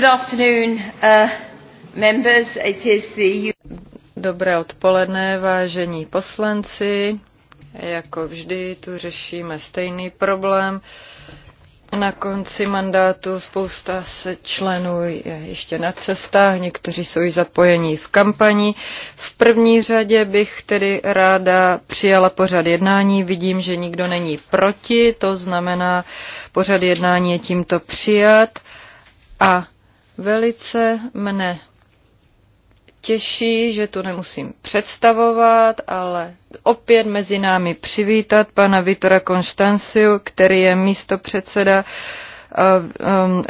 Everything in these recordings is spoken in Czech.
Uh, Dobré odpoledne, vážení poslanci. Jako vždy tu řešíme stejný problém. Na konci mandátu spousta se členů je ještě na cestách, někteří jsou již zapojení v kampani. V první řadě bych tedy ráda přijala pořad jednání. Vidím, že nikdo není proti, to znamená, pořad jednání je tímto přijat. A Velice mne těší, že to nemusím představovat, ale opět mezi námi přivítat pana Vitora Konstanciu, který je místo předseda eh, eh,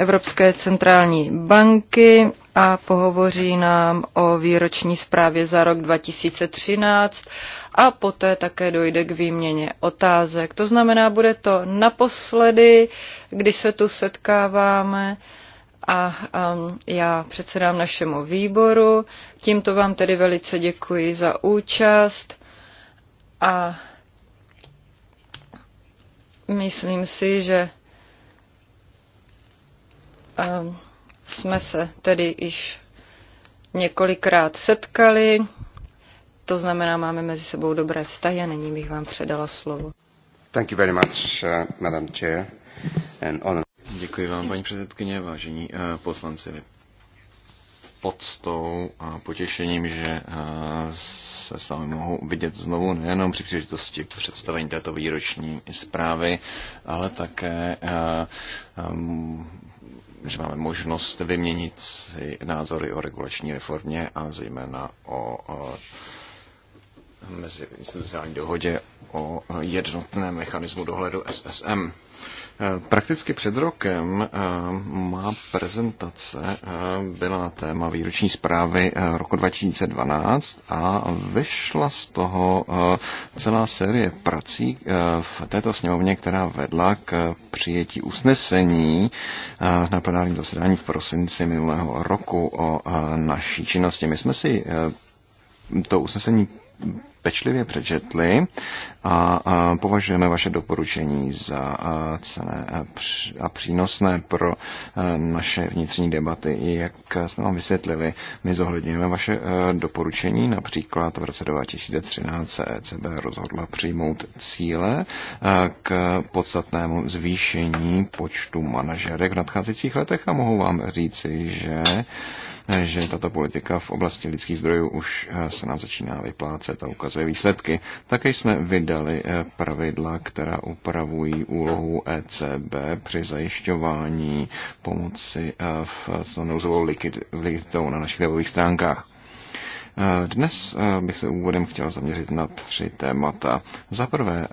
Evropské centrální banky a pohovoří nám o výroční zprávě za rok 2013 a poté také dojde k výměně otázek. To znamená, bude to naposledy, kdy se tu setkáváme a um, já předsedám našemu výboru. Tímto vám tedy velice děkuji za účast a myslím si, že um, jsme se tedy již několikrát setkali, to znamená, máme mezi sebou dobré vztahy a nyní bych vám předala slovo. Thank you very much, uh, Madam Chair. And on... Děkuji vám, paní předsedkyně, vážení eh, poslanci. podstou a potěšením, že eh, se s vámi mohu vidět znovu nejenom při příležitosti představení této výroční zprávy, ale také, eh, že máme možnost vyměnit si názory o regulační reformě a zejména o meziinstitucionální dohodě o jednotném mechanismu dohledu SSM. Eh, prakticky před rokem eh, má prezentace eh, byla na téma výroční zprávy roku 2012 a vyšla z toho celá série prací v této sněmovně, která vedla k přijetí usnesení na plenárním zasedání v prosinci minulého roku o naší činnosti. My jsme si to usnesení pečlivě přečetli a považujeme vaše doporučení za cené a přínosné pro naše vnitřní debaty. Jak jsme vám vysvětlili, my zohledňujeme vaše doporučení. Například v roce 2013 se ECB rozhodla přijmout cíle k podstatnému zvýšení počtu manažerek v nadcházejících letech a mohu vám říci, že že tato politika v oblasti lidských zdrojů už eh, se nám začíná vyplácet a ukazuje výsledky. Také jsme vydali eh, pravidla, která upravují úlohu ECB při zajišťování pomoci eh, v nouzovou likviditou na našich webových stránkách. Dnes bych se úvodem chtěl zaměřit na tři témata. Za prvé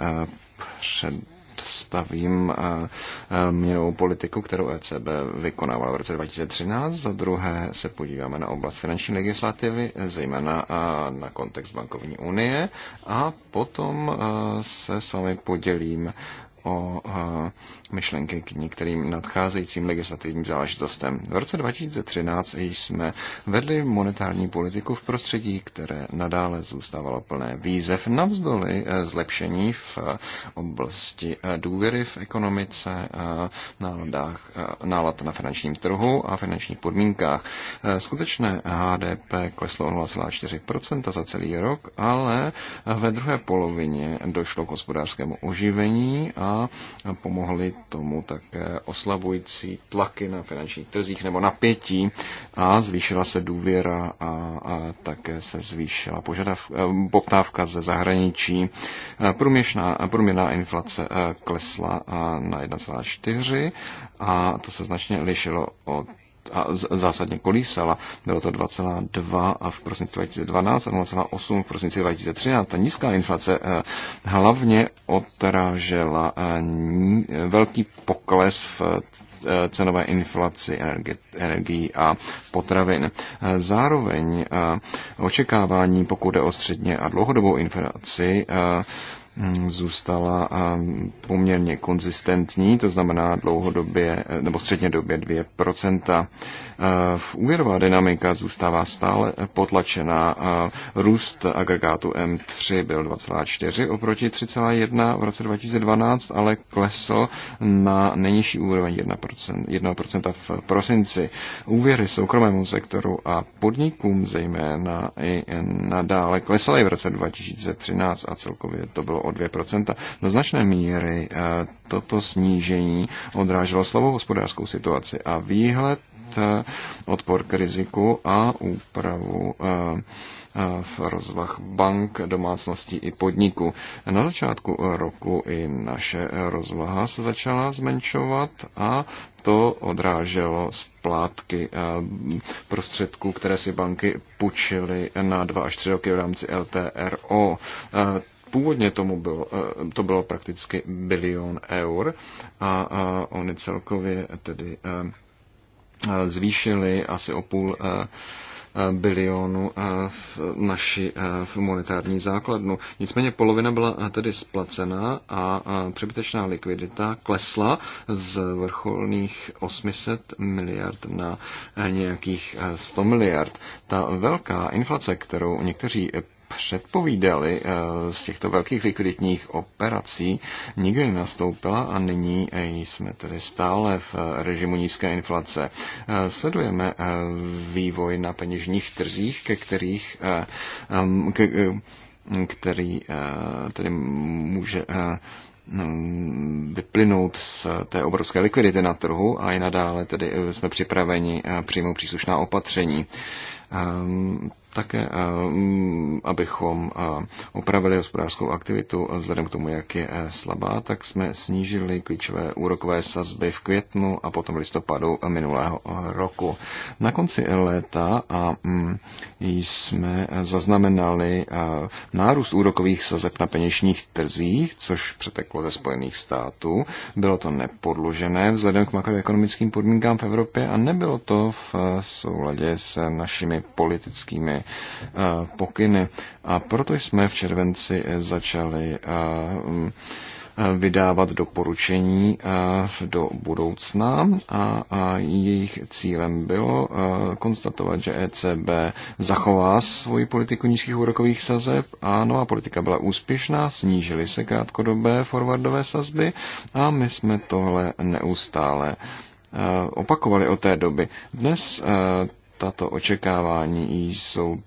před odstavím eh, eh, měnovou politiku, kterou ECB vykonávala v roce 2013. Za druhé se podíváme na oblast finanční legislativy, eh, zejména na kontext bankovní unie. A potom se s vámi podělím o myšlenky k některým nadcházejícím legislativním záležitostem. V roce 2013 jsme vedli monetární politiku v prostředí, které nadále zůstávalo plné výzev navzdory eh, zlepšení v eh, oblasti eh, důvěry v ekonomice, náladách, nálad na finančním trhu a finančních podmínkách. Skutečné HDP kleslo o 0,4% za celý rok, ale ve druhé polovině došlo k hospodářskému oživení a pomohly tomu také oslabující tlaky na finančních trzích nebo napětí a zvýšila se důvěra a, a také se zvýšila požadav, eh, poptávka ze zahraničí. Eh, průměrná, eh, průměrná inflace klesla na 1,4 a to se značně lišilo od a zásadně kolísala. Bylo to 2,2 a v prosinci 2012 a 0,8 v prosinci 2013. Ta nízká inflace eh, hlavně odrážela eh, velký pokles v eh, cenové inflaci energií a potravin. Zároveň očekávání, pokud jde o středně a dlouhodobou inflaci, Mm, zůstala um, poměrně konzistentní, to znamená dlouhodobě eh, nebo středně době 2%. Eh, v úvěrová dynamika zůstává stále potlačená. Eh, růst agregátu M3 byl 2,4 oproti 3,1 v roce 2012, ale klesl na nejnižší úroveň 1%, 1% v prosinci. Úvěry soukromému sektoru a podnikům zejména i nadále klesaly v roce 2013 a celkově to bylo o 2%. Do značné míry eh, toto snížení odráželo slovou hospodářskou situaci a výhled eh, odpor k riziku a úpravu eh, v rozvah bank, domácností i podniků. Na začátku roku i naše rozvaha se začala zmenšovat a to odráželo splátky prostředků, které si banky půjčily na dva až tři roky v rámci LTRO. Původně tomu bylo, eh, to bylo prakticky bilion eur a, a oni celkově tedy eh, zvýšili asi o půl eh, bilionu v naši v monetární základnu. Nicméně polovina byla tedy splacena a přebytečná likvidita klesla z vrcholných 800 miliard na nějakých 100 miliard. Ta velká inflace, kterou někteří předpovídali eh, z těchto velkých likviditních operací, nikdy nenastoupila a nyní jsme tedy stále v eh, režimu nízké inflace. Eh, sledujeme vývoj na peněžních trzích, ke kterých ke, který tedy může mm, vyplynout z té obrovské likvidity na trhu a i nadále tedy jsme připraveni přijmout příslušná opatření. Ehm, také, ehm, abychom eh, opravili hospodářskou aktivitu vzhledem k tomu, jak je eh, slabá, tak jsme snížili klíčové úrokové sazby v květnu a potom v listopadu minulého eh, roku. Na konci léta a mm, jsme zaznamenali nárůst úrokových sazeb na peněžních trzích, což přeteklo ze Spojených států. Bylo to nepodložené vzhledem k makroekonomickým podmínkám v Evropě a nebylo to v souladě s našimi politickými eh, pokyny. A proto jsme v červenci eh, začali eh, mm, vydávat doporučení do budoucna a jejich cílem bylo konstatovat, že ECB zachová svoji politiku nízkých úrokových sazeb a nová politika byla úspěšná, snížily se krátkodobé forwardové sazby a my jsme tohle neustále opakovali od té doby. Dnes tato očekávání jsou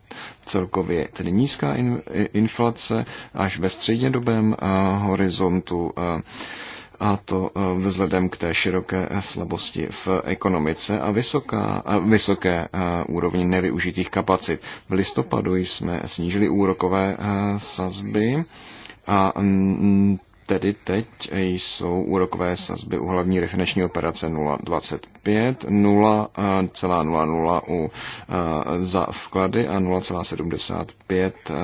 celkově tedy nízká inflace až ve střednědobém eh, horizontu eh, a to eh, vzhledem k té široké slabosti v ekonomice a vysoká, vysoké úrovni nevyužitých kapacit. V listopadu jsme snížili úrokové sazby a Tedy teď jsou úrokové sazby u hlavní refinanční operace 0,25, 0,00 u, eh, za vklady a 0,75 eh,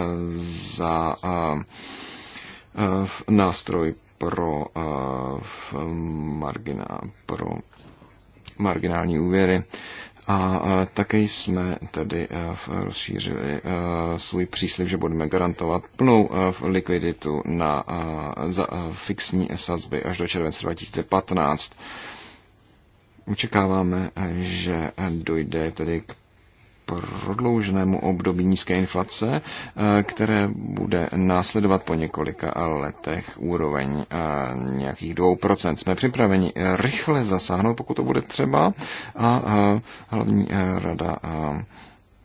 za eh, nástroj pro pro marginální úvěry. A také jsme tedy e, rozšířili e, svůj příslip, že budeme garantovat plnou e, likviditu na fixní sazby až do července 2015. Očekáváme, že dojde tedy k prodlouženému období nízké inflace, eh, které bude následovat po několika letech úroveň eh, nějakých 2%. Jsme připraveni eh, rychle zasáhnout, pokud to bude třeba, a hlavní rada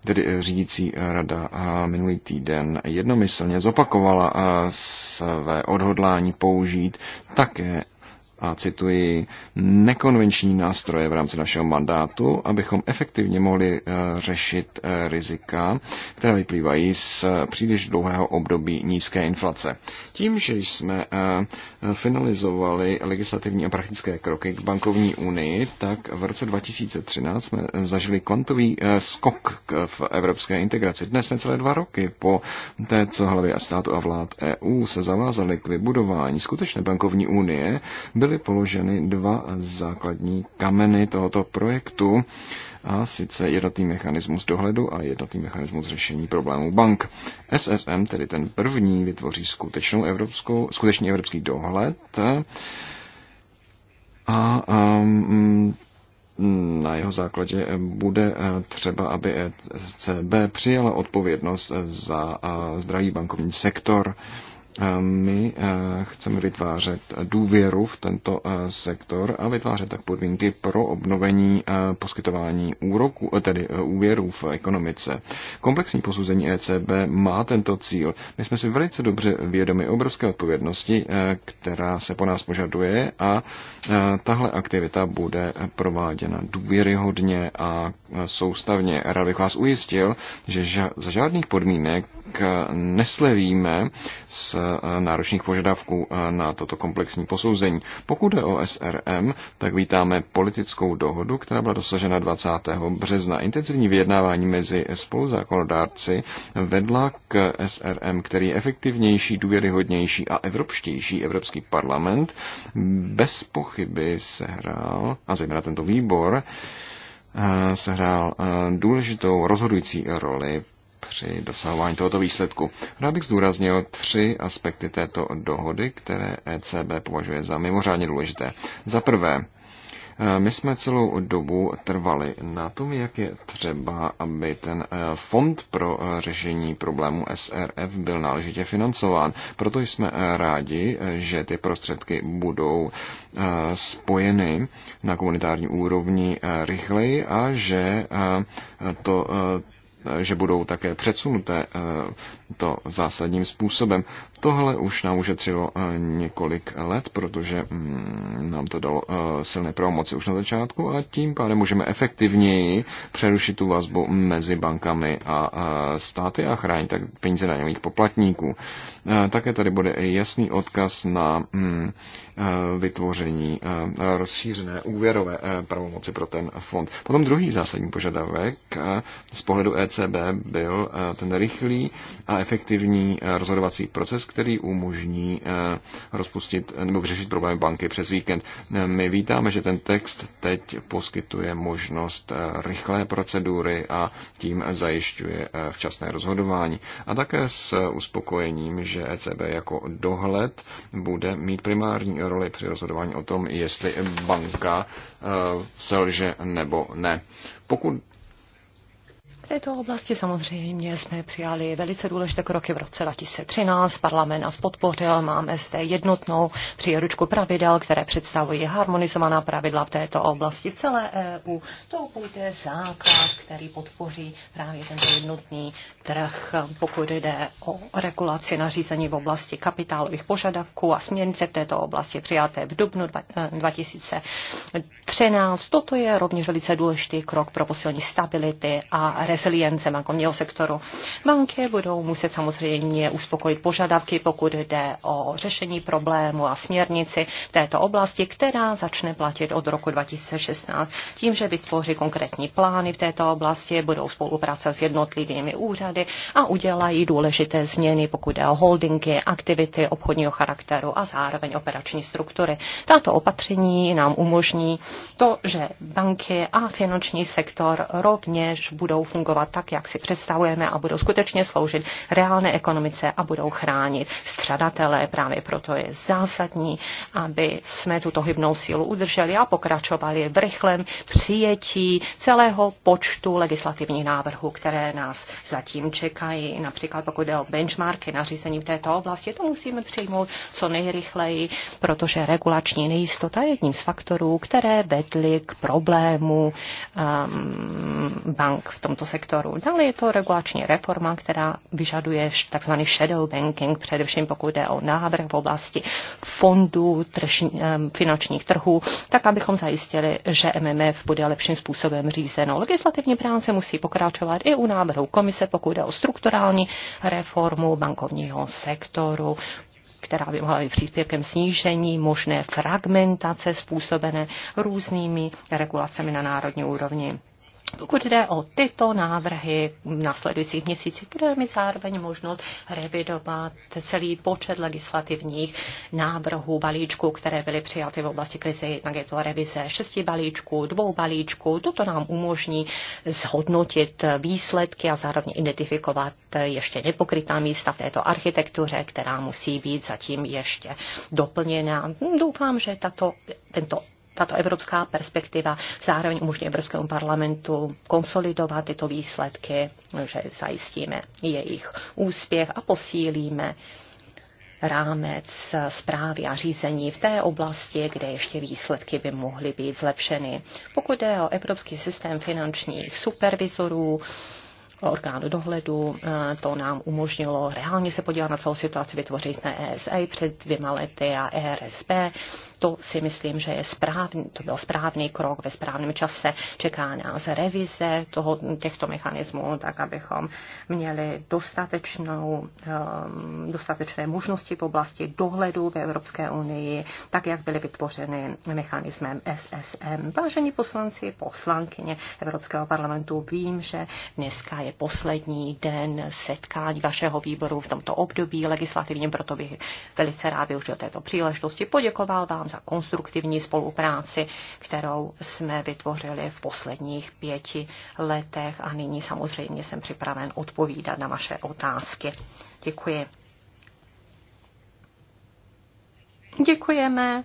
tedy řídící rada minulý týden jednomyslně zopakovala své odhodlání použít také a cituji, nekonvenční nástroje v rámci našeho mandátu, abychom efektivně mohli eh, řešit eh, rizika, která vyplývají z eh, příliš dlouhého období nízké inflace. Tím, že jsme finalizovali legislativní a praktické kroky k bankovní unii, tak v roce 2013 jsme zažili kvantový skok v evropské integraci. Dnes necelé dva roky po té, co hlavy a státu a vlád EU se zavázaly k vybudování skutečné bankovní unie, byl byly položeny dva základní kameny tohoto projektu, a sice jednotný mechanismus dohledu a jednotný mechanismus řešení problémů bank. SSM, tedy ten první, vytvoří skutečnou evropskou, skutečný evropský dohled a um, na jeho základě bude eh, třeba, aby ECB přijala odpovědnost za eh, zdravý bankovní sektor. Um, my eh, chceme vytvářet důvěru v tento eh, sektor a vytvářet tak podmínky pro obnovení eh, poskytování úroku, tedy úvěrů v ekonomice. Komplexní posouzení ECB má tento cíl. My jsme si velice dobře vědomi obrovské odpovědnosti, která se po nás požaduje a tahle aktivita bude prováděna důvěryhodně a soustavně. Rád bych vás ujistil, že za žádných podmínek neslevíme s Eh, náročných požadavků eh, na toto komplexní posouzení. Pokud je o SRM, tak vítáme politickou dohodu, která byla dosažena 20. března. Intenzivní vyjednávání mezi zákonodárci vedla k SRM, který je efektivnější, důvěryhodnější a evropštější. Evropský parlament bez pochyby hrál, a zejména tento výbor, eh, sehrál důležitou rozhodující roli při dosahování tohoto výsledku. Rád no, bych zdůraznil tři aspekty této dohody, které ECB považuje za mimořádně důležité. Za prvé, e, my jsme celou dobu trvali na tom, jak je třeba, aby ten e, fond pro e, řešení problému SRF byl náležitě financován. Proto jsme rádi, že ty prostředky budou spojeny na komunitární úrovni rychleji a že to že budou také předsunuté eh, to zásadním způsobem. Tohle už nám ušetřilo eh, několik let, protože mm, nám to dalo eh, silné pravomoci už na začátku a tím pádem můžeme efektivněji přerušit tu vazbu mezi bankami a eh, státy a chránit tak peníze daňových poplatníků. Také tady bude jasný odkaz na mm, vytvoření rozšířené úvěrové pravomoci pro ten fond. Potom druhý zásadní požadavek z pohledu ECB byl ten rychlý a efektivní eh, rozhodovací proces, který umožní eh, rozpustit eh, nebo vyřešit problémy banky přes víkend. My vítáme, že ten text teď poskytuje možnost rychlé procedury a tím zajišťuje včasné rozhodování. A také s uspokojením, že ECB jako dohled bude mít primární roli při rozhodování o tom, jestli banka selže nebo ne. Pokud této oblasti samozřejmě jsme přijali velice důležité kroky v roce 2013. Parlament nás podpořil, máme zde jednotnou příručku pravidel, které představují harmonizovaná pravidla v této oblasti v celé EU. To bude základ, který podpoří právě tento jednotný trh, pokud jde o regulaci nařízení v oblasti kapitálových požadavků a směrnice v této oblasti přijaté v dubnu 2013. Eh, Toto je rovněž velice důležitý krok pro posilní stability a reziliencem bankovního sektoru. Banky budou muset samozřejmě uspokojit požadavky, pokud jde o řešení problému a směrnici v této oblasti, která začne platit od roku 2016. Tím, že vytvoří konkrétní plány v této oblasti, budou spolupráce s jednotlivými úřady a udělají důležité změny, pokud jde o holdingy, aktivity obchodního charakteru a zároveň operační struktury. Tato opatření nám umožní to, že banky a finanční sektor rovněž budou fungovat fungovat tak, jak si představujeme a budou skutečně sloužit reálné ekonomice a budou chránit střadatelé. Právě proto je zásadní, aby jsme tuto hybnou sílu udrželi a pokračovali v rychlém přijetí celého počtu legislativních návrhů, které nás zatím čekají. Například pokud jde o benchmarky řízení v této oblasti, to musíme přijmout co nejrychleji, protože regulační nejistota je jedním z faktorů, které vedly k problému um, bank v tomto sektoru sektoru. Dále je to regulační reforma, která vyžaduje tzv. shadow banking, především pokud jde o návrh v oblasti fondů eh, finančních trhů, tak abychom zajistili, že MMF bude lepším způsobem řízeno. Legislativní práce musí pokračovat i u návrhu komise, pokud jde o strukturální reformu bankovního sektoru, která by mohla být příspěvkem snížení možné fragmentace způsobené různými regulacemi na národní úrovni. Pokud jde o tyto návrhy v následujících měsících, bude mi zároveň možnost revidovat celý počet legislativních návrhů balíčků, které byly přijaty v oblasti krize. Jednak je to revize šesti balíčků, dvou balíčků. Toto nám umožní zhodnotit výsledky a zároveň identifikovat ještě nepokrytá místa v této architektuře, která musí být zatím ještě doplněna. Doufám, že tato, tento tato evropská perspektiva zároveň umožní Evropskému parlamentu konsolidovat tyto výsledky, že zajistíme jejich úspěch a posílíme rámec zprávy a řízení v té oblasti, kde ještě výsledky by mohly být zlepšeny. Pokud jde o evropský systém finančních supervizorů, orgánu dohledu, to nám umožnilo reálně se podívat na celou situaci, vytvořit na ESA před dvěma lety a ERSB to si myslím, že je správný, to byl správný krok ve správném čase. Čeká nás revize toho, těchto mechanismů, tak abychom měli dostatečnou, ehm, dostatečné možnosti v oblasti dohledu ve Evropské unii, tak jak byly vytvořeny mechanismem SSM. Vážení poslanci, poslankyně Evropského parlamentu, vím, že dneska je poslední den setkání vašeho výboru v tomto období legislativním, proto bych velice rád využil této příležitosti. Poděkoval vám za konstruktivní spolupráci, kterou jsme vytvořili v posledních pěti letech a nyní samozřejmě jsem připraven odpovídat na vaše otázky. Děkuji. Děkujeme,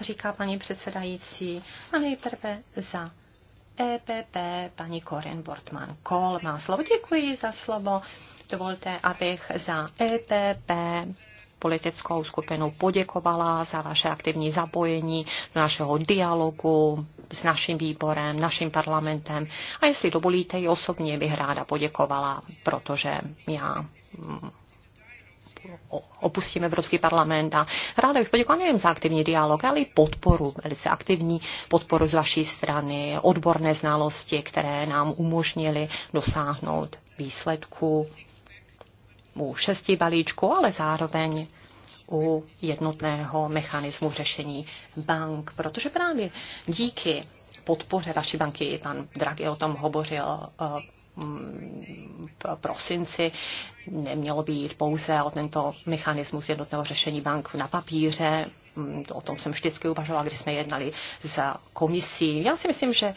říká paní předsedající, a nejprve za EPP paní Koren Bortman. Kol má slovo. Děkuji za slovo. Dovolte, abych za EPP politickou skupinu poděkovala za vaše aktivní zapojení do našeho dialogu s naším výborem, naším parlamentem. A jestli dovolíte, i osobně bych ráda poděkovala, protože já mm, opustím Evropský parlament a ráda bych poděkovala nejen za aktivní dialog, ale i podporu, velice aktivní podporu z vaší strany, odborné znalosti, které nám umožnily dosáhnout výsledku u šesti balíčků, ale zároveň u jednotného mechanismu řešení bank, protože právě díky podpoře vaší banky, pan Draghi o tom hovořil eh, v prosinci, nemělo by jít pouze o tento mechanismus jednotného řešení bank na papíře, mm, o tom jsem vždycky uvažovala, když jsme jednali s komisí. Já si myslím, že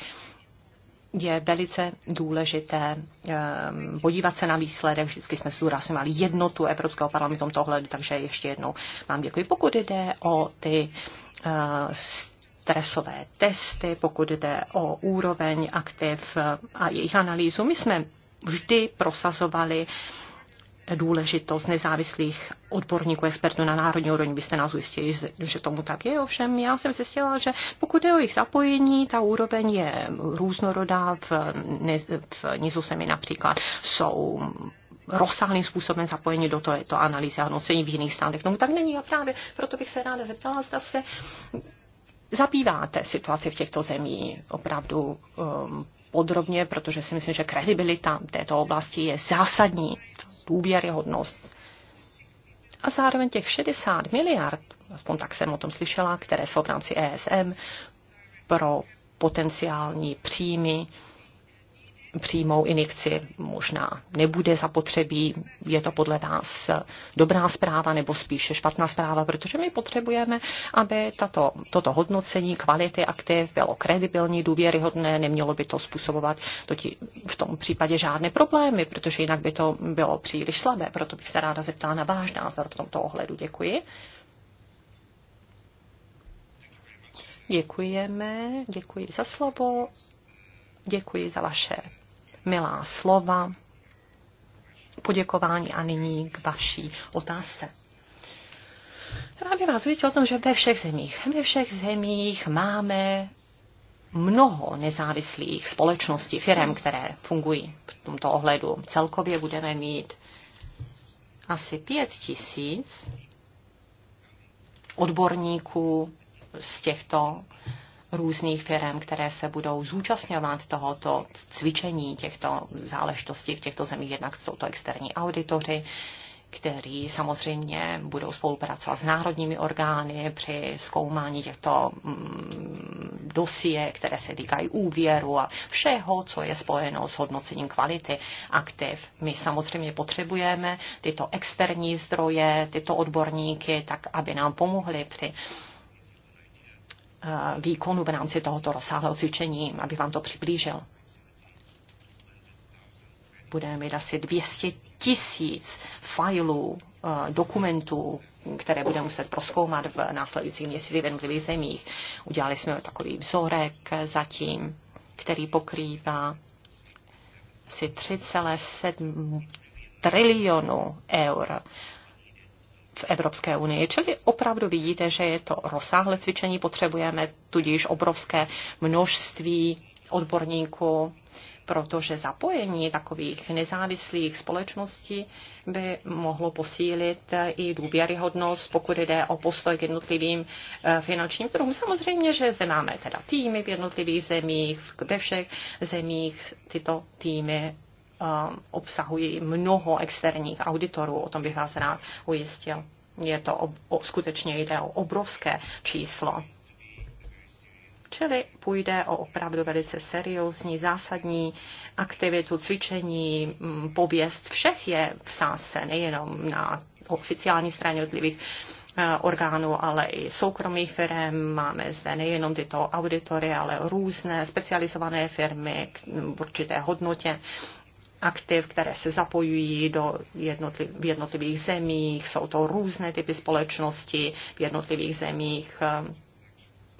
je velice důležité ehm, podívat se na výsledek. Vždycky jsme zdůrazňovali jednotu Evropského parlamentu tohle takže ještě jednou vám děkuji. Pokud jde o ty eh, stresové testy, pokud jde o úroveň aktiv eh, a jejich analýzu, my jsme vždy prosazovali uh, důležitost nezávislých odborníků, expertů na národní úrovni. Byste nás ujistili, že tomu tak je. Ovšem, já jsem zjistila, že pokud je o jejich zapojení, ta úroveň je různorodá. V, v Nizozemí například jsou rozsáhlým způsobem zapojení do této analýzy a hodnocení v jiných státech. Tomu tak není a právě proto bych se ráda zeptala, zda se zabýváte situaci v těchto zemí opravdu um, podrobně, protože si myslím, že kredibilita této oblasti je zásadní důvěryhodnost. A zároveň těch 60 miliard, aspoň tak jsem o tom slyšela, které jsou v rámci ESM pro potenciální příjmy přímou injekci možná nebude zapotřebí. Je to podle nás dobrá zpráva nebo spíše špatná zpráva, protože my potřebujeme, aby tato, toto hodnocení kvality aktiv bylo kredibilní, důvěryhodné, nemělo by to způsobovat toti v tom případě žádné problémy, protože jinak by to bylo příliš slabé. Proto bych se ráda zeptala na váš názor v tomto ohledu. Děkuji. Děkujeme, děkuji za slovo, děkuji za vaše milá slova, poděkování a nyní k vaší otázce. Rád bych vás o tom, že ve všech zemích, ve všech zemích máme mnoho nezávislých společností, firm, které fungují v tomto ohledu. Celkově budeme mít asi pět tisíc odborníků z těchto různých firm, které se budou zúčastňovat tohoto cvičení těchto záležitostí v těchto zemích. Jednak jsou to externí auditoři, který samozřejmě budou spolupracovat s národními orgány při zkoumání těchto mm, dosie, které se týkají úvěru a všeho, co je spojeno s hodnocením kvality aktiv. My samozřejmě potřebujeme tyto externí zdroje, tyto odborníky, tak aby nám pomohli při uh, Eh, výkonu v rámci tohoto rozsáhlého cvičení, aby vám to přiblížil. Budeme mít asi 200 tisíc fajlů, eh, dokumentů, které budeme muset proskoumat v následujících měsících v jednotlivých zemích. Udělali jsme takový vzorek zatím, který pokrývá asi 3,7 trilionu eur v Evropské unii. Čili opravdu vidíte, že je to rozsáhlé cvičení, potřebujeme tudíž obrovské množství odborníků, protože zapojení takových nezávislých společností by mohlo posílit i důvěryhodnost, pokud jde o postoj k jednotlivým eh, finančním trhům. Samozřejmě, že zde máme teda týmy v jednotlivých zemích, ve všech zemích tyto týmy Eh, obsahují mnoho externích auditorů, o tom bych vás rád ujistil. Je to ob, o, skutečně jde o obrovské číslo. Čili půjde o opravdu velice seriózní, zásadní aktivitu, cvičení, mm, pověst. Všech je v sáse, nejenom na oficiální straně odlivých eh, orgánů, ale i soukromých firm. Máme zde nejenom tyto auditory, ale různé specializované firmy k mm, určité hodnotě aktiv, které se zapojují do jednotliv, v jednotlivých zemích. Jsou to různé typy společnosti v jednotlivých zemích,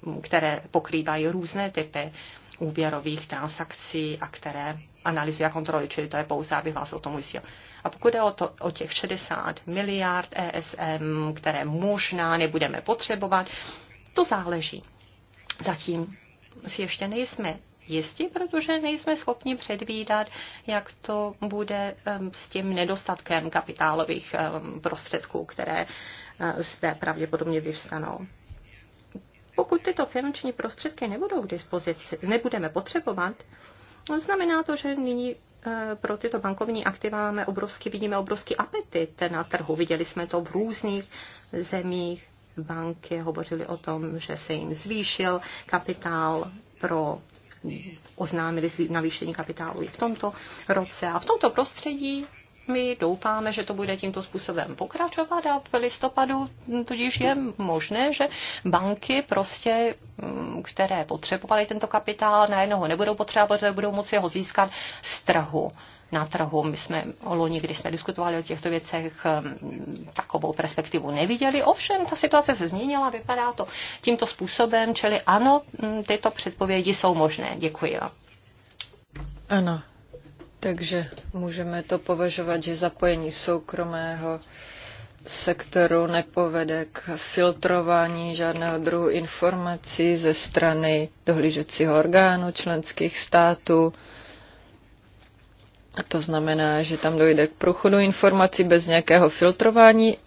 um, které pokrývají různé typy úvěrových transakcí a které analyzují a kontrolují, čili to je pouze, abych vás o tom ujistil. A pokud je o, to, o těch 60 miliard ESM, které možná nebudeme potřebovat, to záleží. Zatím si ještě nejsme jistí, protože nejsme schopni předvídat, jak to bude s tím nedostatkem kapitálových prostředků, které zde pravděpodobně vyvstanou. Pokud tyto finanční prostředky nebudou k dispozici, nebudeme potřebovat, znamená to, že nyní eh, pro tyto bankovní aktiva máme obrovský, vidíme obrovský apetit na trhu. Viděli jsme to v různých zemích. Banky hovořily o tom, že se jim zvýšil kapitál pro oznámili navýšení kapitálu i v tomto roce. A v tomto prostředí my doufáme, že to bude tímto způsobem pokračovat a v listopadu tudíž je možné, že banky prostě, mm, které potřebovaly tento kapitál, najednou ho nebudou potřebovat, protože budou moci ho získat z trhu na trhu. My jsme o loni, když jsme diskutovali o těchto věcech, um, takovou perspektivu neviděli. Ovšem, ta situace se změnila, vypadá to tímto způsobem, čili ano, mm, tyto předpovědi jsou možné. Děkuji vám. Ano, takže můžeme to považovat, že zapojení soukromého sektoru nepovede k filtrování žádného druhu informací ze strany dohlížecího orgánu členských států a to znamená, že tam dojde k průchodu informací bez nějakého filtrování.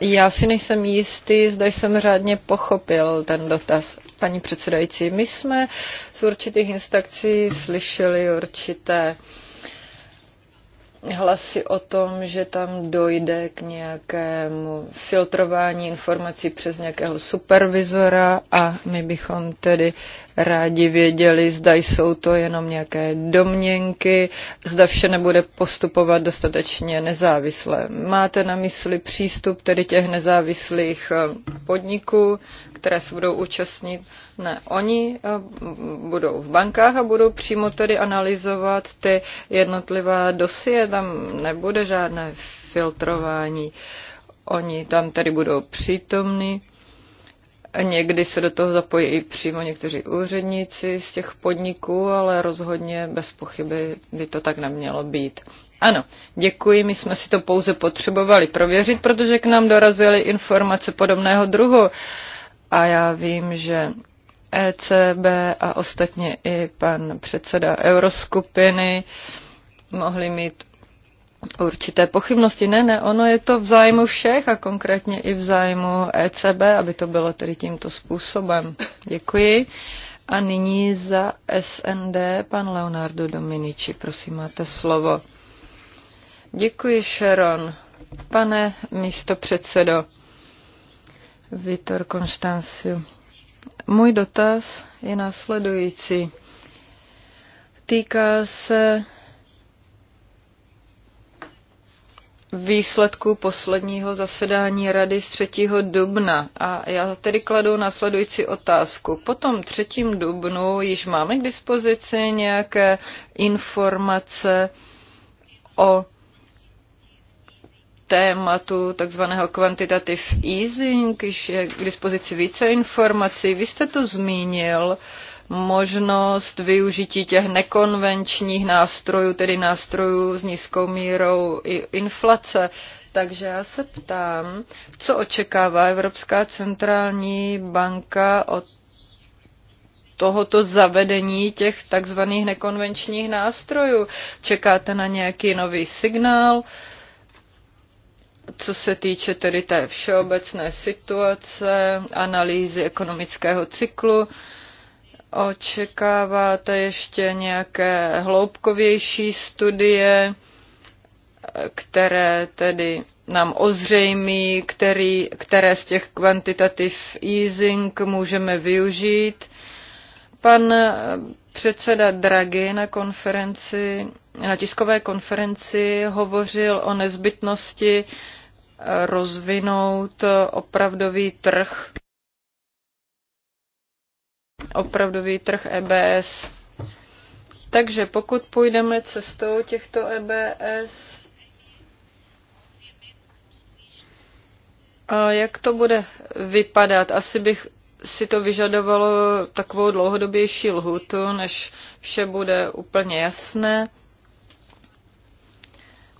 Já si nejsem jistý, zda jsem řádně pochopil ten dotaz. Paní předsedající, my jsme z určitých instakcí slyšeli určité uh, hlasy o tom, že tam dojde k nějakému filtrování informací přes nějakého supervizora a my bychom tedy rádi věděli, zda jsou to jenom nějaké domněnky, zda vše nebude postupovat dostatečně nezávisle. Máte na mysli přístup tedy těch nezávislých eh, podniků, které se budou účastnit ne, oni eh, budou v bankách a budou přímo tedy analyzovat ty jednotlivá dosie, tam nebude žádné filtrování. Oni tam tedy budou přítomní. Někdy se do toho zapojí i přímo někteří úředníci z těch podniků, ale rozhodně bez pochyby by to tak nemělo být. Ano, děkuji, my jsme si to pouze potřebovali prověřit, protože k nám dorazily informace podobného druhu. A já vím, že ECB a ostatně i pan předseda Euroskupiny mohli mít určité pochybnosti. Ne, ne, ono je to v zájmu všech a konkrétně i v zájmu ECB, aby to bylo tedy tímto způsobem. Děkuji. A nyní za SND pan Leonardo Dominici. Prosím, máte slovo. Děkuji, Sharon. Pane místo předsedo Vitor Konstanciu. Můj dotaz je následující. Týká se výsledku posledního zasedání rady z 3. dubna. A já tedy kladu následující otázku. Po tom 3. dubnu již máme k dispozici nějaké informace o tématu takzvaného quantitative easing, když je k dispozici více informací. Vy jste to zmínil, možnost využití těch nekonvenčních nástrojů, tedy nástrojů s nízkou mírou inflace. Takže já se ptám, co očekává Evropská centrální banka od tohoto zavedení těch takzvaných nekonvenčních nástrojů? Čekáte na nějaký nový signál? co se týče tedy té všeobecné situace, analýzy ekonomického cyklu, očekáváte ještě nějaké hloubkovější studie, které tedy nám ozřejmí, který, které z těch kvantitativ easing můžeme využít. Pan Předseda Draghi na konferenci, na tiskové konferenci hovořil o nezbytnosti eh, rozvinout opravdový trh opravdový trh EBS. Takže pokud půjdeme cestou těchto EBS, jak to bude vypadat? Asi bych si to vyžadovalo takovou dlouhodobější lhutu, než vše bude úplně jasné.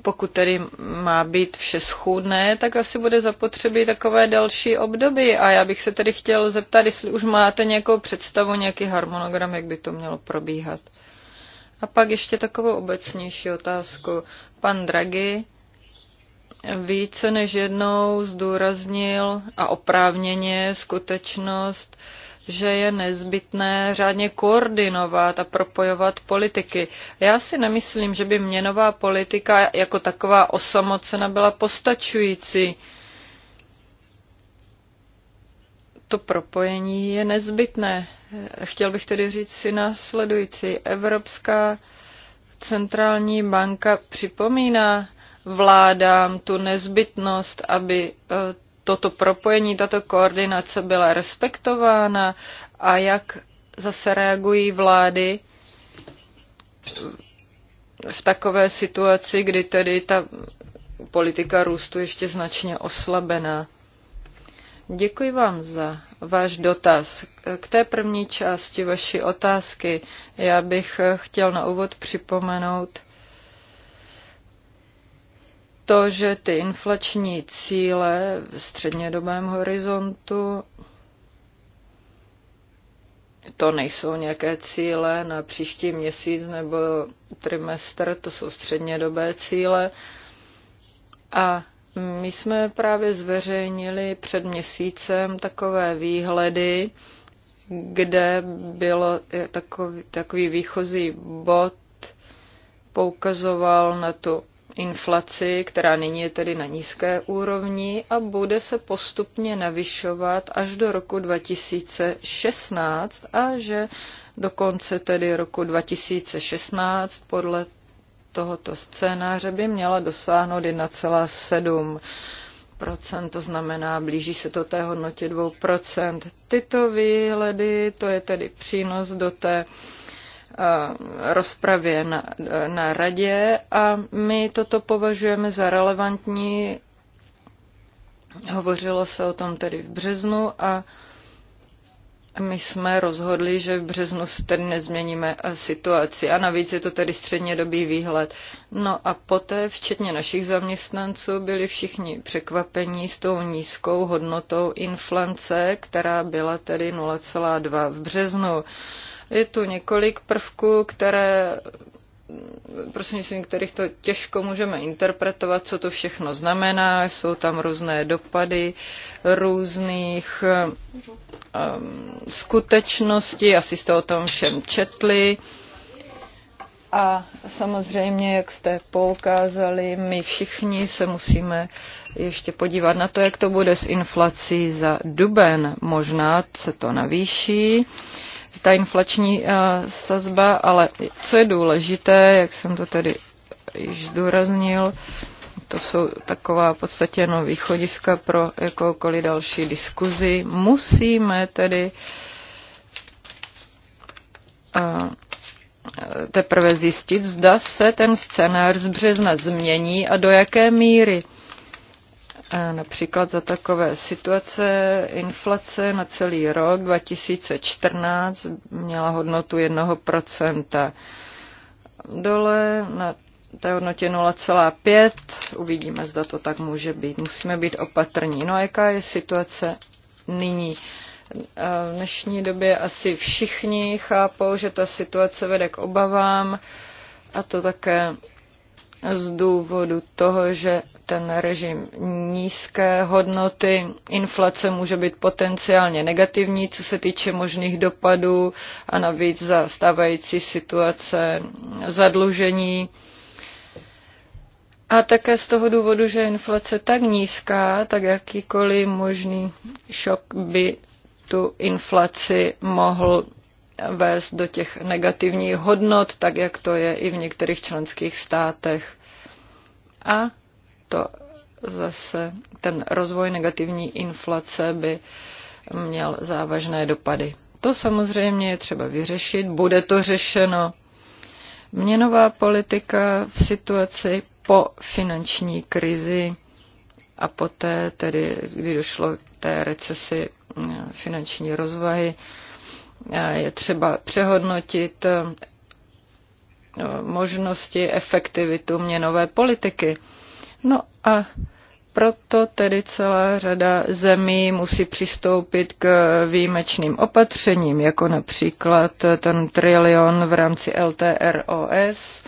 Pokud tedy má být vše schůdné, tak asi bude zapotřebí takové další období. A já bych se tedy chtěl zeptat, jestli už máte nějakou představu, nějaký harmonogram, jak by to mělo probíhat. A pak ještě takovou obecnější otázku. Pan Draghi více než jednou zdůraznil a oprávněně skutečnost, že je nezbytné řádně koordinovat a propojovat politiky. Já si nemyslím, že by měnová politika jako taková osamocena byla postačující. To propojení je nezbytné. Chtěl bych tedy říct si následující. Evropská centrální banka připomíná vládám tu nezbytnost, aby e, toto propojení, tato koordinace byla respektována a jak zase reagují vlády v takové situaci, kdy tedy ta politika růstu ještě značně oslabená. Děkuji vám za váš dotaz. K té první části vaší otázky já bych e, chtěl na úvod připomenout, to, že ty inflační cíle v střednědobém horizontu to nejsou nějaké cíle na příští měsíc nebo trimestr, to jsou střednědobé cíle. A my jsme právě zveřejnili před měsícem takové výhledy, kde byl eh, takový, takový výchozí bod, poukazoval na tu inflaci, která nyní je tedy na nízké úrovni a bude se postupně navyšovat až do roku 2016 a že do konce tedy roku 2016 podle tohoto scénáře by měla dosáhnout 1,7 to znamená, blíží se to té hodnotě 2 Tyto výhledy, to je tedy přínos do té uh, Eh, rozpravě na, na radě a my toto považujeme za relevantní. Hovořilo se o tom tedy v březnu a my jsme rozhodli, že v březnu tedy nezměníme eh, situaci a navíc je to tedy střednědobý výhled. No a poté, včetně našich zaměstnanců, byli všichni překvapení s tou nízkou hodnotou inflace, která byla tedy 0,2 v březnu. Je tu několik prvků, které prostřednictvím kterých to těžko můžeme interpretovat, co to všechno znamená. Jsou tam různé dopady různých um, skutečností, asi jste o tom všem četli. A samozřejmě, jak jste poukázali, my všichni se musíme ještě podívat na to, jak to bude s inflací za duben. Možná se to navýší. Uh, ta inflační eh, sazba, ale co je důležité, jak jsem to tedy již zdůraznil, to jsou taková v podstatě no, východiska pro jakoukoliv další diskuzi. Musíme tedy uh, teprve zjistit, zda se ten scénář z března změní a do jaké míry. Například za takové situace inflace na celý rok 2014 měla hodnotu 1%. Dole na té hodnotě 0,5. Uvidíme, zda to tak může být. Musíme být opatrní. No a jaká je situace nyní? V dnešní době asi všichni chápou, že ta situace vede k obavám a to také z důvodu toho, že ten režim nízké hodnoty inflace může být potenciálně negativní, co se týče možných dopadů a navíc za stávající situace zadlužení. A také z toho důvodu, že inflace tak nízká, tak jakýkoliv možný šok by tu inflaci mohl vést do těch negativních hodnot, tak jak to je i v některých členských státech. A to zase ten rozvoj negativní inflace by měl závažné dopady. To samozřejmě je třeba vyřešit, bude to řešeno. Měnová politika v situaci po finanční krizi a poté tedy, kdy došlo k té recesi mm, finanční rozvahy, je třeba přehodnotit eh, možnosti, efektivitu měnové politiky. No a proto tedy celá řada zemí musí přistoupit k výjimečným opatřením, jako například ten trilion v rámci LTROS,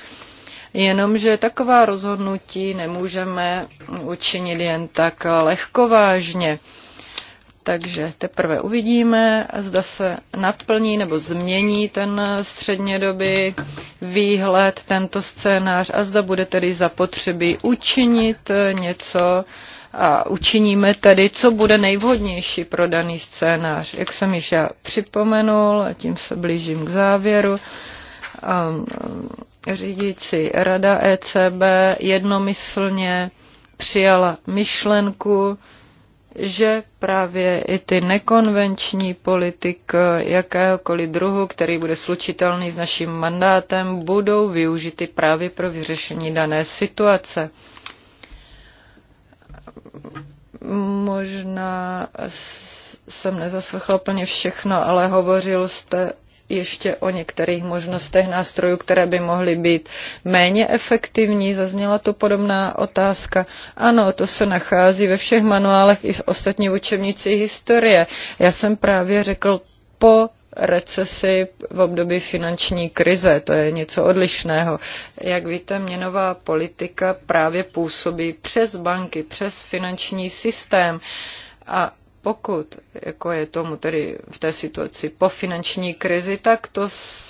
jenomže taková rozhodnutí nemůžeme učinit jen tak lehkovážně. vážně takže teprve uvidíme, zda se naplní nebo změní ten střednědobý výhled, tento scénář a zda bude tedy zapotřebí učinit něco a učiníme tedy, co bude nejvhodnější pro daný scénář. Jak jsem již já připomenul, a tím se blížím k závěru, um, řídící rada ECB jednomyslně přijala myšlenku, že právě i ty nekonvenční politik jakéhokoliv druhu, který bude slučitelný s naším mandátem, budou využity právě pro vyřešení dané situace. Možná jsem nezaslechla plně všechno, ale hovořil jste ještě o některých možnostech nástrojů, které by mohly být méně efektivní. Zazněla tu podobná otázka. Ano, to se nachází ve všech manuálech i z ostatní učebnici historie. Já jsem právě řekl po recesi v období finanční krize. To je něco odlišného. Jak víte, měnová politika právě působí přes banky, přes finanční systém. A pokud, jako je tomu tedy v té situaci po finanční krizi, tak to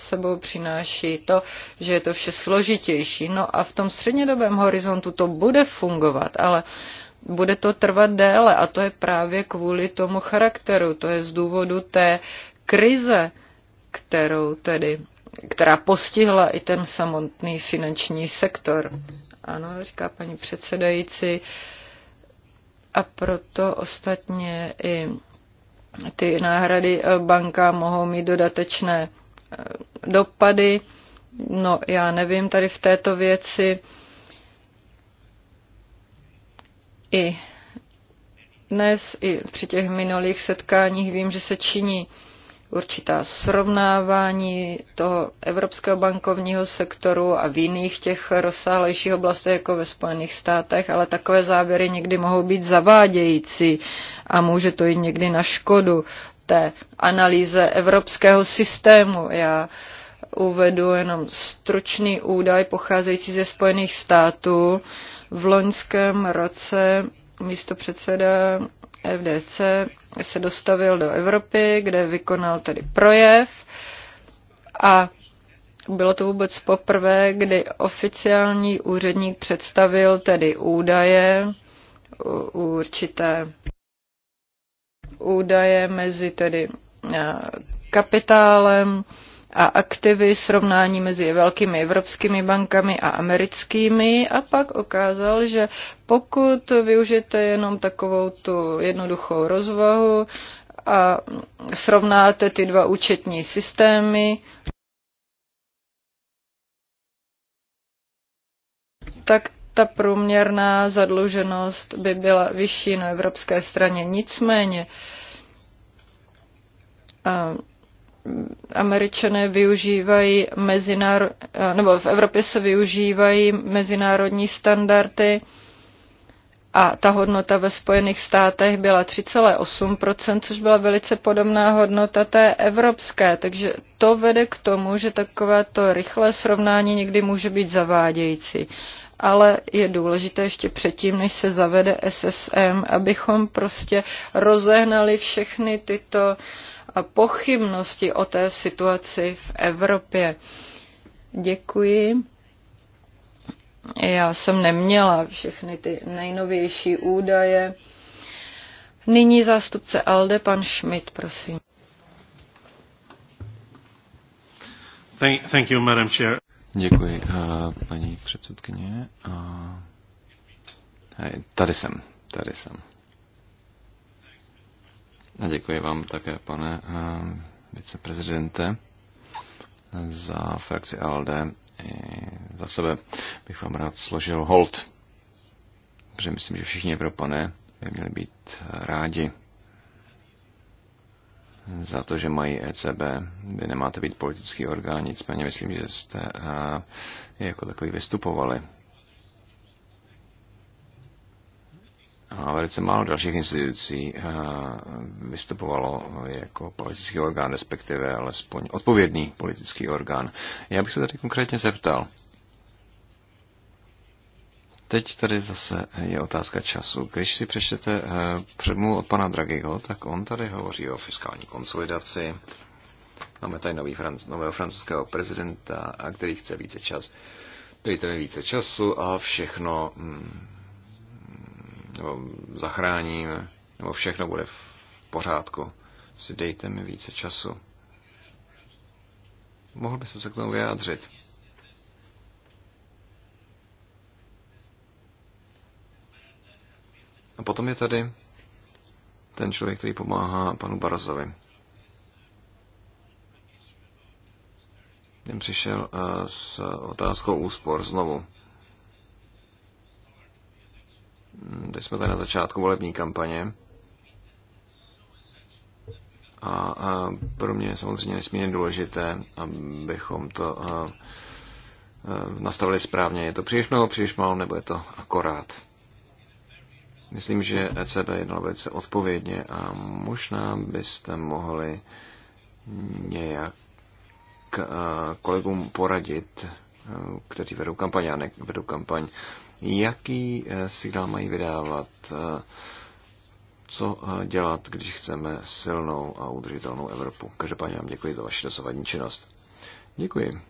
sebou přináší to, že je to vše složitější. No a v tom střednědobém horizontu to bude fungovat, ale bude to trvat déle a to je právě kvůli tomu charakteru, to je z důvodu té krize, kterou tedy, která postihla i ten samotný finanční sektor. Ano, říká paní předsedající, uh, a proto ostatně i ty náhrady eh, banka mohou mít dodatečné eh, dopady. No, já nevím tady v této věci. I dnes, i při těch minulých setkáních vím, že se činí určitá srovnávání toho evropského bankovního sektoru a v jiných těch rozsáhlejších oblastech, jako ve Spojených státech, ale takové závěry někdy mohou být zavádějící a může to jít někdy na škodu té analýze evropského systému. Já uvedu jenom stručný údaj pocházející ze Spojených států. V loňském roce místo předseda FDC se dostavil do Evropy, kde vykonal tedy projev a bylo to vůbec poprvé, kdy oficiální úředník představil tedy údaje, určité údaje mezi tedy eh, kapitálem, a aktivy, srovnání mezi velkými evropskými bankami a americkými a pak okázal, že pokud využijete jenom takovou tu jednoduchou rozvahu a srovnáte ty dva účetní systémy, tak ta průměrná zadluženost by byla vyšší na evropské straně. Nicméně, Američané využívají mezinárodní, eh, nebo v Evropě se využívají mezinárodní standardy a ta hodnota ve Spojených státech byla 3,8%, což byla velice podobná hodnota té evropské. Takže to vede k tomu, že takovéto rychlé srovnání někdy může být zavádějící. Ale je důležité ještě předtím, než se zavede SSM, abychom prostě rozehnali všechny tyto uh, pochybnosti o té situaci v Evropě. Děkuji. Já jsem neměla všechny ty nejnovější údaje. Nyní zástupce ALDE, pan Schmidt, prosím. Thank, thank you, Madam Chair. Děkuji, uh, paní předsedkyně. Uh, tady jsem, tady jsem. A děkuji vám také, pane eh, viceprezidente, za frakci ALD. I za sebe bych vám rád složil hold, protože myslím, že všichni Evropané by měli být eh, rádi za to, že mají ECB. Vy nemáte být politický orgán, nicméně myslím, že jste eh, jako takový vystupovali a velice málo dalších institucí eh, vystupovalo jako politický orgán, respektive alespoň odpovědný politický orgán. Já bych se tady konkrétně zeptal. Teď tady zase je otázka času. Když si přečtete eh, předmluvu od pana Dragiho, tak on tady hovoří o fiskální konsolidaci. Máme tady nový franc- nového francouzského prezidenta, a který chce více čas. Dejte mi více času a všechno. Hmm, nebo zachráním, nebo všechno bude v pořádku. Si dejte mi více času. Mohl byste se k tomu vyjádřit? A potom je tady ten člověk, který pomáhá panu Barazovi. Ten přišel eh, s otázkou úspor znovu kde jsme tady na začátku volební kampaně. A, a pro mě je samozřejmě nesmírně důležité, abychom to a, a, nastavili správně. Je to příliš mnoho, příliš málo, nebo je to akorát? Myslím, že ECB jednala velice odpovědně a možná byste mohli nějak kolegům poradit, kteří vedou kampaň, já Vedou kampaň, jaký eh, signál mají vydávat, eh, co eh, dělat, když chceme silnou a udržitelnou Evropu. Každopádně vám děkuji za vaši dosavadní činnost. Děkuji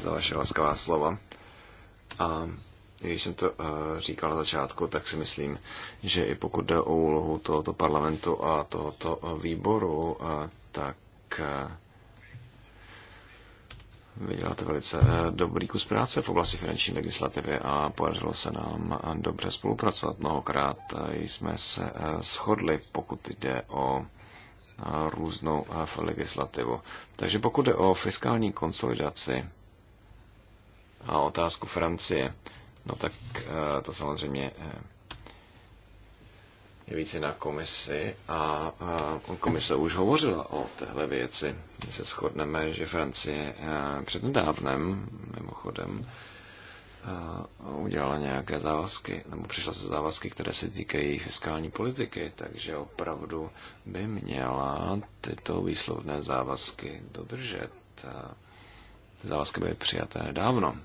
za vaše laskavá slova. A když jsem to říkal na začátku, tak si myslím, že i pokud jde o úlohu tohoto parlamentu a tohoto výboru, tak vy děláte velice eh, dobrý kus práce v oblasti finanční legislativy a podařilo se nám eh, dobře spolupracovat. Mnohokrát eh, jsme se shodli, pokud jde o různou legislativu. Takže pokud jde o fiskální konsolidaci a otázku Francie, no tak to samozřejmě je více na komisi a, a komise už hovořila o téhle věci. My se shodneme, že Francie před nedávnem, mimochodem, udělala nějaké závazky, nebo přišla se závazky, které se týkají fiskální politiky, takže opravdu by měla tyto výslovné závazky dodržet. Ty závazky byly přijaté dávno.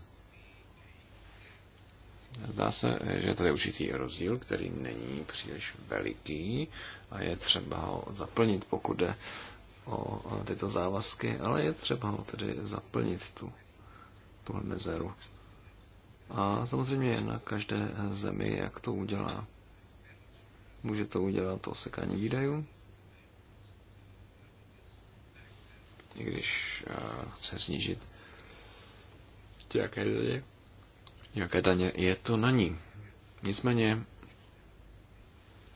Zdá se, že je tady určitý rozdíl, který není příliš veliký a je třeba ho zaplnit, pokud jde o tyto závazky, ale je třeba ho tedy zaplnit tu, tu mezeru. A samozřejmě je na každé zemi, jak to udělá. Může to udělat sekání výdajů, i když eh, chce snížit nějaké jaké daně je to na ní. Nicméně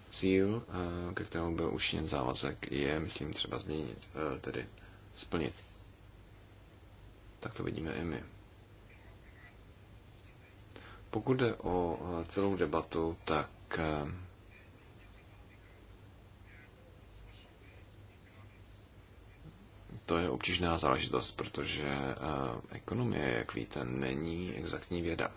cíl, eh, ke kterému byl učiněn závazek, je, myslím, třeba změnit, eh, tedy splnit. Tak to vidíme i my. Pokud jde o eh, celou debatu, tak to je obtížná záležitost, protože ekonomie, jak víte, není exaktní věda.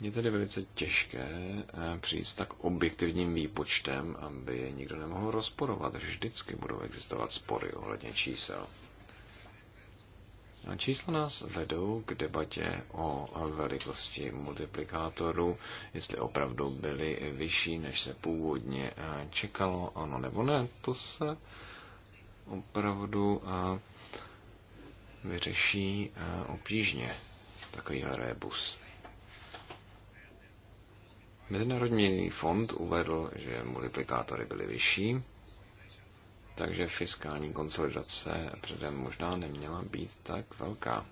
Je tedy velice těžké eh, přijít s tak objektivním výpočtem, aby je nikdo nemohl rozporovat. Vždycky budou existovat spory ohledně čísel. A čísla nás vedou k debatě o velikosti multiplikátoru. jestli opravdu byly vyšší, než se původně eh, čekalo, ano nebo ne. To se opravdu eh, vyřeší obtížně, takovýhle rebus. Mezinárodní fond uvedl, že multiplikátory byly vyšší, takže fiskální konsolidace předem možná neměla být tak velká.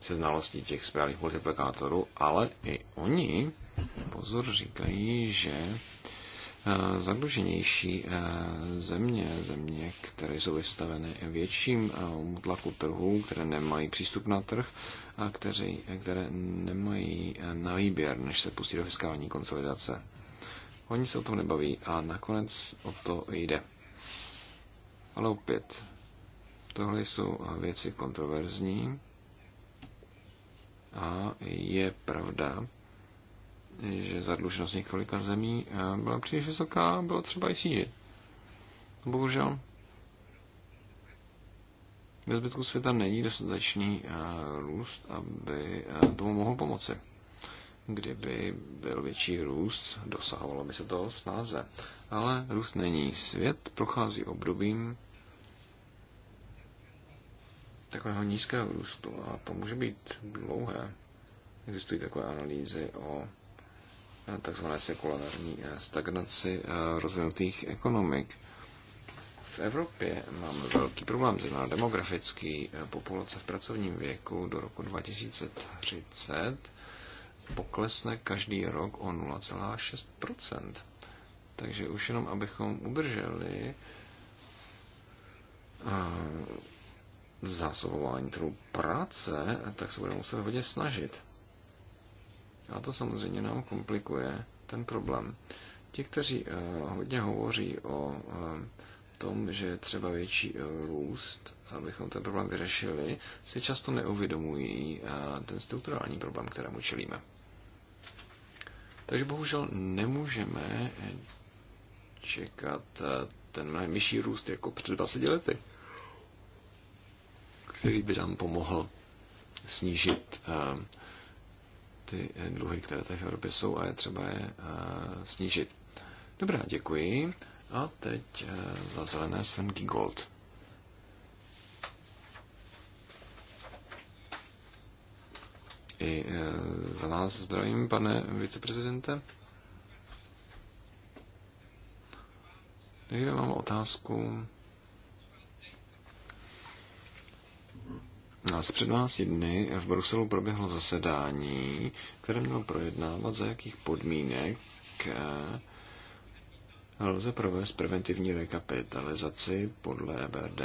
Se znalostí těch správných multiplikátorů, ale i oni pozor říkají, že Eh, zadluženější eh, země, země, které jsou vystaveny větším eh, tlaku trhu, které nemají přístup na trh a které, které nemají na výběr, než se pustí do fiskální konsolidace. Oni se o tom nebaví a nakonec o to jde. Ale opět, tohle jsou věci kontroverzní a je pravda, že zadluženost několika zemí eh, byla příliš vysoká, bylo třeba i snížit. Bohužel ve zbytku světa není dostatečný eh, růst, aby eh, tomu mohl pomoci. Kdyby byl větší růst, dosahovalo by se toho snáze. Ale růst není. Svět prochází obdobím takového nízkého růstu a to může být dlouhé. Existují takové analýzy o takzvané sekulární eh, stagnaci eh, rozvinutých ekonomik. V Evropě máme velký problém, zejména demografický. Eh, populace v pracovním věku do roku 2030 poklesne každý rok o 0,6%. Takže už jenom, abychom udrželi zásobování trhu práce, tak se budeme muset hodně snažit. A to samozřejmě nám komplikuje ten problém. Ti, kteří eh, hodně hovoří o eh, tom, že je třeba větší eh, růst, abychom ten problém vyřešili, si často neuvědomují ten strukturální problém, kterému čelíme. Takže bohužel nemůžeme čekat ten mnohem vyšší růst jako před 20 lety, který by nám pomohl snížit ty dluhy, které tady v Evropě jsou a je třeba je eh, snížit. Dobrá, děkuji. A teď eh, za zelené Svenky Gold. I eh, za nás zdravím, pane viceprezidente. Nejdříve mám otázku Nás před 12 dny v Bruselu proběhlo zasedání, které mělo projednávat, za jakých podmínek eh, lze provést preventivní rekapitalizaci podle EBRD.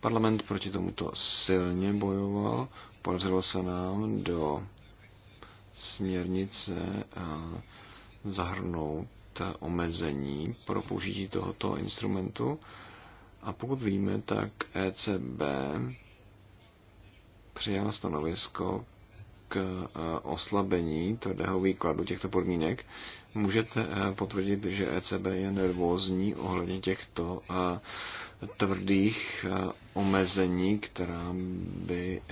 Parlament proti tomuto silně bojoval, podařilo se nám do směrnice eh, zahrnout omezení pro použití tohoto instrumentu. A pokud víme, tak ECB přijala stanovisko k eh, oslabení tvrdého výkladu těchto podmínek. Můžete eh, potvrdit, že ECB je nervózní ohledně těchto eh, tvrdých omezení, která by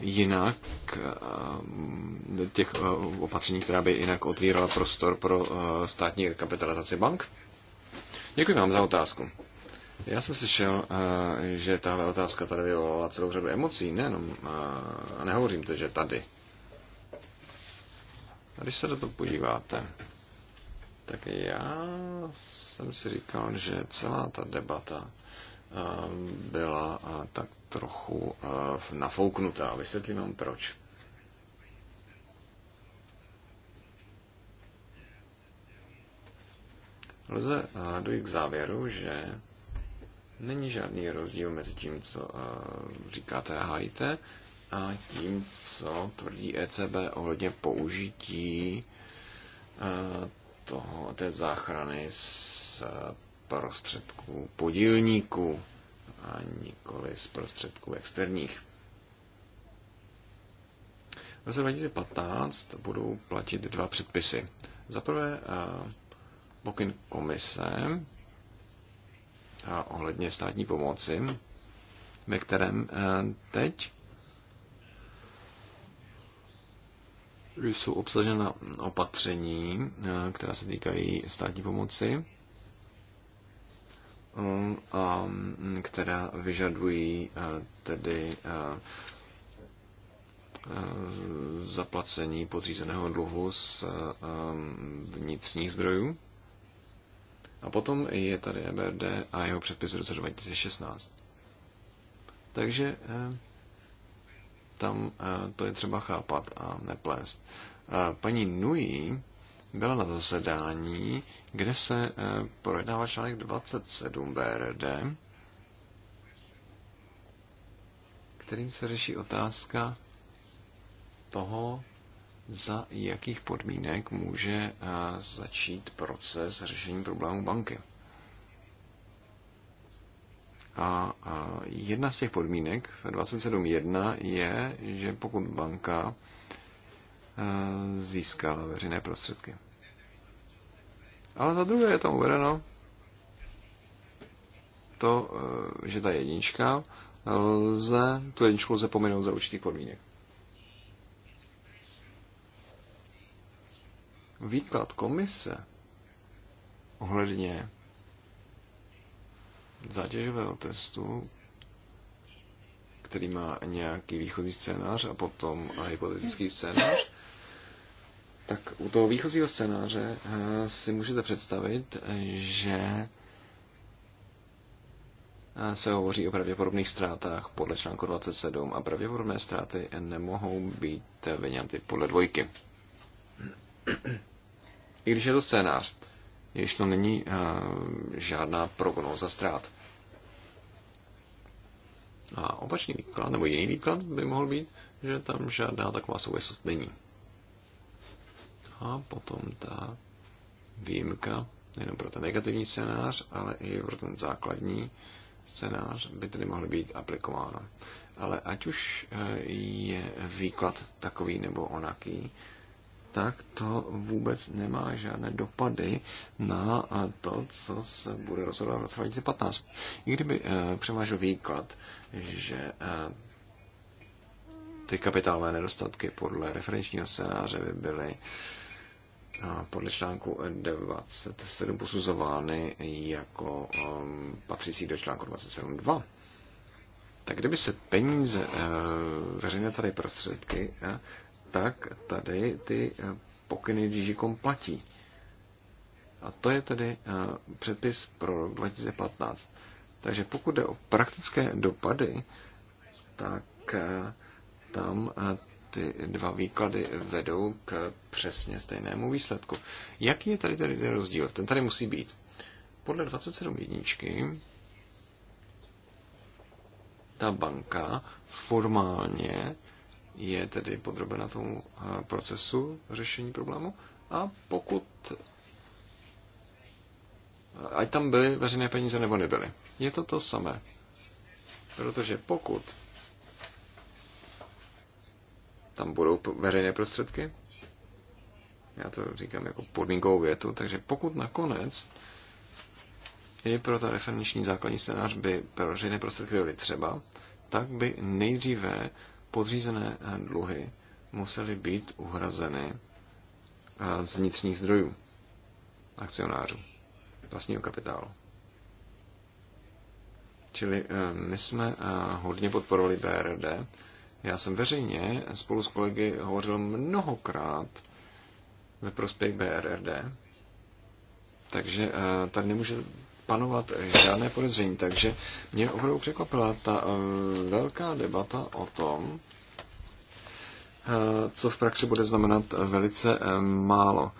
jinak těch opatření, která by jinak otvírala prostor pro státní rekapitalizaci bank? Děkuji vám za otázku. Já jsem slyšel, eh, že tahle otázka tady vyvolala celou řadu emocí, nejenom, eh, a nehovořím to, že tady. A když se do toho podíváte, tak já jsem si říkal, že celá ta debata eh, byla tak trochu nafouknutá. Vysvětlím vám proč. Lze dojít k závěru, že Není žádný rozdíl mezi tím, co eh, říkáte a hájíte, a tím, co tvrdí ECB ohledně použití eh, toho, té záchrany z eh, prostředků podílníků a nikoli z prostředků externích. V roce 2015 budou platit dva předpisy. Za prvé pokyn komise ohledně státní pomoci, ve kterém eh, teď jsou obsažena opatření, eh, která se týkají státní pomoci mm, a mm, která vyžadují eh, tedy zaplacení podřízeného dluhu z mm, vnitřních zdrojů. A potom je tady EBRD a jeho předpis v roce 2016. Takže eh, tam eh, to je třeba chápat a neplést. Eh, paní Nui byla na zasedání, kde se projednává článek 27 BRD, kterým se řeší otázka toho, za jakých podmínek může eh, začít proces řešení problémů banky. A jedna z těch podmínek v 27.1 je, že pokud banka eh, získala veřejné prostředky. Ale za druhé je tam uvedeno to, eh, že ta jednička lze, tu jedničku lze pominout za určitých podmínek. výklad komise ohledně zátěžového testu, který má nějaký výchozí scénář a potom hypotetický scénář, tak u toho výchozího scénáře eh, si můžete představit, že eh, se hovoří o pravděpodobných ztrátách podle článku 27 a pravděpodobné ztráty nemohou být vyňaty podle dvojky. I když je to scénář, když to není eh, žádná prognóza ztrát. A opačný výklad, nebo jiný výklad by mohl být, že tam žádná taková souvislost není. A potom ta výjimka, nejen pro ten negativní scénář, ale i pro ten základní scénář, by tedy mohly být aplikována. Ale ať už eh, je výklad takový nebo onaký, tak to vůbec nemá žádné dopady na to, co se bude rozhodovat v roce 2015. I kdyby eh, převážil výklad, že eh, ty kapitálové nedostatky podle referenčního scénáře by byly eh, podle článku 27 posuzovány jako patřící do článku 27.2. Tak kdyby se peníze, veřejné tady prostředky, tak tady ty eh, pokyny DGCOM platí. A to je tedy eh, předpis pro rok 2015. Takže pokud jde o praktické dopady, tak eh, tam ty dva výklady vedou k přesně stejnému výsledku. Jaký je tady tedy rozdíl? Ten tady musí být. Podle 27 jedničky ta banka formálně je tedy podrobena tomu eh, procesu řešení problému a pokud eh, ať tam byly veřejné peníze nebo nebyly. Je to to samé. Protože pokud tam budou veřejné prostředky, já to říkám jako podmínkovou větu, takže pokud nakonec i pro ta referenční základní scénář by pro veřejné prostředky byly třeba, tak by nejdříve podřízené eh, dluhy musely být uhrazeny eh, z vnitřních zdrojů akcionářů, vlastního kapitálu. Čili eh, my jsme hodně podporovali BRD. Já jsem veřejně spolu s kolegy hovořil mnohokrát ve prospěch BRD, takže tady nemůže panovat žádné podezření. Takže mě opravdu překvapila ta eh, velká debata o tom, eh, co v praxi bude znamenat eh, velice málo,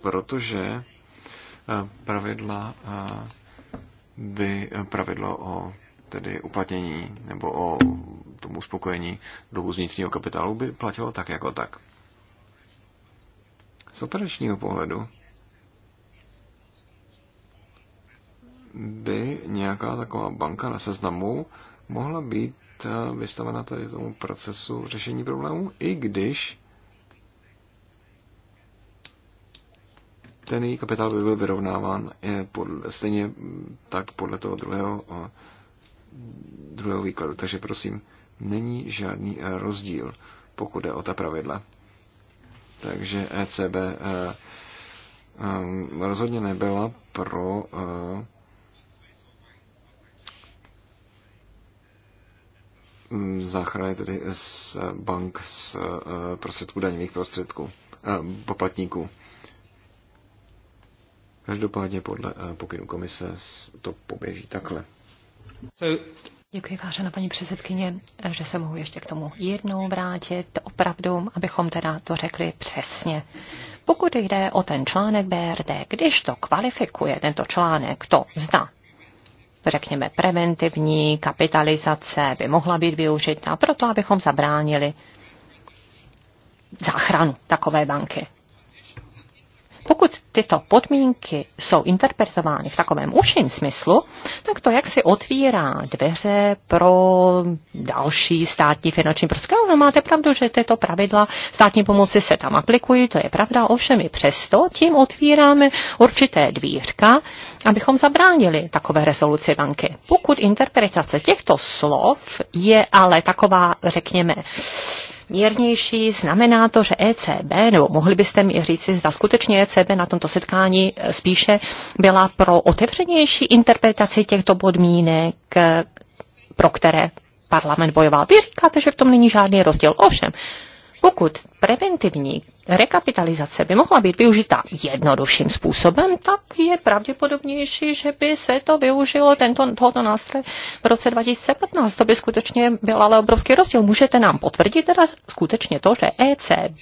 protože pravidla by pravidlo o tedy uplatnění nebo o tomu uspokojení dluhu z kapitálu by platilo tak jako tak. Z operačního pohledu by nějaká taková banka na seznamu mohla být eh, vystavena tady tomu procesu řešení problémů, i když ten její kapitál by byl vyrovnáván eh, podle, stejně tak podle toho druhého, eh, druhého výkladu. Takže prosím, není žádný rozdíl, pokud jde o ta pravidla. Takže ECB rozhodně nebyla pro Mm, záchrany tedy z eh, bank z eh, prostředků daňových prostředků, eh, poplatníků. Každopádně podle pokynu komise to poběží takhle. Co? Děkuji, vážená paní předsedkyně, že se mohu ještě k tomu jednou vrátit, opravdu, abychom teda to řekli přesně. Pokud jde o ten článek BRD, když to kvalifikuje tento článek, to zda řekněme, preventivní kapitalizace by mohla být využita proto, abychom zabránili záchranu takové banky. Pokud tyto podmínky jsou interpretovány v takovém užším smyslu, tak to jak si otvírá dveře pro další státní finanční prostředky. Ano, máte pravdu, že tyto pravidla státní pomoci se tam aplikují, to je pravda, ovšem i přesto tím otvíráme určité dvířka, abychom zabránili takové rezoluci banky. Pokud interpretace těchto slov je ale taková, řekněme, mírnější. Znamená to, že ECB, nebo mohli byste mi říci, zda skutečně ECB na tomto setkání eh, spíše byla pro otevřenější interpretaci těchto podmínek, eh, pro které parlament bojoval. Vy říkáte, že v tom není žádný rozdíl. Ovšem, pokud preventivní rekapitalizace by mohla být využita jednodušším způsobem, tak je pravděpodobnější, že by se to využilo tento, tohoto nástroje v roce 2015. To by skutečně byl ale obrovský rozdíl. Můžete nám potvrdit teda skutečně to, že ECB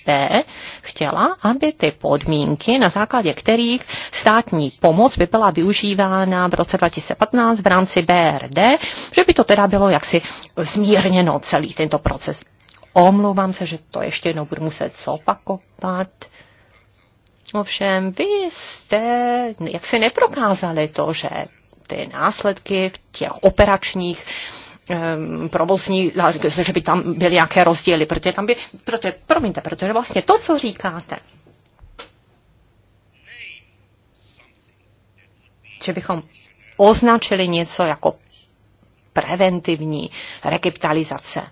chtěla, aby ty podmínky, na základě kterých státní pomoc by byla využívána v roce 2015 v rámci BRD, že by to teda bylo jaksi zmírněno celý tento proces. Omlouvám se, že to ještě jednou budu muset zopakovat. Ovšem, vy jste jak neprokázali to, že ty následky v těch operačních um, ehm, provozní, že by tam byly nějaké rozdíly, protože tam by, protože, promiňte, protože vlastně to, co říkáte, že bychom označili něco jako preventivní rekapitalizace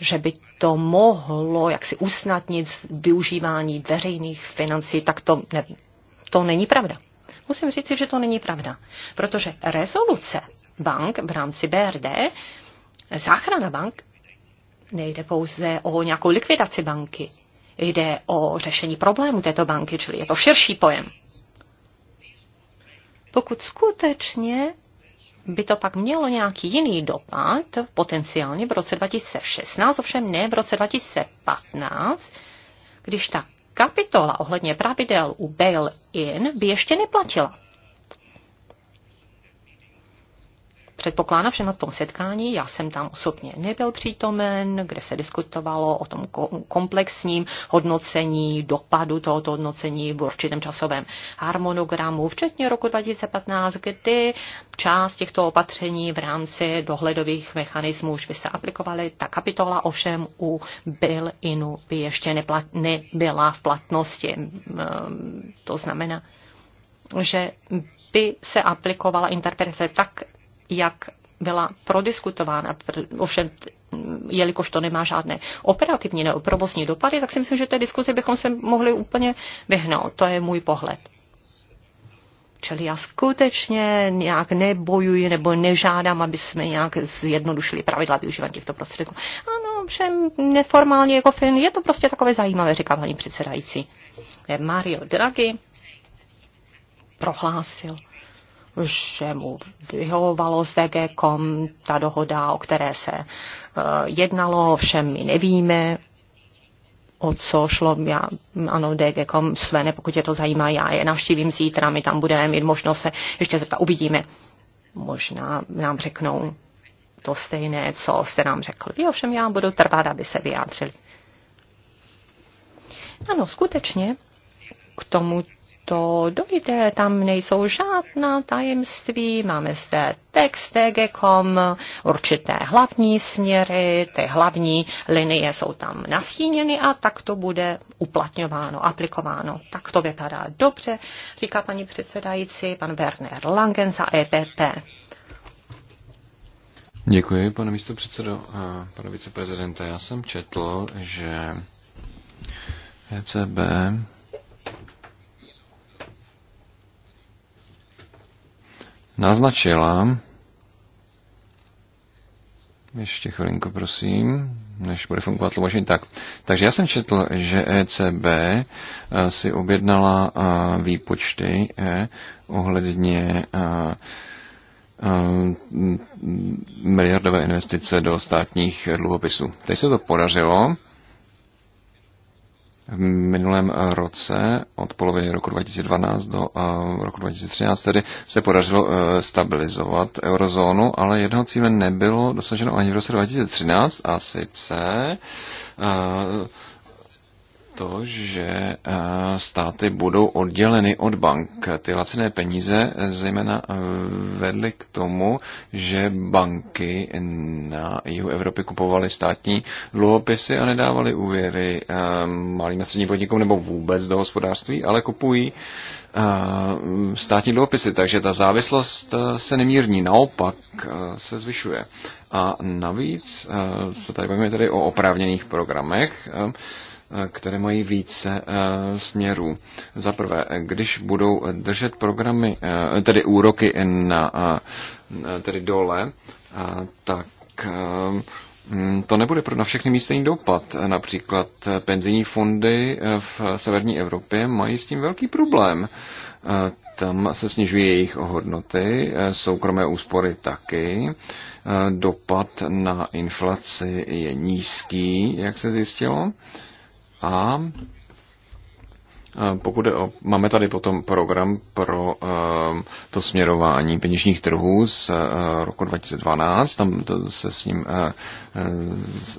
že by to mohlo jaksi usnadnit využívání veřejných financí, tak to, ne, to není pravda. Musím říct, že to není pravda, protože rezoluce bank v rámci BRD, záchrana bank, nejde pouze o nějakou likvidaci banky, jde o řešení problému této banky, čili je to širší pojem. Pokud skutečně by to pak mělo nějaký jiný dopad potenciálně v roce 2016, ovšem ne v roce 2015, když ta kapitola ohledně pravidel u bail-in by ještě neplatila. Předpokládám, že na tom setkání, já jsem tam osobně nebyl přítomen, kde se diskutovalo o tom komplexním hodnocení, dopadu tohoto hodnocení v určitém časovém harmonogramu, včetně roku 2015, kdy část těchto opatření v rámci dohledových mechanismů už by se aplikovaly. Ta kapitola ovšem u byl inu by ještě neplat, nebyla v platnosti. To znamená, že by se aplikovala interpretace tak, jak byla prodiskutována, ovšem jelikož to nemá žádné operativní nebo provozní dopady, tak si myslím, že té diskuzi bychom se mohli úplně vyhnout. To je můj pohled. Čili já skutečně nějak nebojuji nebo nežádám, aby jsme nějak zjednodušili pravidla využívání těchto prostředků. Ano, všem neformálně jako fin, je to prostě takové zajímavé, říká paní předsedající. Mario Draghi prohlásil, že mu vyhovovalo s DGCOM ta dohoda, o které se eh, jednalo, ovšem my nevíme, o co šlo, já, ano, DGCOM Svene, pokud je to zajímá, já je navštívím zítra, my tam budeme mít možnost se ještě zeptat, uvidíme. Možná nám řeknou to stejné, co jste nám řekl. Vy ovšem já budu trvat, aby se vyjádřili. Ano, skutečně k tomu to dojde, tam nejsou žádná tajemství, máme zde text TGCOM, určité hlavní směry, ty hlavní linie jsou tam nastíněny a tak to bude uplatňováno, aplikováno. Tak to vypadá dobře, říká paní předsedající, pan Werner Langen za EPP. Děkuji, pane místo předsedo a pane viceprezidente. Já jsem četl, že ECB naznačila, ještě chvilinku, prosím, než bude fungovat tlumočení. Tak. Takže já jsem četl, že ECB eh, si objednala eh, výpočty eh, ohledně miliardové investice do státních dluhopisů. Teď se to podařilo v minulém eh, roce, od poloviny roku 2012 do eh, roku 2013, tedy se podařilo eh, stabilizovat eurozónu, ale jednoho cíle nebylo dosaženo ani v roce 2013, a sice to, že eh, státy budou odděleny od bank. Ty laciné peníze eh, zejména eh, vedly k tomu, že banky na jihu Evropy kupovaly státní dluhopisy a nedávaly úvěry malým a středním podnikům nebo vůbec do hospodářství, ale kupují státní dluhopisy, takže ta závislost se nemírní, naopak se zvyšuje. A navíc se tady bavíme tady o oprávněných programech, které mají více eh, směrů. Za prvé, když budou držet programy, eh, tedy úroky na, eh, tedy dole, tak mm, to nebude pro na všechny místní dopad. Například penzijní fondy v severní Evropě mají s tím velký problém. Tam se snižují jejich hodnoty, soukromé úspory taky. Dopad na inflaci je nízký, jak se zjistilo. A pokud je o, máme tady potom program pro uh, to směrování peněžních trhů z uh, roku 2012, tam to se s ním uh,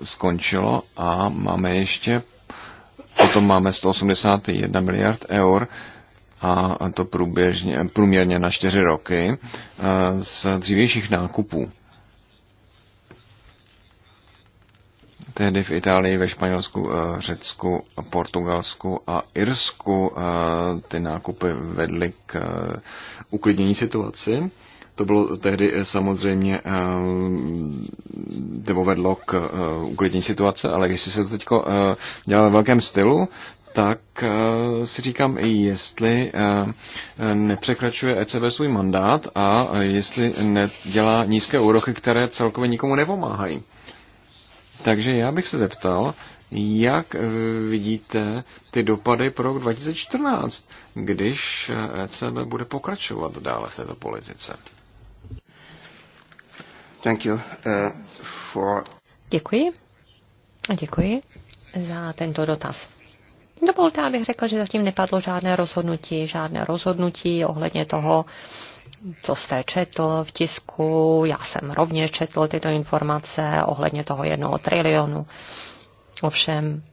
skončilo a máme ještě, potom máme 181 miliard eur a to průběžně, průměrně na čtyři roky uh, z dřívějších nákupů. Tehdy v Itálii, ve Španělsku, eh, Řecku, Portugalsku a Irsku eh, ty nákupy vedly k eh, uklidnění situaci. To bylo tehdy samozřejmě, nebo vedlo k uklidnění situace, ale když se to teď dělá ve velkém stylu, tak si říkám, i jestli nepřekračuje ECB svůj mandát a jestli nedělá nízké úroky, které celkově nikomu nepomáhají. Takže já bych se zeptal, jak e, vidíte ty dopady pro rok 2014, když ECB e bude pokračovat dále v této politice? Thank you, uh, for... Děkuji. A děkuji za tento dotaz. Dovolte, abych řekl, že zatím nepadlo žádné rozhodnutí, žádné rozhodnutí ohledně toho, co jste četl v tisku, já jsem rovněž četl tyto informace ohledně toho jednoho trilionu. Ovšem,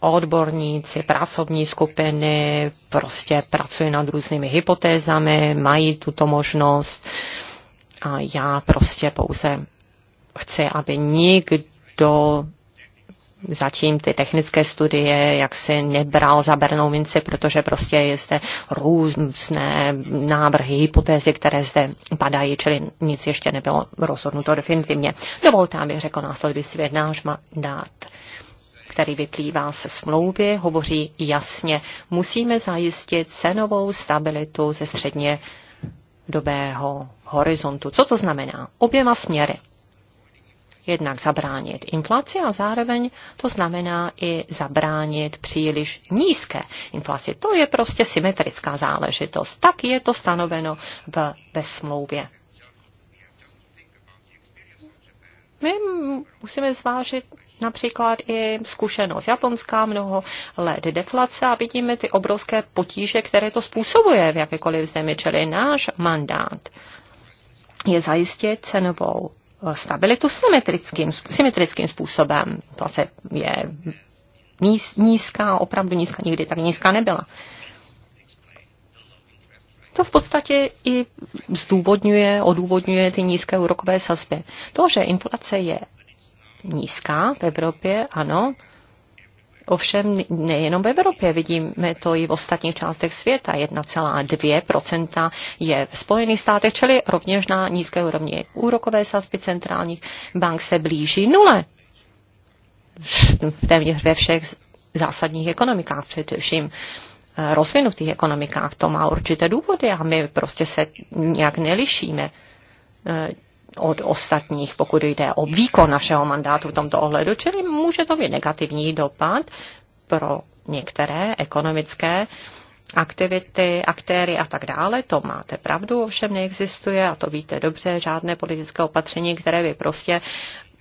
odborníci, pracovní skupiny prostě pracují nad různými hypotézami, mají tuto možnost a já prostě pouze chci, aby nikdo zatím ty technické studie jak si nebral za bernou minci, protože prostě je zde různé návrhy, hypotézy, které zde padají, čili nic ještě nebylo rozhodnuto definitivně. Dovolte, abych řekl následující náš mandát který vyplývá se smlouvy, hovoří jasně, musíme zajistit cenovou stabilitu ze středně dobého horizontu. Co to znamená? Oběma směry jednak zabránit inflaci a zároveň to znamená i zabránit příliš nízké inflaci. To je prostě symetrická záležitost. Tak je to stanoveno v, ve smlouvě. My musíme zvážit například i zkušenost japonská mnoho let deflace a vidíme ty obrovské potíže, které to způsobuje v jakékoliv zemi, čili náš mandát je zajistit cenovou stabilitu symetrickým, symetrickým způsobem. To se je níz, nízká, opravdu nízká, nikdy tak nízká nebyla. To v podstatě i zdůvodňuje, odůvodňuje ty nízké úrokové sazby. To, že inflace je nízká v Evropě, ano, Ovšem nejenom v Evropě, vidíme to i v ostatních částech světa. 1,2% je v Spojených státech, čili rovněž na nízké úrovni úrokové sazby centrálních bank se blíží nule. V Téměř ve všech zásadních ekonomikách, především eh, rozvinutých ekonomikách. To má určité důvody a my prostě se nějak nelišíme eh, od ostatních, pokud jde o výkon našeho mandátu v tomto ohledu, čili může to být negativní dopad pro některé ekonomické aktivity, aktéry a tak dále. To máte pravdu, ovšem neexistuje a to víte dobře, žádné politické opatření, které by prostě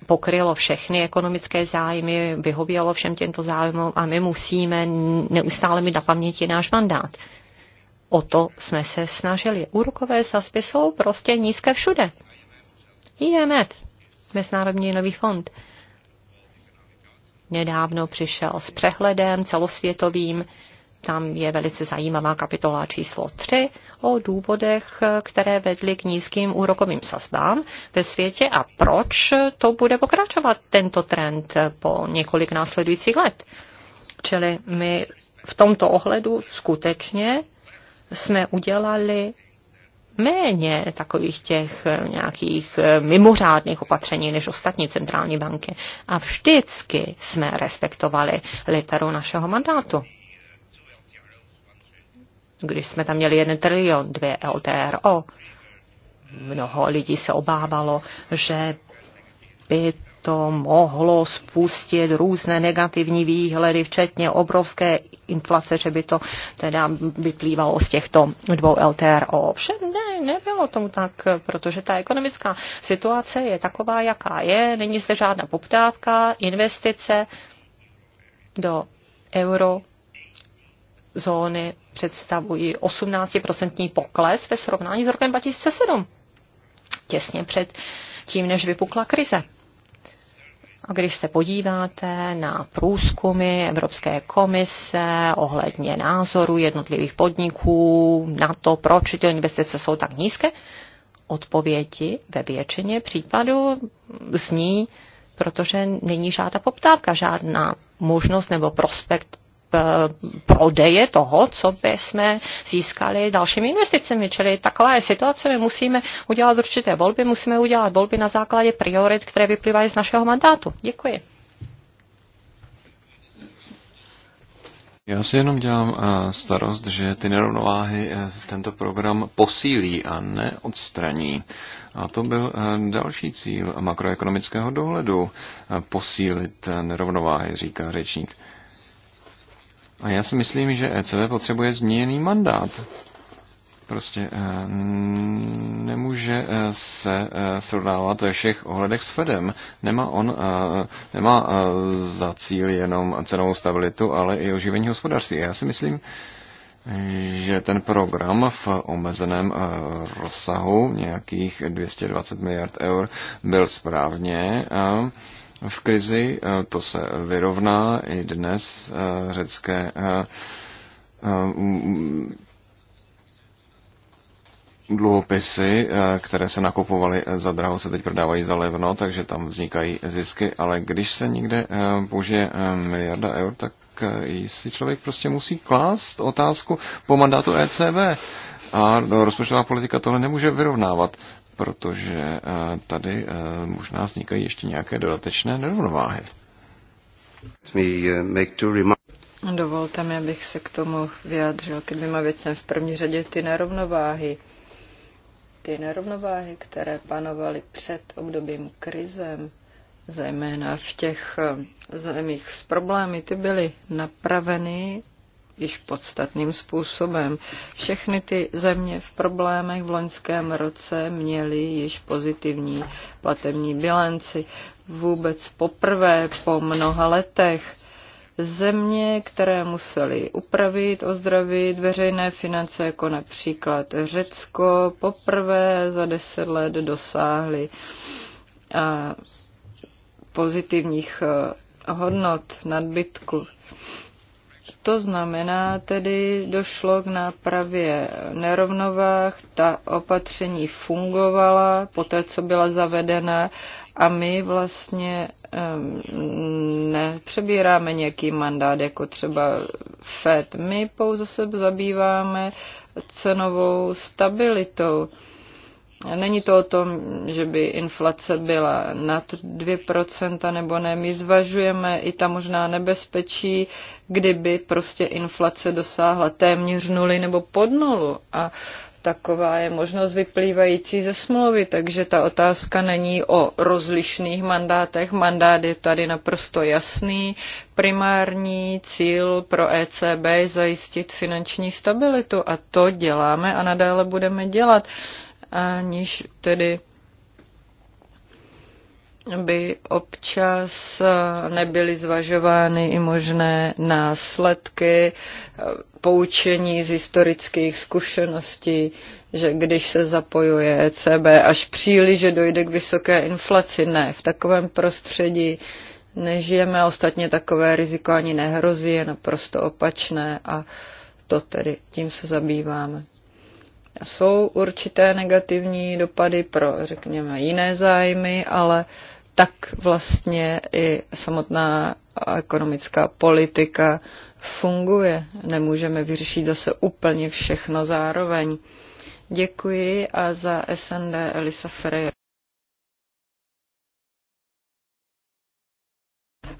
pokrylo všechny ekonomické zájmy, vyhovělo všem těmto zájmům a my musíme neustále mít na paměti náš mandát. O to jsme se snažili. Úrokové sazby jsou prostě nízké všude. IMF, Mezinárodní nový fond, nedávno přišel s přehledem celosvětovým, tam je velice zajímavá kapitola číslo 3 o důvodech, které vedly k nízkým úrokovým sazbám ve světě a proč to bude pokračovat tento trend po několik následujících let. Čili my v tomto ohledu skutečně jsme udělali méně takových těch eh, nějakých eh, mimořádných opatření než ostatní centrální banky. A vždycky jsme respektovali literu našeho mandátu. Když jsme tam měli jeden trilion, dvě LTRO, mnoho lidí se obávalo, že by to mohlo spustit různé negativní výhledy, včetně obrovské inflace, že by to teda vyplývalo z těchto dvou LTRO. Ovšem ne, nebylo tomu tak, protože ta ekonomická situace je taková, jaká je, není zde žádná poptávka, investice do euro zóny představují 18% pokles ve srovnání s rokem 2007, těsně před tím, než vypukla krize. A když se podíváte na průzkumy Evropské komise ohledně názoru jednotlivých podniků na to, proč ty investice jsou tak nízké, odpovědi ve většině případů zní, protože není žádná poptávka, žádná možnost nebo prospekt Eh, prodeje toho, co by jsme získali dalšími investicemi. Čili taková je situace, my musíme udělat určité volby, musíme udělat volby na základě priorit, které vyplývají z našeho mandátu. Děkuji. Já si jenom dělám eh, starost, že ty nerovnováhy eh, tento program posílí a neodstraní. A to byl další cíl makroekonomického dohledu, posílit nerovnováhy, říká řečník. A já si myslím, že ECB potřebuje změněný mandát. Prostě eh, nemůže eh, se eh, srovnávat ve všech ohledech s Fedem. Nemá on nemá za cíl jenom cenovou stabilitu, ale i oživení hospodářství. Já si myslím, že ten program v omezeném rozsahu nějakých 220 miliard eur byl správně. A v krizi, eh, to se vyrovná i dnes eh, řecké eh, dluhopisy, které se nakupovaly za draho, se teď prodávají za levno, takže tam vznikají zisky, ale když se někde použije miliarda eur, tak si člověk prostě musí klást otázku po mandátu ECB. A rozpočtová politika tohle nemůže vyrovnávat protože eh, tady eh, možná vznikají ještě nějaké dodatečné nerovnováhy. Eh, Dovolte mi, abych se k tomu vyjádřil ke dvěma věcem. V první řadě ty nerovnováhy. Ty nerovnováhy, které panovaly před obdobím krizem, zejména v těch zemích s problémy, ty byly napraveny již podstatným způsobem. Všechny ty země v problémech v loňském roce měly již pozitivní platební bilanci. Vůbec poprvé po mnoha letech země, které museli upravit, ozdravit veřejné finance, jako například Řecko, poprvé za deset let dosáhly pozitivních eh, hodnot nadbytku. To znamená, tedy došlo k nápravě nerovnovách, ta opatření fungovala po té, co byla zavedena a my vlastně um, nepřebíráme nějaký mandát, jako třeba FED. My pouze se zabýváme cenovou stabilitou. Není to o tom, že by inflace byla nad 2% nebo ne. My zvažujeme i ta možná nebezpečí, kdyby prostě inflace dosáhla téměř nuly nebo pod nulu. A taková je možnost vyplývající ze smlouvy, takže ta otázka není o rozlišných mandátech. Mandát je tady naprosto jasný. Primární cíl pro ECB je zajistit finanční stabilitu a to děláme a nadále budeme dělat aniž tedy by občas nebyly zvažovány i možné následky poučení z historických zkušeností, že když se zapojuje ECB až příliš, že dojde k vysoké inflaci. Ne, v takovém prostředí nežijeme, ostatně takové riziko ani nehrozí, je naprosto opačné a to tedy tím se zabýváme. Jsou určité negativní dopady pro, řekněme, jiné zájmy, ale tak vlastně i samotná ekonomická politika funguje. Nemůžeme vyřešit zase úplně všechno zároveň. Děkuji a za SND Elisa Ferreira.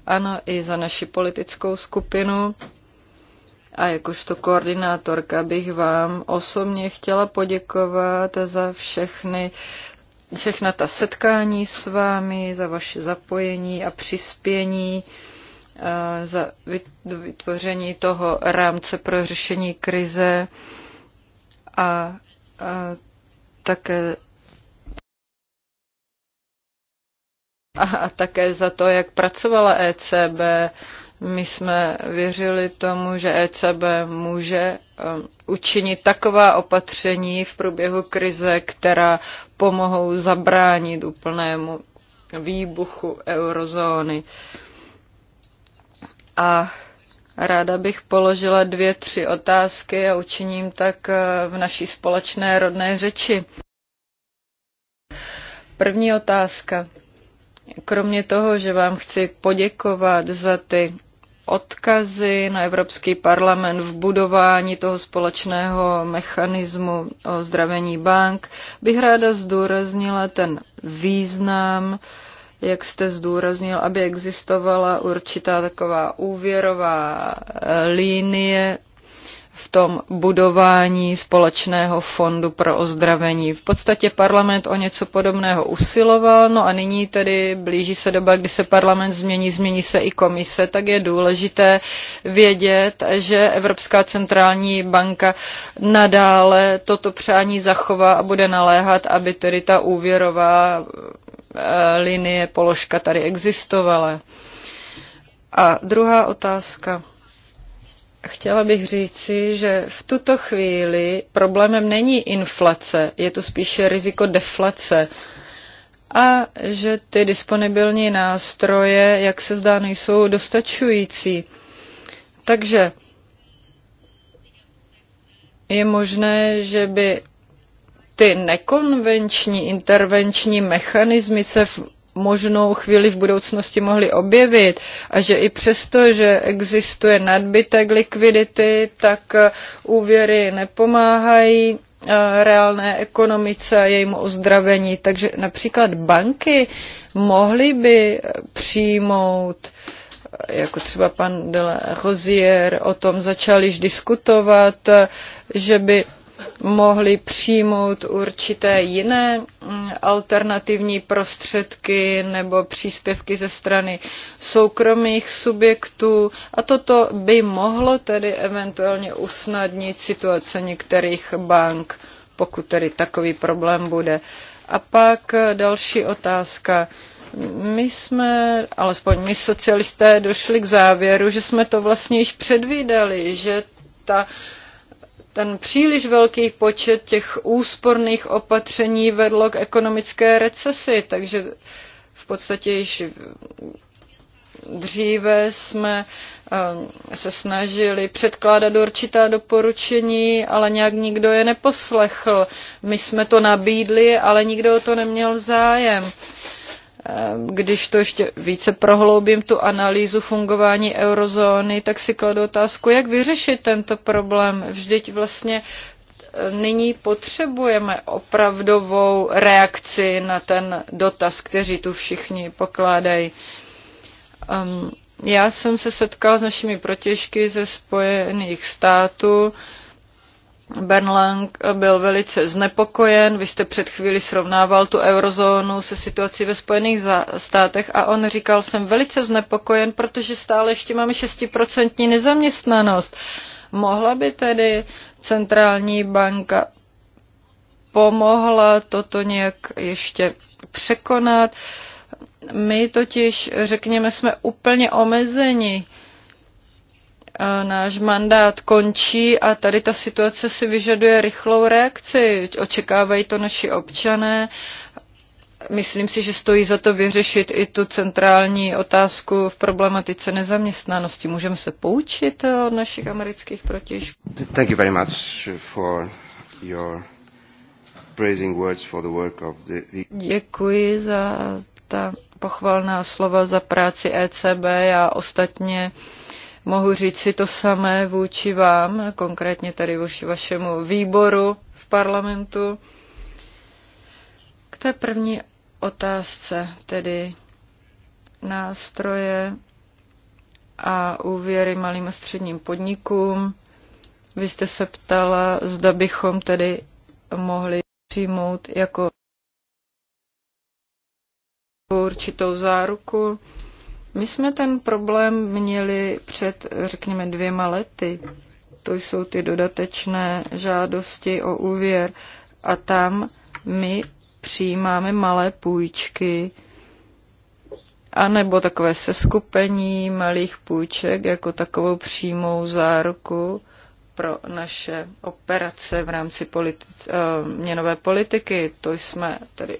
Ano, i za naši politickou skupinu a jakožto koordinátorka bych vám osobně chtěla poděkovat za všechny všechna ta setkání s vámi, za vaše zapojení a přispění, za vytvoření toho rámce pro řešení krize a, a také a, a také za to, jak pracovala ECB my jsme věřili tomu, že ECB může um, učinit taková opatření v průběhu krize, která pomohou zabránit úplnému výbuchu eurozóny. A ráda bych položila dvě, tři otázky a učiním tak uh, v naší společné rodné řeči. První otázka. Kromě toho, že vám chci poděkovat za ty odkazy na Evropský parlament v budování toho společného mechanismu o zdravení bank, bych ráda zdůraznila ten význam, jak jste zdůraznil, aby existovala určitá taková úvěrová eh, linie v tom budování společného fondu pro ozdravení. V podstatě parlament o něco podobného usiloval, no a nyní tedy blíží se doba, kdy se parlament změní, změní se i komise, tak je důležité vědět, že Evropská centrální banka nadále toto přání zachová a bude naléhat, aby tedy ta úvěrová eh, linie, položka tady existovala. A druhá otázka. Chtěla bych říci, že v tuto chvíli problémem není inflace, je to spíše riziko deflace a že ty disponibilní nástroje, jak se zdá, nejsou dostačující. Takže je možné, že by ty nekonvenční intervenční mechanismy se v možnou chvíli v budoucnosti mohli objevit a že i přesto, že existuje nadbytek likvidity, tak eh, úvěry nepomáhají eh, reálné ekonomice a jejímu ozdravení. Takže například banky mohly by eh, přijmout jako třeba pan de la o tom začal již diskutovat, že by mohli přijmout určité jiné mm, alternativní prostředky nebo příspěvky ze strany soukromých subjektů a toto by mohlo tedy eventuálně usnadnit situace některých bank, pokud tedy takový problém bude. A pak eh, další otázka my jsme, alespoň my socialisté, došli k závěru, že jsme to vlastně již předvídali, že ta ten příliš velký počet těch úsporných opatření vedlo k ekonomické recesi, takže v podstatě již dříve jsme ehm, se snažili předkládat určitá doporučení, ale nějak nikdo je neposlechl. My jsme to nabídli, ale nikdo o to neměl zájem. Ehm, když to ještě více prohloubím, tu analýzu fungování eurozóny, tak si kladu otázku, jak vyřešit tento problém. Vždyť vlastně ehm, nyní potřebujeme opravdovou reakci na ten dotaz, který tu všichni pokládají. Ehm, já jsem se setkal s našimi protěžky ze Spojených států, Bernlang byl velice znepokojen. Vy jste před chvíli srovnával tu eurozónu se situací ve Spojených státech a on říkal, jsem velice znepokojen, protože stále ještě máme 6% nezaměstnanost. Mohla by tedy centrální banka pomohla toto nějak ještě překonat? My totiž, řekněme, jsme úplně omezeni náš mandát končí a tady ta situace si vyžaduje rychlou reakci. Očekávají to naši občané. Myslím si, že stojí za to vyřešit i tu centrální otázku v problematice nezaměstnanosti. Můžeme se poučit od našich amerických protěžků. Thank you very much for your praising words for the work of the... Děkuji za ta pochvalná slova za práci ECB. Já ostatně uh, Mohu říct si to samé vůči vám, konkrétně tady vůči vašemu výboru v parlamentu. K té první otázce, tedy nástroje a úvěry malým a středním podnikům. Vy jste se ptala, zda bychom tedy mohli přijmout jako určitou záruku. My jsme ten problém měli před, řekněme, dvěma lety. To jsou ty dodatečné žádosti o úvěr. A tam my přijímáme malé půjčky, anebo takové seskupení malých půjček jako takovou přímou záruku pro naše operace v rámci politi- eh, měnové politiky. To jsme tedy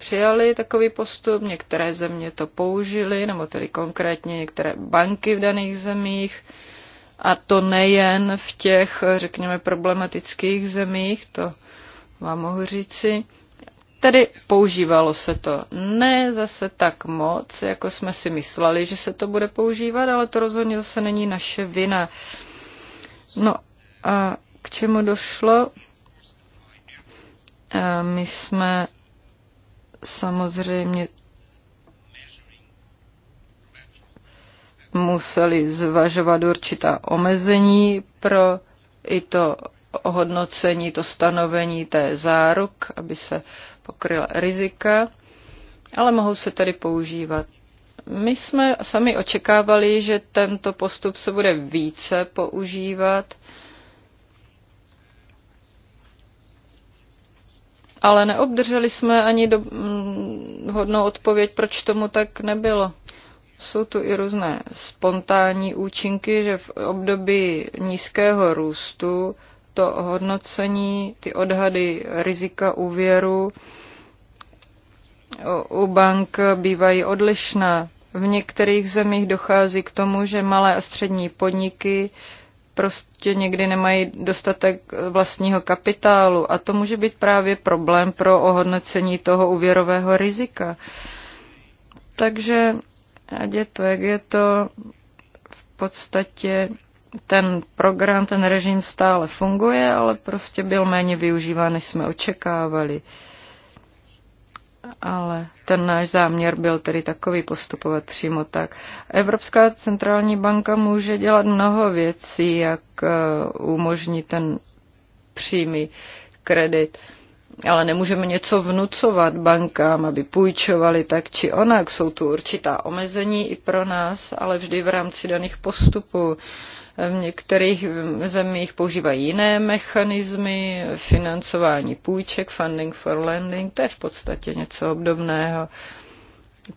přijali takový postup, některé země to použily, nebo tedy konkrétně některé banky v daných zemích. A to nejen v těch, řekněme, problematických zemích, to vám mohu říci. Tedy používalo se to ne zase tak moc, jako jsme si mysleli, že se to bude používat, ale to rozhodně zase není naše vina. No a k čemu došlo? My jsme samozřejmě museli zvažovat určitá omezení pro i to hodnocení, to stanovení té záruk, aby se pokryla rizika, ale mohou se tady používat. My jsme sami očekávali, že tento postup se bude více používat, ale neobdrželi jsme ani do, hm, hodnou odpověď, proč tomu tak nebylo. Jsou tu i různé spontánní účinky, že v období nízkého růstu to hodnocení, ty odhady rizika úvěru u bank bývají odlišná. V některých zemích dochází k tomu, že malé a střední podniky prostě někdy nemají dostatek vlastního kapitálu a to může být právě problém pro ohodnocení toho úvěrového rizika. Takže ať je to, jak je to, v podstatě ten program, ten režim stále funguje, ale prostě byl méně využíván, než jsme očekávali. Uh, ale ten náš záměr byl tedy takový postupovat přímo tak. Evropská centrální banka může dělat mnoho věcí, jak eh, umožnit ten přímý kredit ale nemůžeme něco vnucovat bankám, aby půjčovali tak či onak. Jsou tu určitá omezení i pro nás, ale vždy v rámci daných postupů. V některých zemích používají jiné mechanismy, financování půjček, funding for lending, to je v podstatě něco obdobného.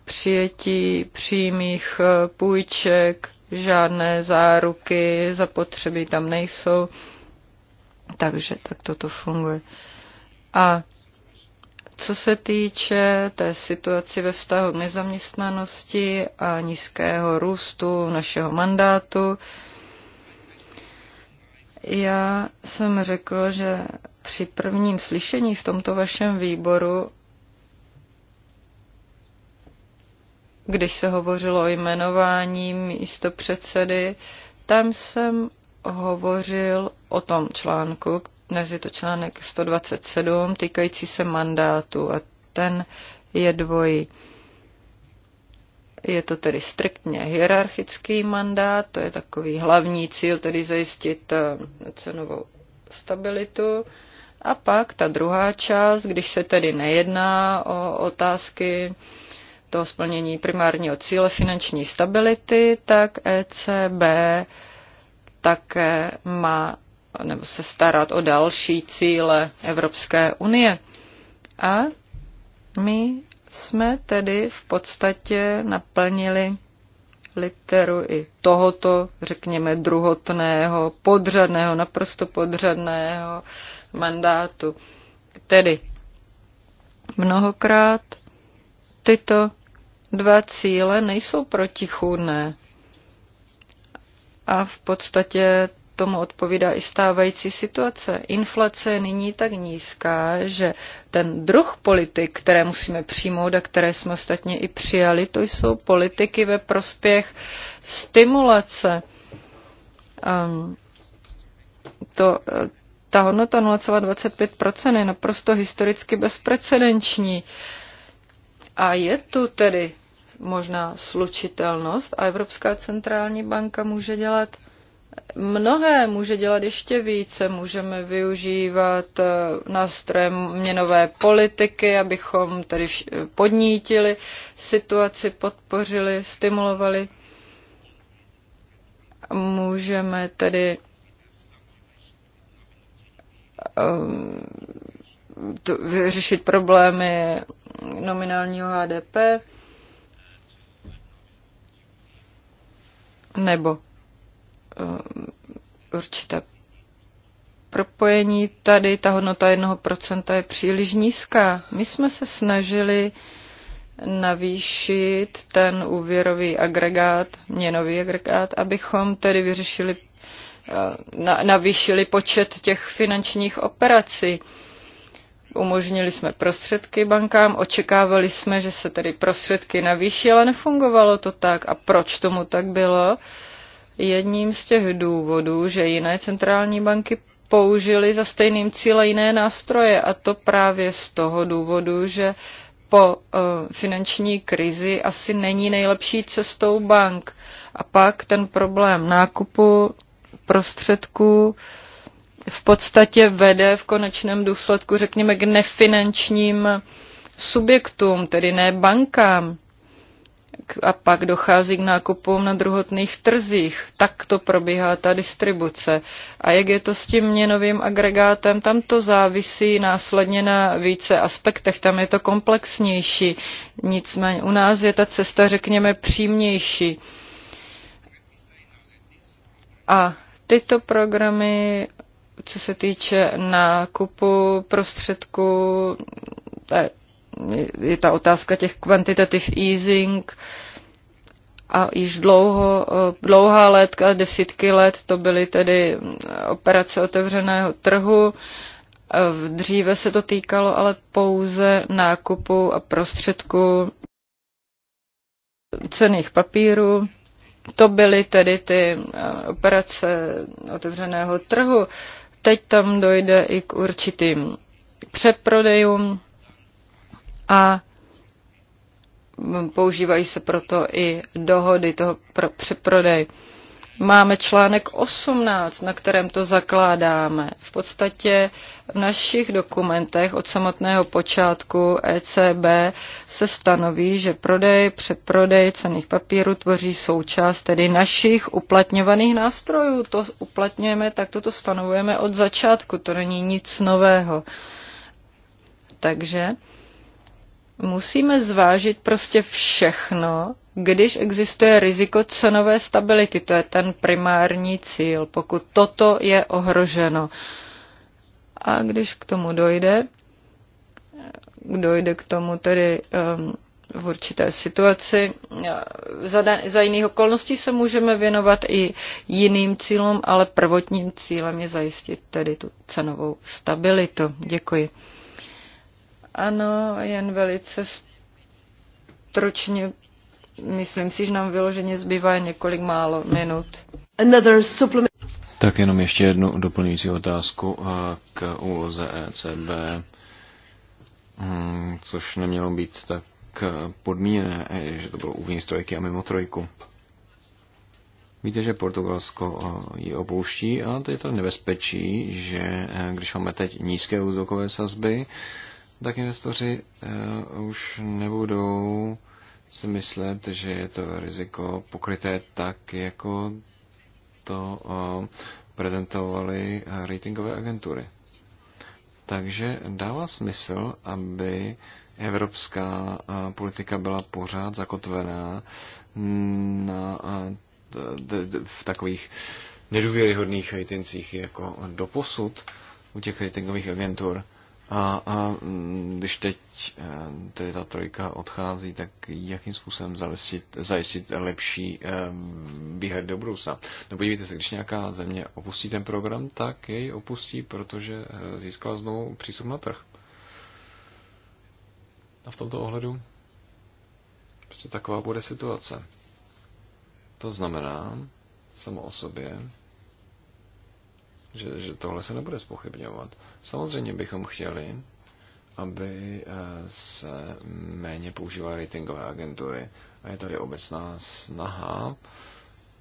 Přijetí přímých eh, půjček, žádné záruky, zapotřeby tam nejsou. Takže tak toto funguje. A co se týče té situaci ve vztahu k nezaměstnanosti a nízkého růstu našeho mandátu, já jsem řekl, že při prvním slyšení v tomto vašem výboru, když se hovořilo o jmenování místo předsedy, tam jsem hovořil o tom článku, dnes je to článek 127, týkající se mandátu a ten je dvojí. Je to tedy striktně hierarchický mandát, to je takový hlavní cíl, tedy zajistit eh, cenovou stabilitu. A pak ta druhá část, když se tedy nejedná o otázky toho splnění primárního cíle finanční stability, tak ECB také má nebo se starat o další cíle Evropské unie. A my jsme tedy v podstatě naplnili literu i tohoto, řekněme, druhotného, podřadného, naprosto podřadného mandátu. Tedy mnohokrát tyto dva cíle nejsou protichůdné. A v podstatě tomu odpovídá i stávající situace. Inflace je nyní tak nízká, že ten druh politik, které musíme přijmout a které jsme ostatně i přijali, to jsou politiky ve prospěch stimulace. Um, to, eh, ta hodnota 0,25% je naprosto historicky bezprecedenční. A je tu tedy možná slučitelnost a Evropská centrální banka může dělat mnohé, může dělat ještě více. Můžeme využívat eh, nástroje měnové politiky, abychom tedy podnítili situaci, podpořili, stimulovali. Můžeme tedy ehm, vyřešit problémy nominálního HDP nebo Eh, určité propojení. Tady ta hodnota 1% je příliš nízká. My jsme se snažili navýšit ten úvěrový agregát, měnový agregát, abychom tedy vyřešili, eh, navýšili počet těch finančních operací. Umožnili jsme prostředky bankám, očekávali jsme, že se tedy prostředky navýší, ale nefungovalo to tak. A proč tomu tak bylo? Uh, jedním z těch důvodů, že jiné centrální banky použily za stejným cíle jiné nástroje a to právě z toho důvodu, že po eh, finanční krizi asi není nejlepší cestou bank. A pak ten problém nákupu prostředků v podstatě vede v konečném důsledku, řekněme, k nefinančním subjektům, tedy ne bankám a pak dochází k nákupům na druhotných trzích. Tak to probíhá ta distribuce. A jak je to s tím měnovým agregátem, tam to závisí následně na více aspektech, tam je to komplexnější. Nicméně u nás je ta cesta, řekněme, přímější. A tyto programy, co se týče nákupu prostředků, eh, je ta otázka těch quantitative easing a již dlouho, dlouhá letka desítky let to byly tedy operace otevřeného trhu. Dříve se to týkalo ale pouze nákupu a prostředku cených papírů. To byly tedy ty eh, operace otevřeného trhu. Teď tam dojde i k určitým přeprodejům a používají se proto i dohody toho pro přeprodej. Máme článek 18, na kterém to zakládáme. V podstatě v našich dokumentech od samotného počátku ECB se stanoví, že prodej, přeprodej cených papírů tvoří součást tedy našich uplatňovaných nástrojů. To uplatňujeme, tak to stanovujeme od začátku, to není nic nového. Takže musíme zvážit prostě všechno, když existuje riziko cenové stability. To je ten primární cíl, pokud toto je ohroženo. A když k tomu dojde, dojde k tomu tedy um, v určité situaci. Eh, za, za jiných okolností se můžeme věnovat i jiným cílům, ale prvotním cílem je zajistit tedy tu cenovou stabilitu. Děkuji. Ano, jen velice stručně. Myslím si, že nám vyloženě zbývá několik málo minut. Tak jenom ještě jednu doplňující otázku eh, k úloze ECB, hmm, což nemělo být tak eh, podmíněné, eh, že to bylo uvnitř trojky a mimo trojku. Víte, že Portugalsko ji opouští a to je to nebezpečí, že když máme teď nízké úrokové sazby, tak investoři uh, už nebudou si myslet, že je to riziko pokryté tak, jako to uh, eh, prezentovaly eh, ratingové agentury. Takže dává smysl, aby evropská politika byla pořád zakotvená na, v takových nedůvěryhodných ratingcích jako doposud u těch ratingových agentur. A, a mm, když teď eh, tedy ta trojka odchází, tak jakým způsobem zavisit, zajistit lepší eh, výhled do budoucna? No podívejte se, když nějaká země opustí ten program, tak jej opustí, protože eh, získala znovu přístup na trh. A v tomto ohledu prostě taková bude situace. To znamená samo o sobě, že, že tohle se nebude spochybňovat. Samozřejmě bychom chtěli, aby eh, se méně používaly ratingové agentury. A je tady obecná snaha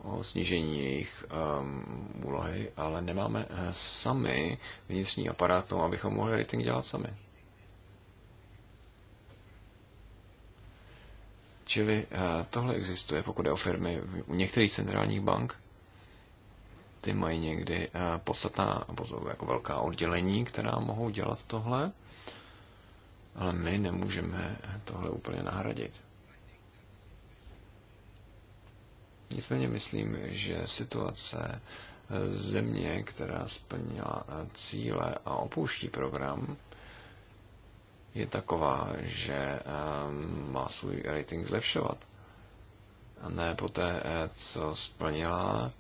o snížení jejich um, úlohy, ale nemáme eh, sami vnitřní aparát tomu, abychom mohli rating dělat sami. Čili uh, tohle existuje, pokud je o firmy u některých centrálních bank ty mají někdy eh, podstatná, jako velká oddělení, která mohou dělat tohle, ale my nemůžeme tohle úplně nahradit. Nicméně myslím, že situace eh, země, která splnila eh, cíle a opouští program, je taková, že má svůj rating zlepšovat. A ne poté, co splnila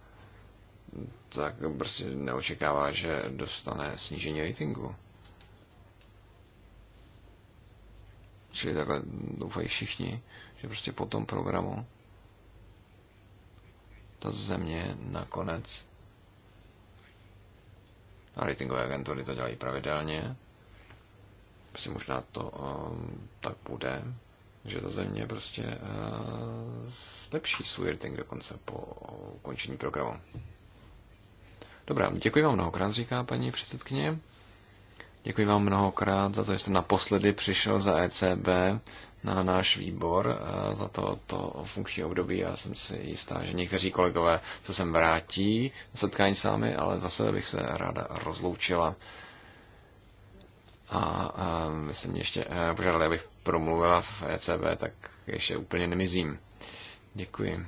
tak prostě neočekává, že dostane snížení ratingu. Čili takhle doufají všichni, že prostě po tom programu ta země nakonec a ratingové agentury to dělají pravidelně. Prostě možná to um, tak bude, že ta země prostě uh, zlepší svůj rating dokonce po uh, ukončení programu. Dobrá, děkuji vám mnohokrát, říká paní předsedkyně. Děkuji vám mnohokrát za to, že jste naposledy přišel za ECB na náš výbor eh, za to, to funkční období. Já jsem si jistá, že někteří kolegové se sem vrátí na setkání s vámi, ale zase bych se ráda rozloučila. A, myslím, eh, vy ještě eh, požádali, abych promluvila v ECB, tak ještě úplně nemizím. Děkuji.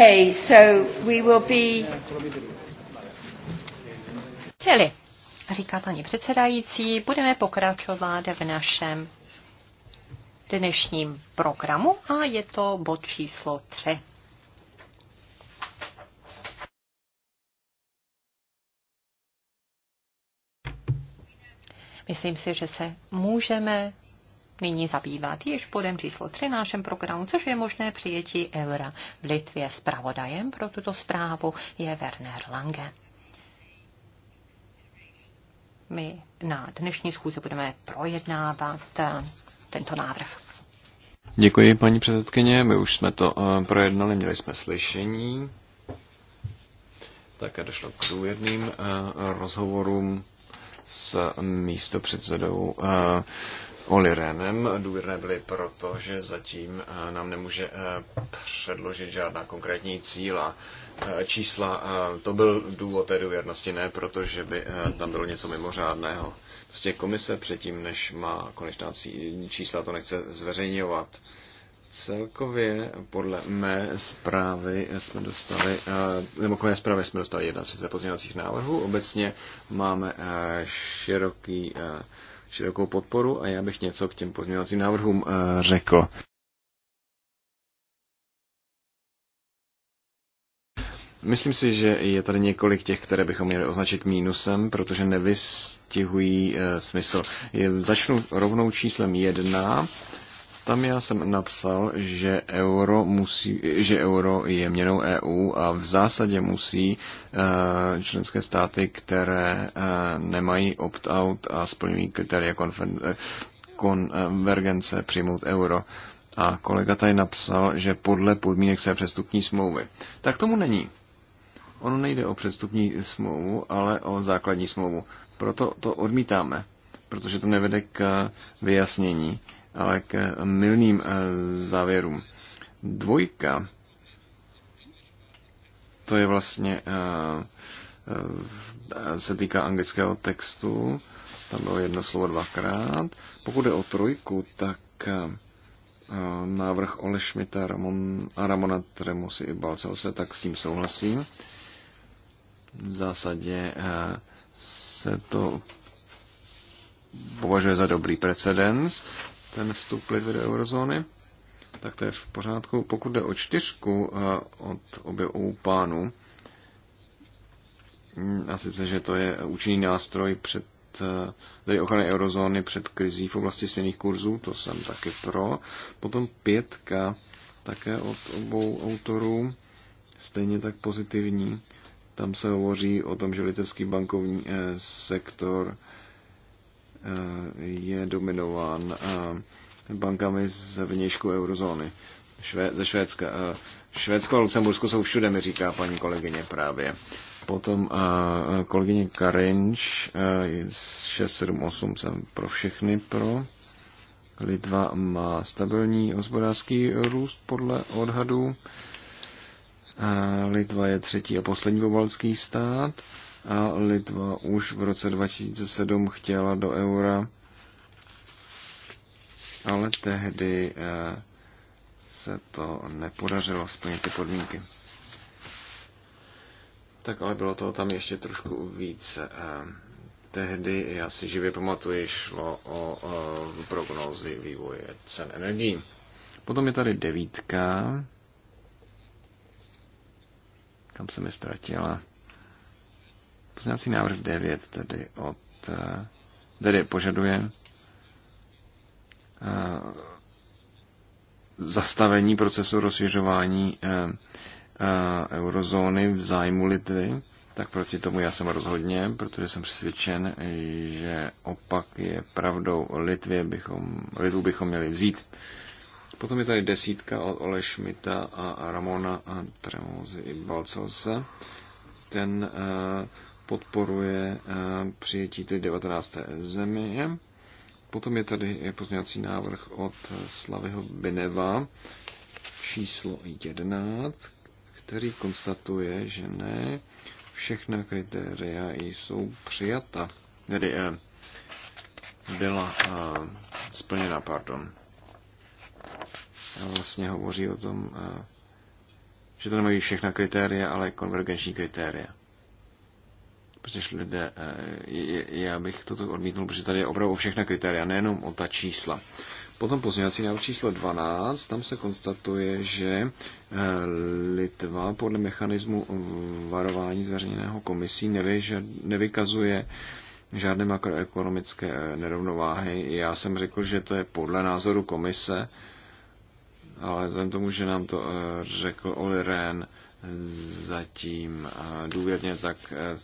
Okay, so we will be... Čili, říká paní předsedající, budeme pokračovat v našem dnešním programu a je to bod číslo 3. Myslím si, že se můžeme nyní zabývat již bodem číslo 3 našem programu, což je možné přijetí eura v Litvě. Spravodajem pro tuto zprávu je Werner Lange. My na dnešní schůzi budeme projednávat eh, tento návrh. Děkuji, paní předsedkyně. My už jsme to eh, projednali, měli jsme slyšení. Také došlo k důvěrným eh, rozhovorům s místopředsedou Oli Renem. Důvěrné byly proto, že zatím eh, nám nemůže eh, předložit žádná konkrétní cíla. Eh, čísla, to byl důvod té důvěrnosti, ne protože by tam bylo něco mimořádného. Prostě komise předtím, než má konečná čísla, to nechce zveřejňovat. Celkově podle mé zprávy jsme dostali, nebo konec zprávy jsme dostali 31 pozměňovacích návrhů. Obecně máme široký širokou podporu a já bych něco k těm pozměňovacím návrhům eh, řekl. Myslím si, že je tady několik těch, které bychom měli označit mínusem, protože nevystihují e, smysl. Je, začnu rovnou číslem jedna. Tam já jsem napsal, že euro, musí, že euro je měnou EU a v zásadě musí eh, členské státy, které eh, nemají opt-out a splňují kritéria eh, konvergence, přijmout euro. A kolega tady napsal, že podle podmínek se přestupní smlouvy. Tak tomu není. Ono nejde o přestupní smlouvu, ale o základní smlouvu. Proto to odmítáme, protože to nevede k vyjasnění ale k eh, milným eh, závěrům. Dvojka, to je vlastně, eh, se týká anglického textu, tam bylo jedno slovo dvakrát. Pokud je o trojku, tak návrh Ole Ramon, a Ramona Tremosi i Balcelse, tak s tím souhlasím. V zásadě se to považuje za dobrý precedens ten vstup Litvy do eurozóny, tak to je v pořádku. Pokud jde o čtyřku eh, od obou pánů, mm, a sice, že to je účinný nástroj před eh, tedy ochrany eurozóny před krizí v oblasti směných kurzů, to jsem taky pro. Potom pětka, také od obou autorů, stejně tak pozitivní. Tam se hovoří o tom, že litevský bankovní eh, sektor Eh, je dominován eh, bankami z vnějšku eurozóny, Švé, ze Švédska. Eh, Švédsko a Lucembursko jsou všude, mi říká paní kolegyně právě. Potom kolegyně Karinč, 678 jsem pro všechny pro. Litva má stabilní hospodářský růst podle odhadů. Litva je třetí a poslední pobaltský stát a Litva už v roce 2007 chtěla do eura, ale tehdy eh, se to nepodařilo splnit ty podmínky. Tak ale bylo toho tam ještě trošku více. Eh, tehdy, já si živě pamatuju, šlo o, o eh, prognózy vývoje cen energií. Potom je tady devítka. Kam se mi ztratila? Poznací návrh 9 tedy od, eh, tedy požaduje eh, zastavení procesu rozšiřování eh, eurozóny v zájmu Litvy, tak proti tomu já jsem rozhodně, protože jsem přesvědčen, že opak je pravdou. Litvě bychom, Litvu bychom měli vzít. Potom je tady desítka od Ole Schmidta a Ramona a Tremozy i Balcose. Ten uh, podporuje eh, přijetí tedy 19. země. Potom je tady pozměňovací návrh od Slavyho Bineva číslo 11, který konstatuje, že ne všechna kritéria jsou přijata, tedy eh, byla eh, splněna, pardon. Vlastně hovoří o tom, že to nemají všechna kritéria, ale konvergenční kritéria. Protože lidé, eh, já bych toto odmítnul, protože tady je opravdu všechna kritéria, nejenom o ta čísla. Potom pozměňovací návrh číslo 12, tam se konstatuje, že eh, Litva podle mechanismu varování zveřejněného komisí nevykazuje žádné makroekonomické eh, nerovnováhy. Já jsem řekl, že to je podle názoru komise, ale vzhledem tomu, že nám to řekl Oli Ren, zatím důvěrně, tak e, e,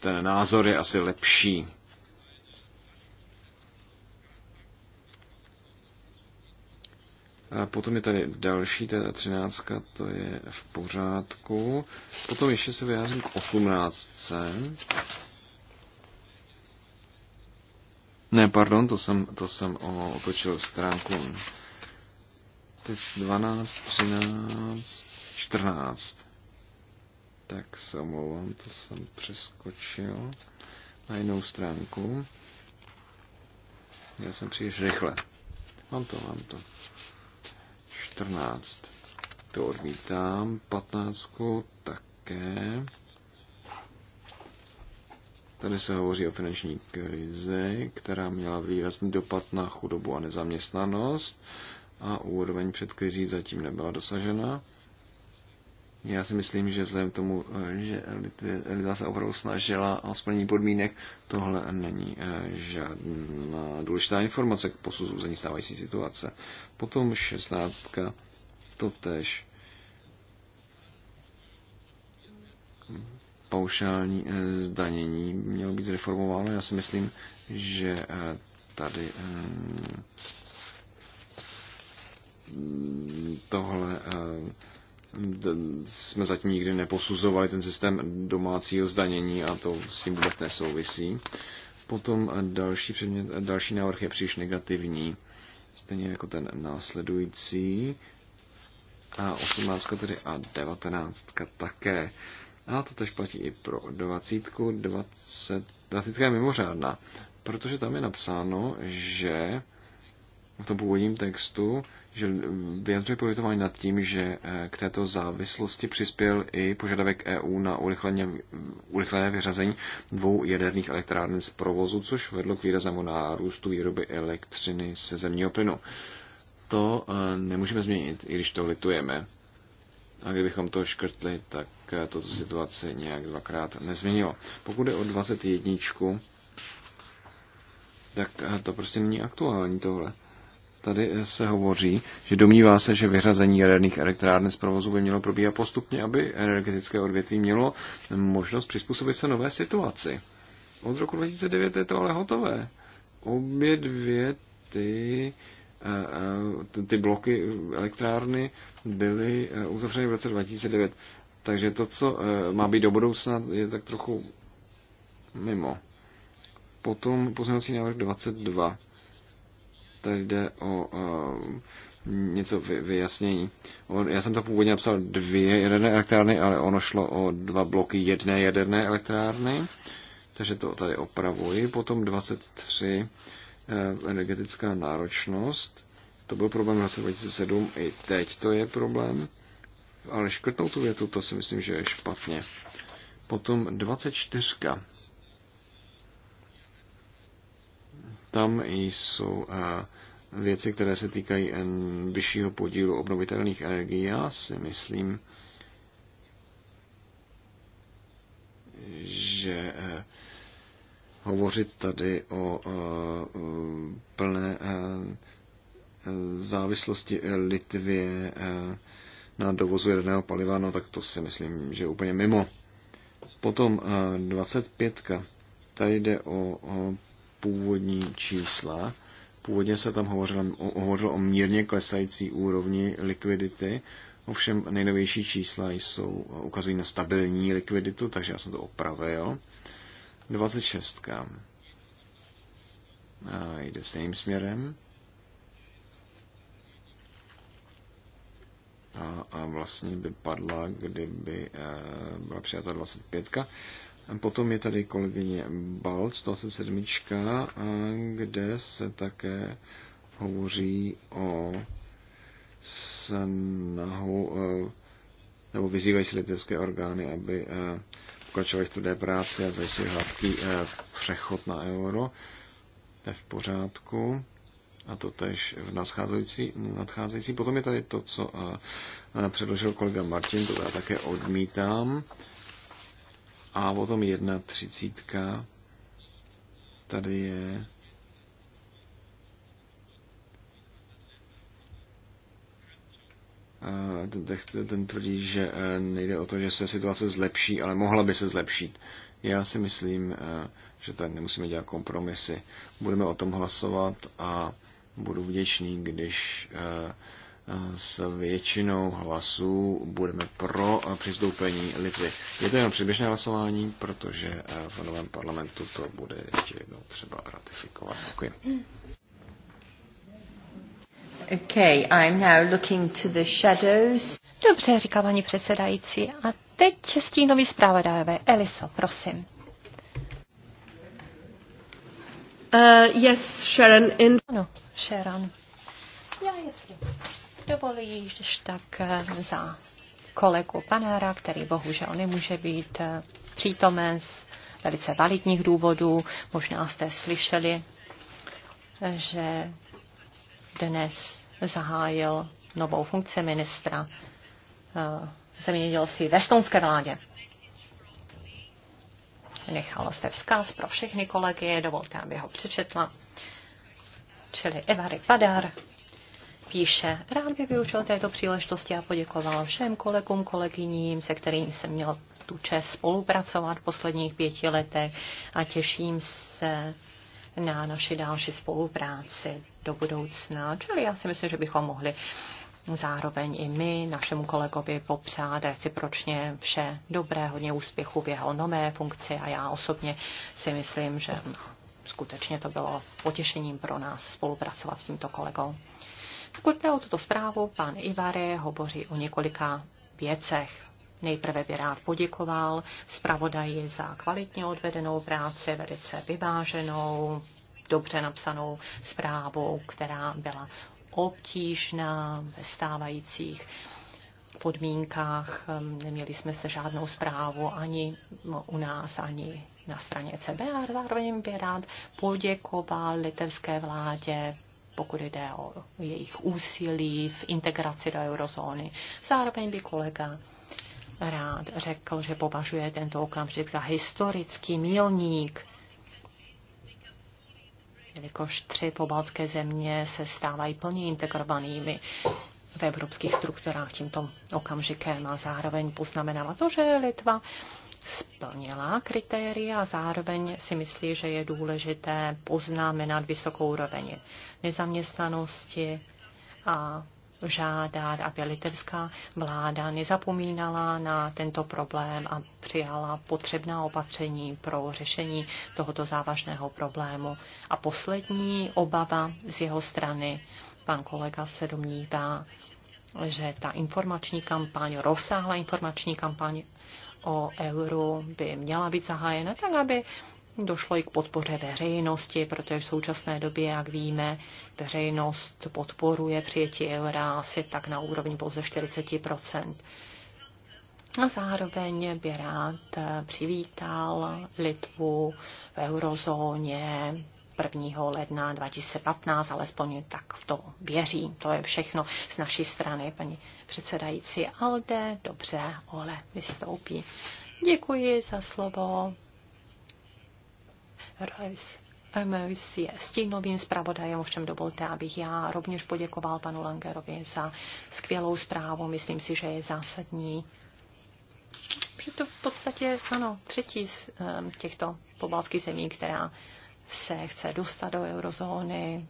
ten názor je asi lepší. A potom je tady další, teda 13, to je v pořádku. Potom ještě se vyjádřím k 18. Ne, pardon, to jsem, to jsem otočil stránku. Teď 12, 13, 14. Tak se omlouvám, to jsem přeskočil na jinou stránku. Já jsem příliš rychle. Mám to, mám to. 14. To odmítám. 15. také. Tady se hovoří o finanční krizi, která měla výrazný dopad na chudobu a nezaměstnanost a úroveň před krizí zatím nebyla dosažena. Já si myslím, že vzhledem k tomu, eh, že Elita se opravdu snažila o splnění podmínek, tohle není eh, žádná důležitá informace k posuzení stávající situace. Potom šestnáctka, to tež paušální eh, zdanění mělo být zreformováno. Já si myslím, že tady tohle jsme zatím nikdy neposuzovali ten systém domácího zdanění a to s tím vůbec nesouvisí. Potom další, předmět, další návrh je příliš negativní, stejně jako ten následující. A 18 tedy a 19 také. A to tež platí i pro 20. 20, 20 je mimořádná, protože tam je napsáno, že v tom původním textu, že vyjadřuje politování nad tím, že eh, k této závislosti přispěl i požadavek EU na urychlené vyřazení dvou jaderných elektráren z provozu, což vedlo k výraznému nárůstu výroby elektřiny se zemního plynu. To eh, nemůžeme změnit, i když to litujeme. A kdybychom to škrtli, tak eh, to tu situaci nějak dvakrát nezměnilo. Pokud je o 21, tak to prostě není aktuální tohle tady eh, se hovoří, že domnívá se, že vyřazení jaderných elektráren z provozu by mělo probíhat postupně, aby energetické odvětví mělo možnost přizpůsobit se nové situaci. Od roku 2009 je to ale hotové. Obě dvě ty, eh, eh, ty bloky elektrárny byly uzavřeny v roce 2009. Takže to, co má být do budoucna, je tak trochu mimo. Potom poznávací návrh 22. Tady jde o něco vyjasnění. Já jsem to původně napsal dvě jaderné elektrárny, ale ono šlo o dva bloky jedné jaderné elektrárny, takže to tady opravuji. Potom 23 eh, energetická náročnost. To byl problém v roce 2007, i teď to je problém. Ale škrtnout tu větu, to si myslím, že je špatně. Potom 24. Tam jsou eh, věci, které se týkají eh, vyššího podílu obnovitelných energií. Já si myslím, že eh, hovořit tady o plné závislosti Litvě na dovozu jedného paliva, no tak to si myslím, že je úplně mimo. Potom 25. Tady jde o původní čísla. Původně se tam hovořilo, hovořilo o mírně klesající úrovni likvidity, ovšem nejnovější čísla jsou, ukazují na stabilní likviditu, takže já jsem to opravil. 26. A jde stejným směrem. a, a vlastně by padla, kdyby e, byla přijata 25. Potom je tady kolegyně Balc, 107, kde se také hovoří o snahu, eh, nebo vyzývají si lidské orgány, aby eh, pokračovali v tvrdé práci a zajistili hladký eh, přechod na euro. To je v pořádku. A to tež v nadcházející, nadcházející. Potom je tady to, co předložil kolega Martin, to já také odmítám. A potom jedna třicítka. Tady je ten tvrdí, že e, nejde o to, že se situace zlepší, ale mohla by se zlepšit. Já si myslím, e, že tady nemusíme dělat kompromisy. Budeme o tom hlasovat a budu vděčný, když e, s většinou hlasů budeme pro přistoupení Litvy. Je to jenom předběžné hlasování, protože eh, v novém parlamentu to bude ještě jednou třeba ratifikovat. Děkuji. Okay, I'm now looking to the shadows. Dobře, říká paní předsedající. A teď stínový zpravodajové. Eliso, prosím. Uh, yes, Sharon. In... Ano, Sharon. Já, jestli dovolíš tak eh, za kolegu Panára, který bohužel nemůže být eh, přítomen z velice validních důvodů. Možná jste slyšeli, eh, že dnes zahájil novou funkci ministra zemědělství ve stonské vládě. Nechala jste vzkaz pro všechny kolegy, dovolte, aby ho přečetla. Čili Evary Padar, píše. Rád bych vyučil této příležitosti a poděkoval všem kolegům, kolegyním, se kterým jsem měl tu čest spolupracovat v posledních pěti letech a těším se na naši další spolupráci do budoucna. Čili já si myslím, že bychom mohli zároveň i my našemu kolegovi popřát recipročně vše dobré, hodně úspěchu v jeho nové funkci a já osobně si myslím, že skutečně to bylo potěšením pro nás spolupracovat s tímto kolegou. Pokud jde o tuto zprávu, pan Ivare hovoří o několika věcech. Nejprve by rád poděkoval zpravodaji za kvalitně odvedenou práci, velice vyváženou, dobře napsanou zprávu, která byla obtížná ve stávajících podmínkách. Neměli jsme se žádnou zprávu ani u nás, ani na straně CBR. zároveň by rád poděkoval litevské vládě pokud jde o jejich úsilí v integraci do eurozóny. Zároveň by kolega rád řekl, že považuje tento okamžik za historický milník, jelikož tři pobaltské země se stávají plně integrovanými v evropských strukturách tímto okamžikem a zároveň poznamenala to, že Litva splnila kritéria a zároveň si myslí, že je důležité poznámenat vysokou úroveň nezaměstnanosti a žádat, aby litevská vláda nezapomínala na tento problém a přijala potřebná opatření pro řešení tohoto závažného problému. A poslední obava z jeho strany, pan kolega se domnívá, že ta informační kampaň, rozsáhlá informační kampaň o euru by měla být zahájena tak, aby došlo i k podpoře veřejnosti, protože v současné době, jak víme, veřejnost podporuje přijetí eura asi tak na úrovni pouze 40 a zároveň by rád přivítal Litvu v eurozóně, 1. ledna 2015, alespoň tak v to věří. To je všechno z naší strany, paní předsedající Alde. Dobře, Ole vystoupí. Děkuji za slovo. Royce MS je novým zpravodajem, ovšem dovolte, abych já rovněž poděkoval panu Langerovi za skvělou zprávu. Myslím si, že je zásadní že to v podstatě, ano, třetí z těchto pobalských zemí, která se chce dostat do eurozóny.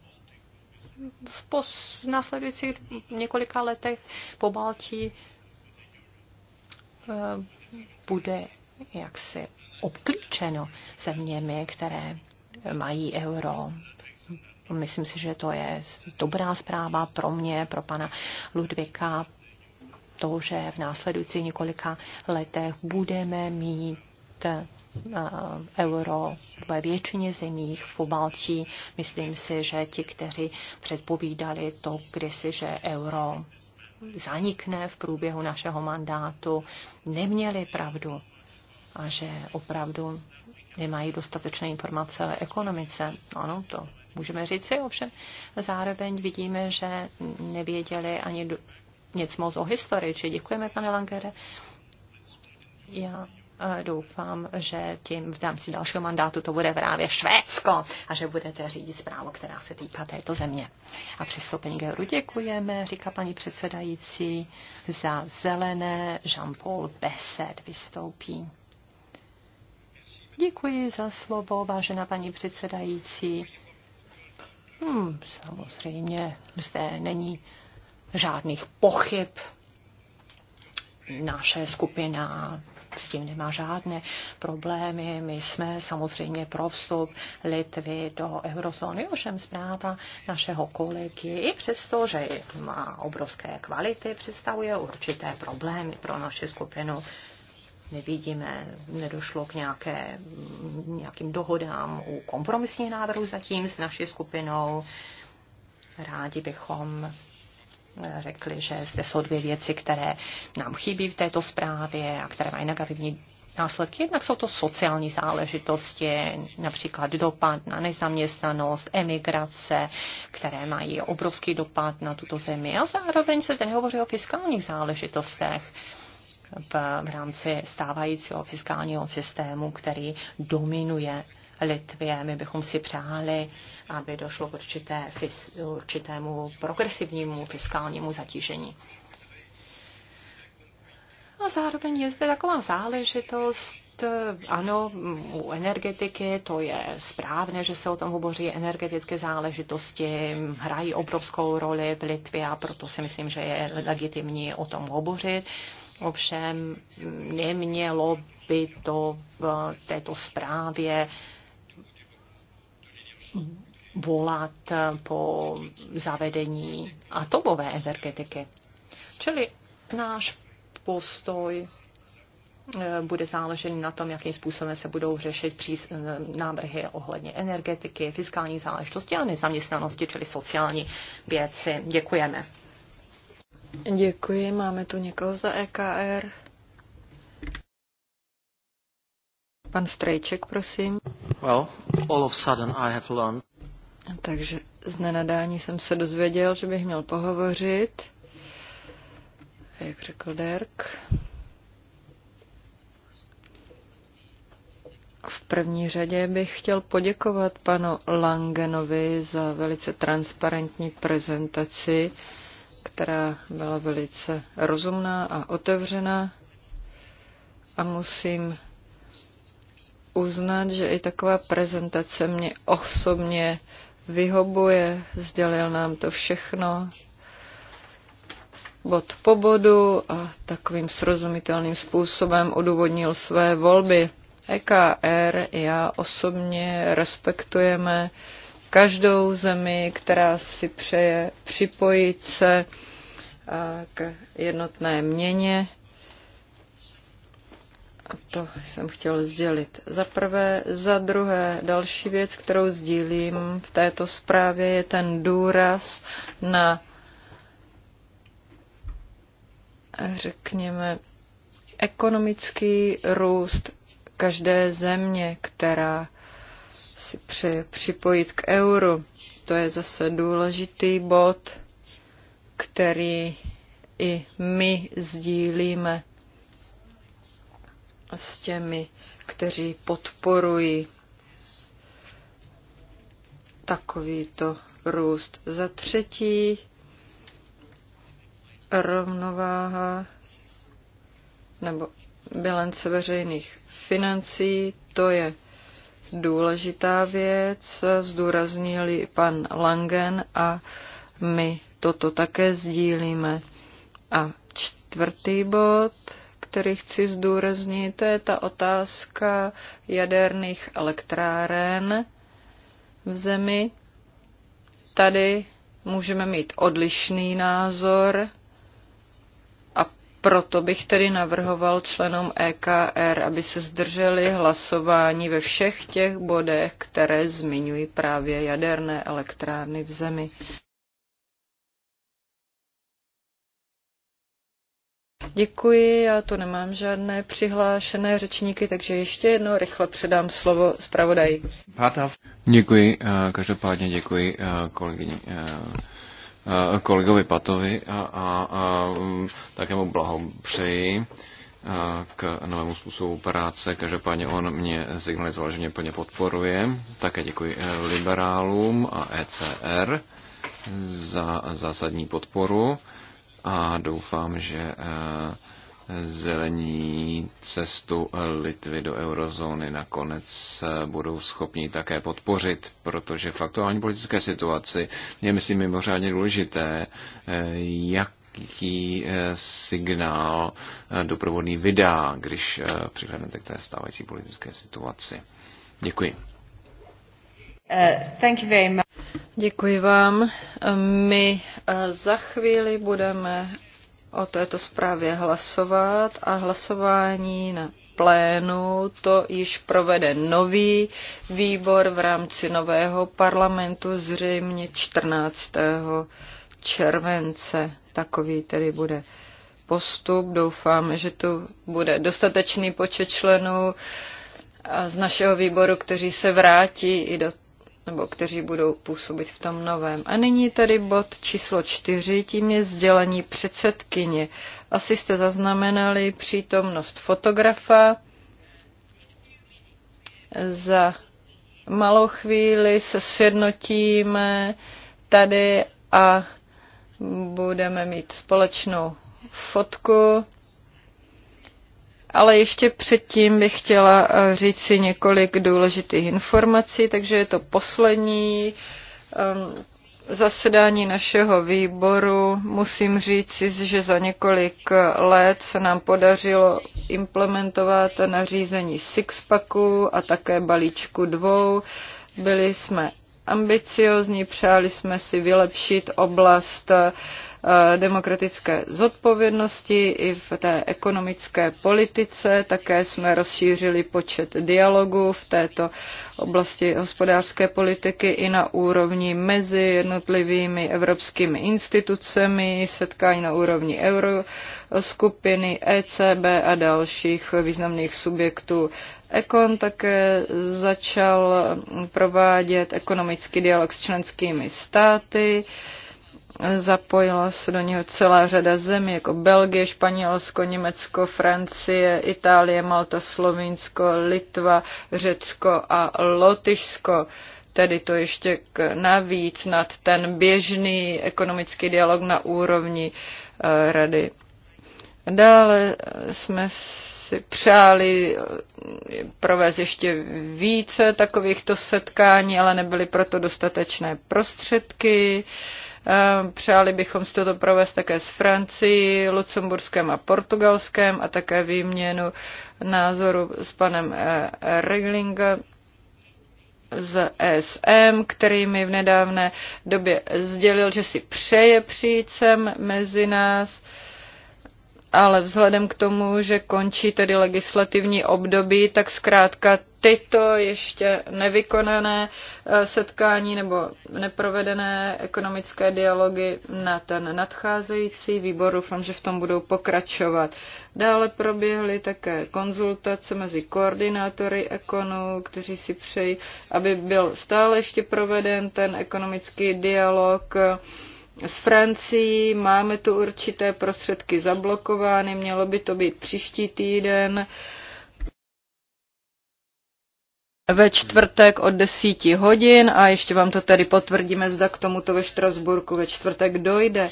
V, pos, následujících několika letech po Baltí eh, bude jaksi obklíčeno zeměmi, které mají euro. Myslím si, že to je dobrá zpráva pro mě, pro pana Ludvika, to, že v následujících několika letech budeme mít Eh, euro ve většině zemích v Pobaltí. Myslím si, že ti, kteří předpovídali to kdysi, že euro zanikne v průběhu našeho mandátu, neměli pravdu a že opravdu nemají dostatečné informace o ekonomice. Ano, to můžeme si, ovšem zároveň vidíme, že nevěděli ani nic moc o historii, či děkujeme, pane Langere. Já doufám, že tím v rámci dalšího mandátu to bude právě Švédsko a že budete řídit zprávu, která se týká této země. A přistoupení k euru děkujeme, říká paní předsedající, za zelené Jean-Paul Besset vystoupí. Děkuji za slovo, vážená paní předsedající. Hmm, samozřejmě zde není žádných pochyb. Naše skupina s tím nemá žádné problémy. My jsme samozřejmě pro vstup Litvy do eurozóny, ovšem zpráva našeho kolegy, i přesto, že má obrovské kvality, představuje určité problémy pro naši skupinu nevidíme, nedošlo k nějaké, nějakým dohodám u kompromisních návrhů zatím s naší skupinou. Rádi bychom řekli, že zde jsou dvě věci, které nám chybí v této zprávě a které mají negativní následky. Jednak jsou to sociální záležitosti, například dopad na nezaměstnanost, emigrace, které mají obrovský dopad na tuto zemi. A zároveň se ten hovoří o fiskálních záležitostech v, v rámci stávajícího fiskálního systému, který dominuje Litvě. My bychom si přáli, aby došlo k určité, určitému progresivnímu fiskálnímu zatížení. A zároveň je zde taková záležitost, ano, u energetiky to je správné, že se o tom hovoří, energetické záležitosti hrají obrovskou roli v Litvě a proto si myslím, že je legitimní o tom hovořit. Ovšem nemělo by to v této zprávě volat eh, po zavedení atomové energetiky. Čili náš postoj eh, bude záležen na tom, jakým způsobem se budou řešit eh, návrhy ohledně energetiky, fiskální záležitosti a nezaměstnanosti, čili sociální věci. Děkujeme. Děkuji. Máme tu někoho za EKR. Pan Strejček, prosím. Well, all of sudden I have learned. Takže z nenadání jsem se dozvěděl, že bych měl pohovořit. Jak řekl Dirk. V první řadě bych chtěl poděkovat panu Langenovi za velice transparentní prezentaci, která byla velice rozumná a otevřená. A musím uznat, že i taková prezentace mě osobně vyhobuje, sdělil nám to všechno bod po bodu a takovým srozumitelným způsobem odůvodnil své volby. EKR i já osobně respektujeme každou zemi, která si přeje připojit se k jednotné měně a to jsem chtěl sdělit. Za prvé, za druhé, další věc, kterou sdílím v této zprávě, je ten důraz na, řekněme, ekonomický růst každé země, která si přeje připojit k euru. To je zase důležitý bod, který i my sdílíme s těmi, kteří podporují takovýto růst. Za třetí, rovnováha nebo bilance veřejných financí, to je důležitá věc, zdůraznili pan Langen a my toto také sdílíme. A čtvrtý bod, který chci zdůraznit, to je ta otázka jaderných elektráren v zemi. Tady můžeme mít odlišný názor a proto bych tedy navrhoval členům EKR, aby se zdrželi hlasování ve všech těch bodech, které zmiňují právě jaderné elektrárny v zemi. Děkuji, já tu nemám žádné přihlášené řečníky, takže ještě jedno, rychle předám slovo zpravodaji. Děkuji, eh, každopádně děkuji eh, kolegyni eh, kolegovi Patovi a, a, a mm, také mu blahopřeji k novému způsobu práce. Každopádně on mě signalizoval, že mě plně podporuje. Také děkuji liberálům a ECR za zásadní podporu a doufám, že eh, zelení cestu eh, Litvy do eurozóny nakonec eh, budou schopni také podpořit, protože v aktuální politické situaci je, myslím, mimořádně důležité, jak jaký signál doprovodný vydá, když přihlednete k té stávající politické situaci. Děkuji. Uh, thank you very much. Děkuji vám. My eh, za chvíli budeme o této zprávě hlasovat a hlasování na plénu to již provede nový výbor v rámci nového parlamentu zřejmě 14. července. Takový tedy bude postup. Doufám, že tu bude dostatečný počet členů eh, z našeho výboru, kteří se vrátí i do nebo kteří budou působit v tom novém. A nyní tady bod číslo čtyři, tím je sdělení předsedkyně. Asi jste zaznamenali přítomnost fotografa. Za malou chvíli se sjednotíme tady a budeme mít společnou fotku ale ještě předtím bych chtěla eh, říct si několik důležitých informací, takže je to poslední um, zasedání našeho výboru. Musím říct, že za několik eh, let se nám podařilo implementovat nařízení Sixpacku a také balíčku dvou. Byli jsme ambiciozní, přáli jsme si vylepšit oblast uh, Eh, demokratické zodpovědnosti i v té ekonomické politice. Také jsme rozšířili počet dialogů v této oblasti hospodářské politiky i na úrovni mezi jednotlivými evropskými institucemi, setkání na úrovni euroskupiny, ECB a dalších významných subjektů. Ekon také začal provádět ekonomický dialog s členskými státy. Uh, Zapojila se do něho celá řada zemí, jako Belgie, Španělsko, Německo, Francie, Itálie, Malta, Slovinsko, Litva, Řecko a Lotyšsko. Tedy to ještě k, navíc nad ten běžný ekonomický dialog na úrovni eh, rady. Dále jsme si přáli eh, provést ještě více takovýchto setkání, ale nebyly proto dostatečné prostředky. Uh, Ehm, přáli bychom si toto provést také s Francií, Lucemburskem a Portugalskem a také výměnu názoru s panem eh, Reglingem z ESM, který mi v nedávné době sdělil, že si přeje přijít sem mezi nás ale vzhledem k tomu, že končí tedy legislativní období, tak zkrátka tyto ještě nevykonané eh, setkání nebo neprovedené ekonomické dialogy na ten nadcházející výbor. Doufám, že v tom budou pokračovat. Dále proběhly také konzultace mezi koordinátory ekonů, kteří si přejí, aby byl stále ještě proveden ten ekonomický dialog eh, s Francií, máme tu určité prostředky zablokovány, mělo by to být příští týden ve čtvrtek od 10 hodin a ještě vám to tedy potvrdíme, zda k tomuto ve Štrasburku ve čtvrtek dojde.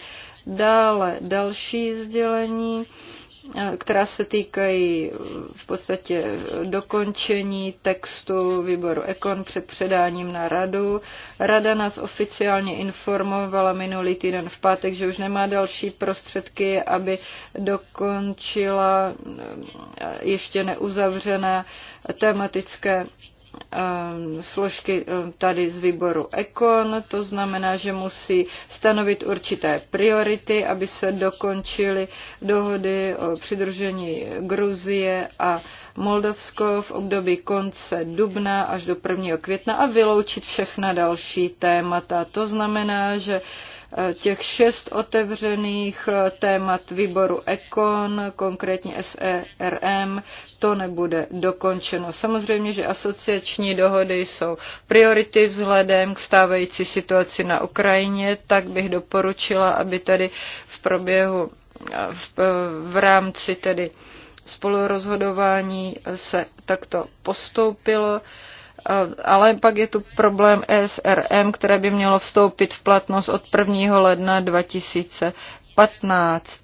Dále další sdělení. Eh, která se týkají eh, v podstatě eh, dokončení textu výboru Ekon před předáním na radu. Rada nás oficiálně informovala minulý týden v pátek, že už nemá další prostředky, aby dokončila ještě neuzavřené tematické Ehm, složky ehm, tady z výboru Ekon, to znamená, že musí stanovit určité priority, aby se dokončily dohody o přidružení Gruzie a Moldavsko v období konce dubna až do 1. května a vyloučit všechna další témata. To znamená, že uh, Eh, těch šest otevřených eh, témat výboru ECON, konkrétně SERM, to nebude dokončeno. Samozřejmě, že asociační dohody jsou priority vzhledem k stávající situaci na Ukrajině, tak bych doporučila, aby tady v proběhu, eh, v, v rámci tedy spolurozhodování se takto postoupilo. Ale pak je tu problém SRM, které by mělo vstoupit v platnost od 1. ledna 2015.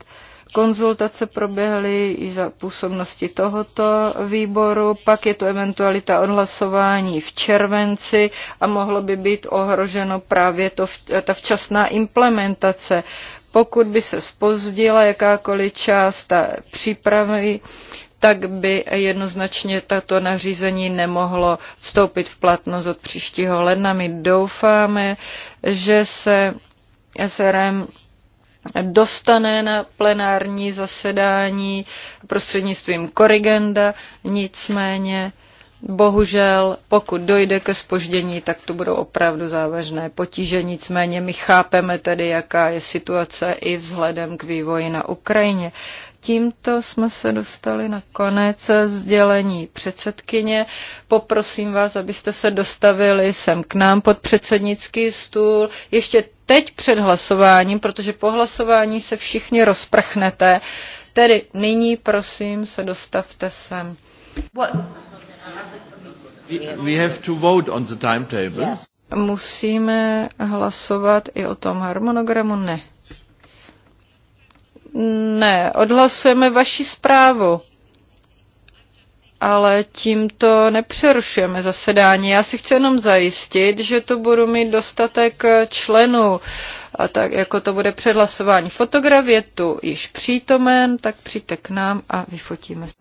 Konzultace proběhly i za působnosti tohoto výboru, pak je tu eventualita odhlasování v červenci a mohlo by být ohroženo právě to, ta včasná implementace. Pokud by se spozdila jakákoliv část přípravy, tak by jednoznačně tato nařízení nemohlo vstoupit v platnost od příštího ledna. My doufáme, že se SRM dostane na plenární zasedání prostřednictvím korigenda, nicméně Bohužel, pokud dojde ke spoždění, tak to budou opravdu závažné potíže. Nicméně my chápeme tedy, jaká je situace i vzhledem k vývoji na Ukrajině. Tímto jsme se dostali na konec sdělení předsedkyně. Poprosím vás, abyste se dostavili sem k nám pod předsednický stůl. Ještě teď před hlasováním, protože po hlasování se všichni rozprchnete. Tedy nyní, prosím, se dostavte sem. We have to vote on the timetable. Yes. Musíme hlasovat i o tom harmonogramu? Ne. Ne, odhlasujeme vaši zprávu. Ale tímto nepřerušujeme zasedání. Já si chci jenom zajistit, že to budu mít dostatek členů, a tak jako to bude předhlasování Fotograf je tu již přítomen, tak přijďte k nám a vyfotíme se.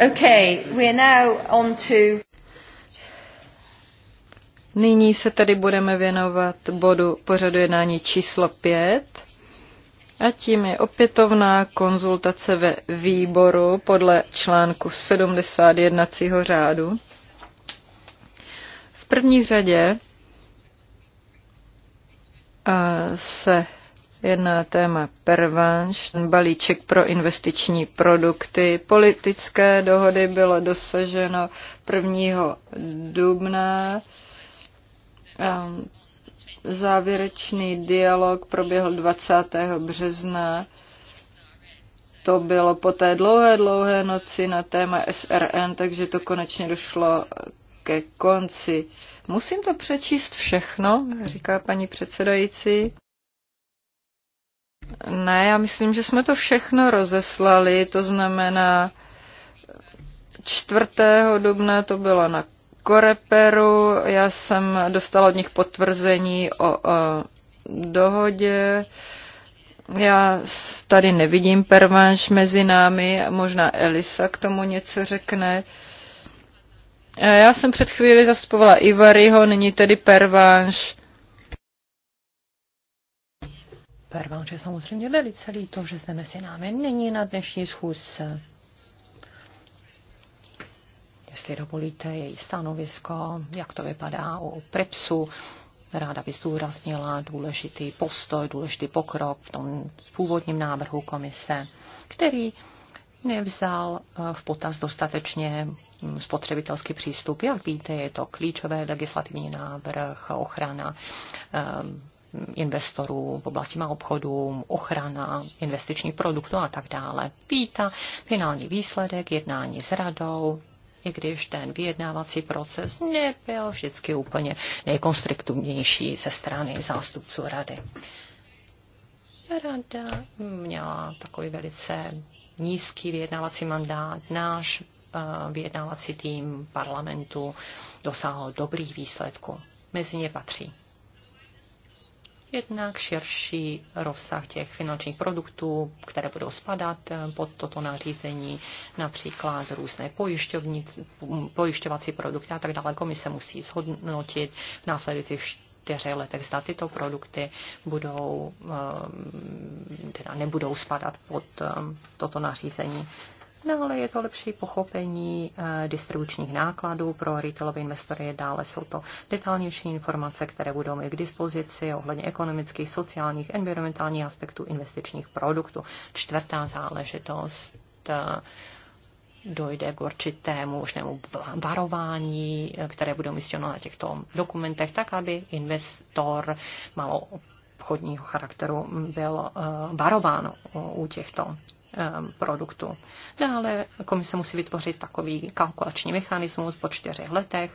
Okay, we are now on to... Nyní se tedy budeme věnovat bodu pořadu jednání číslo 5. A tím je opětovná konzultace ve výboru podle článku 70 jednacího řádu. V první řadě se Jedna téma pervanš, balíček pro investiční produkty. Politické dohody bylo dosaženo 1. dubna. Ehm, závěrečný dialog proběhl 20. března. To bylo po té dlouhé, dlouhé noci na téma SRN, takže to konečně došlo ke konci. Musím to přečíst všechno, říká paní předsedající. Ne, já myslím, že jsme to všechno rozeslali, to znamená 4. dubna to bylo na Koreperu, já jsem dostala od nich potvrzení o, o dohodě. Já tady nevidím pervanš mezi námi, možná Elisa k tomu něco řekne. E, já jsem před chvíli zastupovala Ivaryho, nyní tedy pervanš. vám že samozřejmě velice líto, že zde mezi námi není na dnešní schůzce. Jestli dovolíte její stanovisko, jak to vypadá u PREPSu, ráda by zdůraznila důležitý postoj, důležitý pokrok v tom původním návrhu komise, který nevzal eh, v potaz dostatečně hm, spotřebitelský přístup. Jak víte, je to klíčové legislativní návrh, ochrana eh, investorů v oblasti obchodu, ochrana investičních produktů a tak dále. Víta finální výsledek jednání s radou, i když ten vyjednávací proces nebyl vždycky úplně nejkonstruktivnější ze strany zástupců rady. Rada měla takový velice nízký vyjednávací mandát. Náš eh, vyjednávací tým parlamentu dosáhl dobrých výsledků. Mezi ně patří jednak širší rozsah těch finančních produktů, které budou spadat eh, pod toto nařízení, například různé pojišťovací produkty a tak dále. Komise musí zhodnotit v následujících čtyři letech, zda tyto produkty budou, eh, teda nebudou spadat pod eh, toto nařízení. No, ale je to lepší pochopení eh, distribučních nákladů pro retailové investory. Dále jsou to detailnější informace, které budou mít k dispozici ohledně ekonomických, sociálních, environmentálních aspektů investičních produktů. Čtvrtá záležitost eh, dojde k určitému možnému varování, eh, které bude umístěno na těchto dokumentech, tak aby investor malo obchodního charakteru mm, byl varován u těchto Um, produktu. Dále komise musí vytvořit takový kalkulační mechanismus po čtyřech letech,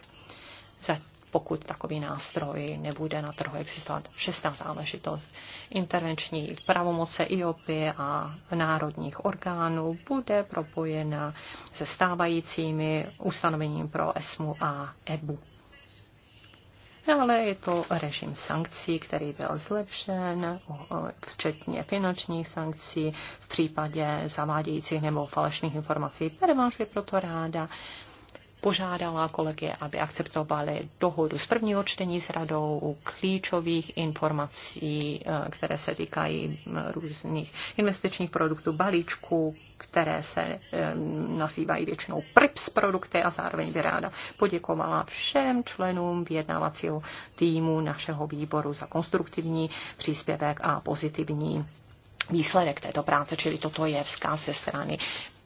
pokud takový nástroj nebude na trhu existovat. Šestá záležitost. Intervenční pravomoce IOP a národních orgánů bude propojena se stávajícími ustanovením pro ESMU a EBU ale je to režim sankcí, který byl zlepšen, včetně finančních sankcí v případě zavádějících nebo falešných informací. Pervanš je proto ráda, požádala kolegy, aby akceptovali dohodu z prvního čtení s radou u klíčových informací, eh, které se týkají hm, různých investičních produktů, balíčků, které se hm, nazývají většinou PRIPS produkty a zároveň by ráda poděkovala všem členům vyjednávacího týmu našeho výboru za konstruktivní příspěvek a pozitivní výsledek této práce, čili toto je vzkaz ze strany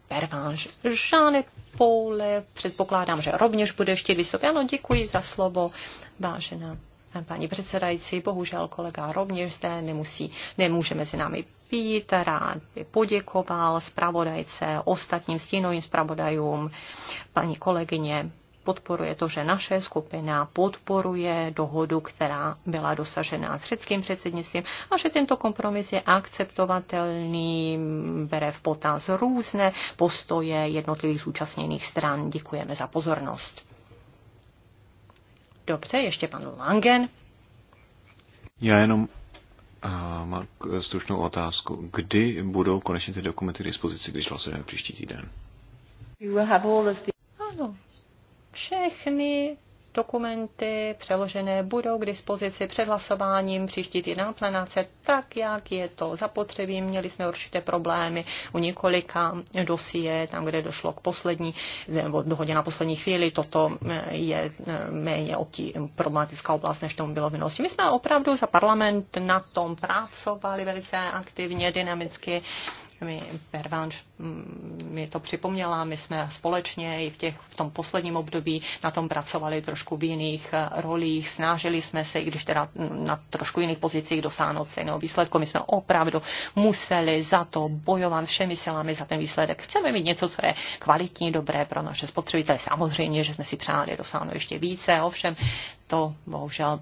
pervanž Žány Poule, předpokládám, že rovněž bude ještě vysoké. Ano, děkuji za slovo, vážená paní předsedající. Bohužel kolega rovněž zde nemusí, nemůže mezi námi být. Rád by poděkoval zpravodajce, ostatním stínovým zpravodajům, paní kolegyně podporuje to, že naše skupina podporuje dohodu, která byla dosažena řeckým předsednictvím a že tento kompromis je akceptovatelný, bere v potaz různé postoje jednotlivých zúčastněných stran. Děkujeme za pozornost. Dobře, ještě pan Langen. Já jenom a mám stručnou otázku. Kdy budou konečně ty dokumenty k dispozici, když hlasujeme příští týden? Ano, všechny dokumenty přeložené budou k dispozici před hlasováním příští týden plenáce, tak jak je to zapotřebí. Měli jsme určité problémy u několika dosie, tam, kde došlo k poslední, nebo dohodě na poslední chvíli. Toto eh, je eh, méně obtí, problematická oblast, než tomu bylo v minulosti. My jsme opravdu za parlament na tom pracovali velice aktivně, dynamicky. My, Pervanš, mi mm, to připomněla. My jsme společně i v, těch, v tom posledním období na tom pracovali trošku v jiných eh, rolích, snažili jsme se, i když teda mm, na trošku jiných pozicích dosáhnout stejného výsledku. My jsme opravdu museli za to bojovat všemi silami za ten výsledek. Chceme mít něco, co je kvalitní, dobré pro naše spotřebitele. Samozřejmě, že jsme si přáli dosáhnout ještě více, ovšem to bohužel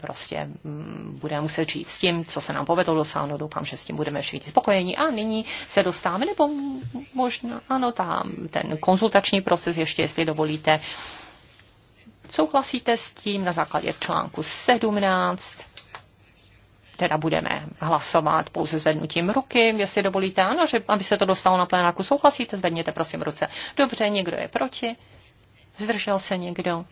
prostě mm, budeme muset říct s tím, co se nám povedlo dosáhnout. Doufám, že s tím budeme všichni spokojeni. A nyní se dostáváme, nebo možná, ano, tam ten konzultační proces, ještě jestli dovolíte, souhlasíte s tím na základě článku 17, teda budeme hlasovat pouze zvednutím ruky, jestli dovolíte, ano, že aby se to dostalo na plénáku, souhlasíte, zvedněte prosím ruce. Dobře, někdo je proti, zdržel se někdo,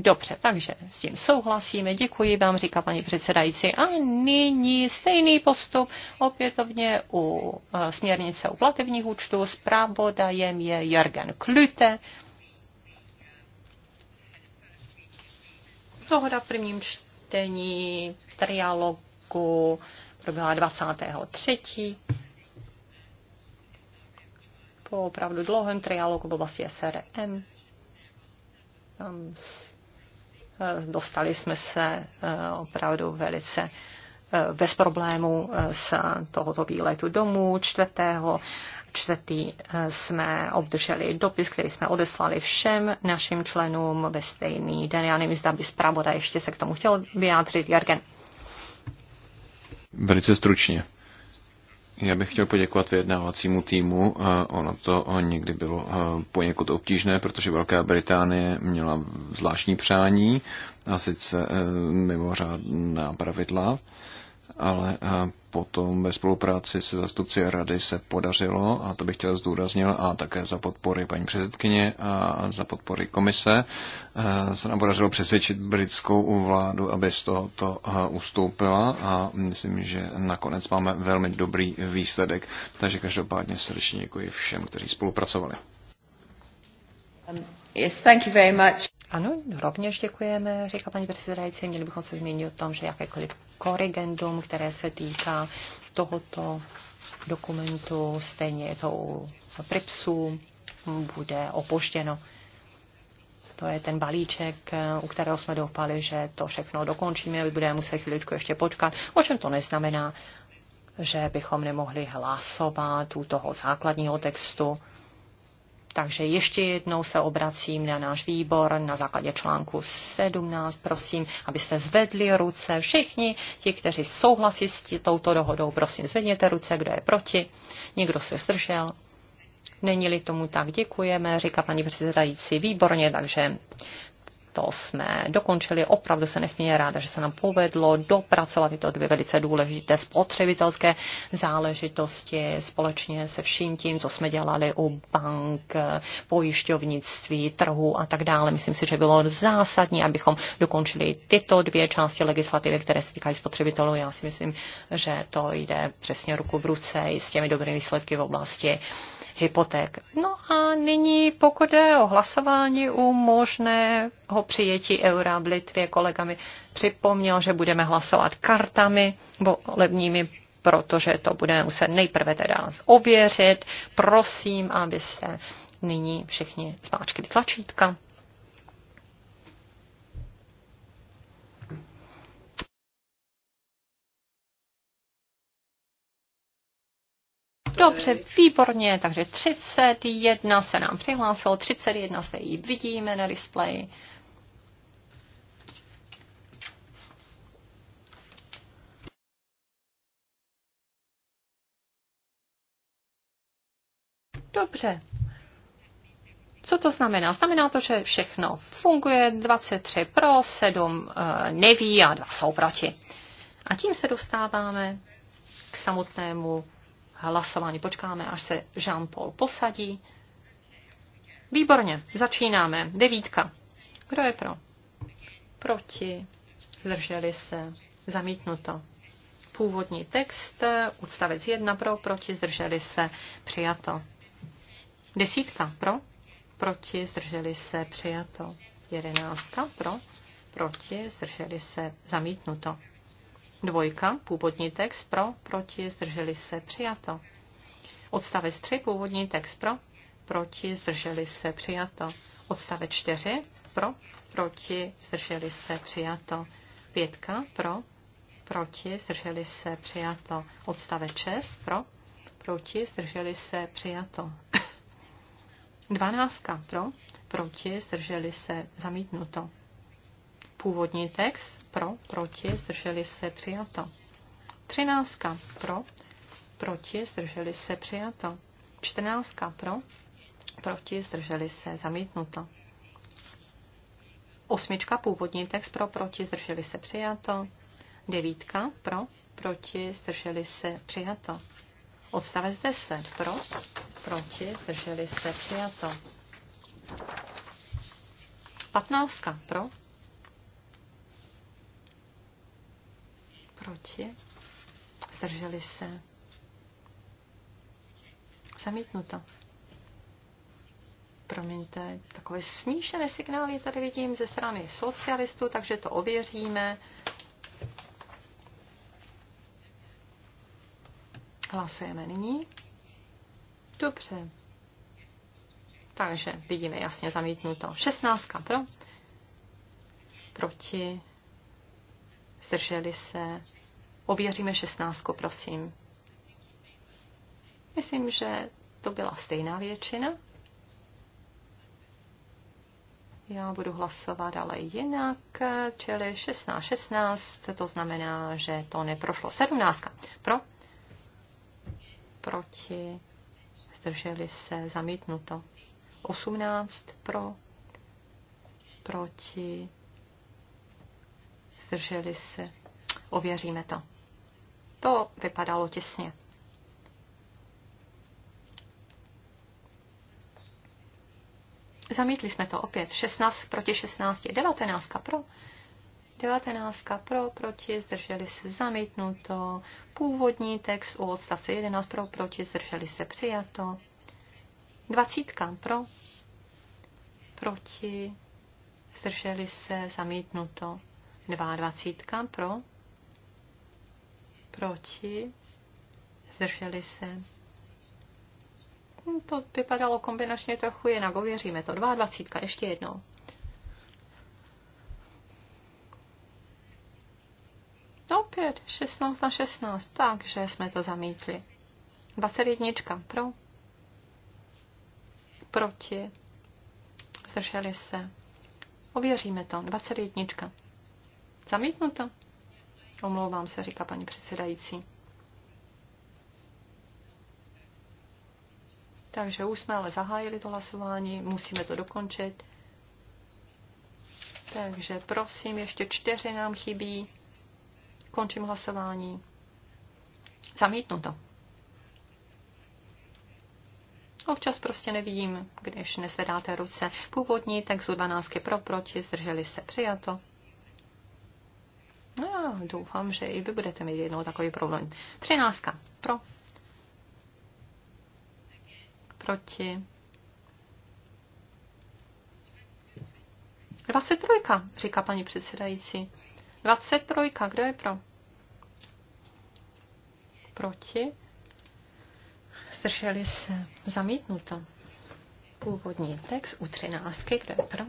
Dobře, takže s tím souhlasíme. Děkuji vám, říká paní předsedající. A nyní stejný postup opětovně u e, směrnice uplativních účtů. Zpravodajem je Jörgen Klüte. Dohoda v prvním čtení trialogu proběhla 23. Po opravdu dlouhém trialogu v oblasti SRM. Tam s Eh, dostali jsme se eh, opravdu velice eh, bez problémů z tohoto výletu domů čtvrtého. Čtvrtý jsme obdrželi dopis, který jsme odeslali všem našim členům ve stejný den. Já nevím, zda by zpravoda ještě se k tomu chtěl vyjádřit. Jargen. Velice stručně. Já bych chtěl poděkovat vyjednávacímu týmu. Eh, ono to eh, někdy bylo eh, poněkud obtížné, protože Velká Británie měla zvláštní přání a sice mimořádná pravidla, ale potom ve spolupráci se zastupci rady se podařilo, a to bych chtěl zdůraznit, a také za podpory paní předsedkyně a za podpory komise, eh, se nám podařilo přesvědčit britskou vládu, aby z tohoto eh, ustoupila a myslím, že nakonec máme velmi dobrý výsledek. Takže každopádně srdečně děkuji všem, kteří spolupracovali. Um, yes, thank you very much. Ano, rovněž děkujeme, říká paní předsedající. Měli bychom se změnit o tom, že jakékoliv korigendum, které se týká tohoto dokumentu, stejně je to u PRIPSu, bude opoštěno. To je ten balíček, u kterého jsme doufali, že to všechno dokončíme, budeme muset chvíličku ještě počkat, o čem to neznamená, že bychom nemohli hlasovat u toho základního textu takže ještě jednou se obracím na náš výbor na základě článku 17. Prosím, abyste zvedli ruce všichni ti, kteří souhlasí s touto dohodou. Prosím, zvedněte ruce, kdo je proti. Někdo se zdržel. Není-li tomu tak, děkujeme, říká paní předsedající. Výborně, takže to jsme dokončili. Opravdu se nesmírně ráda, že se nám povedlo dopracovat tyto dvě velice důležité spotřebitelské záležitosti společně se vším tím, co jsme dělali u bank, pojišťovnictví, trhu a tak dále. Myslím si, že bylo zásadní, abychom dokončili tyto dvě části legislativy, které se týkají spotřebitelů. Já si myslím, že to jde přesně ruku v ruce i s těmi dobrými výsledky v oblasti hypoték. No a nyní, pokud je o hlasování u možného přijetí eura v Litvě kolegami, připomněl, že budeme hlasovat kartami volebními, protože to budeme muset nejprve teda ověřit. Prosím, abyste nyní všichni zmáčkli tlačítka. Dobře, výborně, takže 31 se nám přihlásilo, 31 se ji vidíme na displeji. Dobře. Co to znamená? Znamená to, že všechno funguje, 23 pro, 7 eh, neví a 2 jsou proti. A tím se dostáváme k samotnému hlasování. Počkáme, až se Jean-Paul posadí. Výborně, začínáme. Devítka. Kdo je pro? Proti. Zdrželi se. Zamítnuto. Původní text, odstavec 1 pro, proti, zdrželi se, přijato. Desítka pro, proti, zdrželi se, přijato. Jedenáctka pro, proti, zdrželi se, zamítnuto. Dvojka, původní text pro, proti, zdrželi se, přijato. Odstavec 3, původní text pro, proti, zdrželi se, přijato. Odstavec 4, pro, proti, zdrželi se, přijato. Pětka, pro, proti, zdrželi se, přijato. Odstavec 6, pro, proti, zdrželi se, přijato. Dvanáctka, pro, proti, zdrželi se, zamítnuto. Původní text pro, proti, zdrželi se, přijato. Třináctka pro, proti, zdrželi se, přijato. Čtrnáctka pro, proti, zdrželi se, zamítnuto. Osmička, původní text pro, proti, zdrželi se, přijato. Devítka pro, proti, zdrželi se, přijato. Odstavec 10 pro, proti, zdrželi se, přijato. Patnáctka pro, Proti? Zdrželi se? Zamítnuto. Promiňte, takové smíšené signály tady vidím ze strany socialistů, takže to ověříme. Hlasujeme nyní. Dobře. Takže vidíme jasně zamítnuto. 16 pro. Proti. Zdrželi se. Ověříme šestnáctku, prosím. Myslím, že to byla stejná většina. Já budu hlasovat ale jinak, čili 16, 16, to znamená, že to neprošlo. 17. Pro? Proti? Zdrželi se? Zamítnuto. 18. Pro? Proti? Zdrželi se? Ověříme to. To vypadalo těsně. Zamítli jsme to opět. 16 proti 16, 19 pro. 19 pro, proti, zdrželi se zamítnuto. Původní text u odstavce 11 pro, proti, zdrželi se přijato. 20 pro, proti, zdrželi se zamítnuto. 22 pro, proti, zdrželi se. Hm, to vypadalo kombinačně trochu jinak, ověříme to. 22, ještě jednou. Opět 16 na 16, takže jsme to zamítli. 21 pro, proti, zdrželi se. Ověříme to. 21. Zamítnuto. Omlouvám se, říká paní předsedající. Takže už jsme ale zahájili to hlasování, musíme to dokončit. Takže prosím, ještě čtyři nám chybí. Končím hlasování. Zamítnu to. Občas prostě nevidím, když nezvedáte ruce. Původní text u 12 pro, proti, zdrželi se, přijato. No já doufám, že i vy budete mít jednou takový problém. Třináctka. Pro. Proti. 23, říká paní předsedající. 23, kdo je pro? Proti. Zdrželi se. Zamítnuto. Původní text u třináctky, kdo je pro?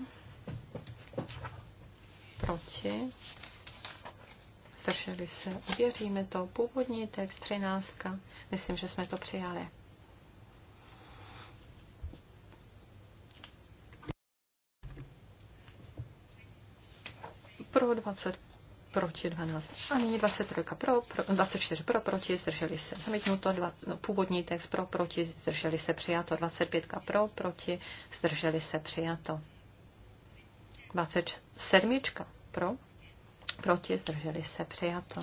Proti zdrželi se, uvěříme to, původní text 13, myslím, že jsme to přijali. Pro 20 proti 12. A nyní 23 pro, pro 24 pro, proti, zdrželi se. Zamítnuto dva, no, původní text pro, proti, zdrželi se, přijato. 25 pro, proti, zdrželi se, přijato. 27 pro, proti, zdrželi se, přijato.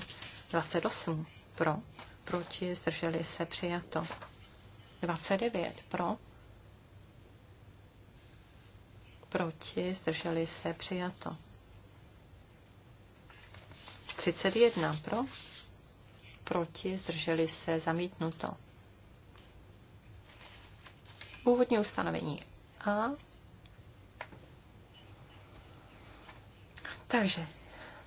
28 pro, proti, zdrželi se, přijato. 29 pro, proti, zdrželi se, přijato. 31 pro, proti, zdrželi se, zamítnuto. Původní ustanovení A. Takže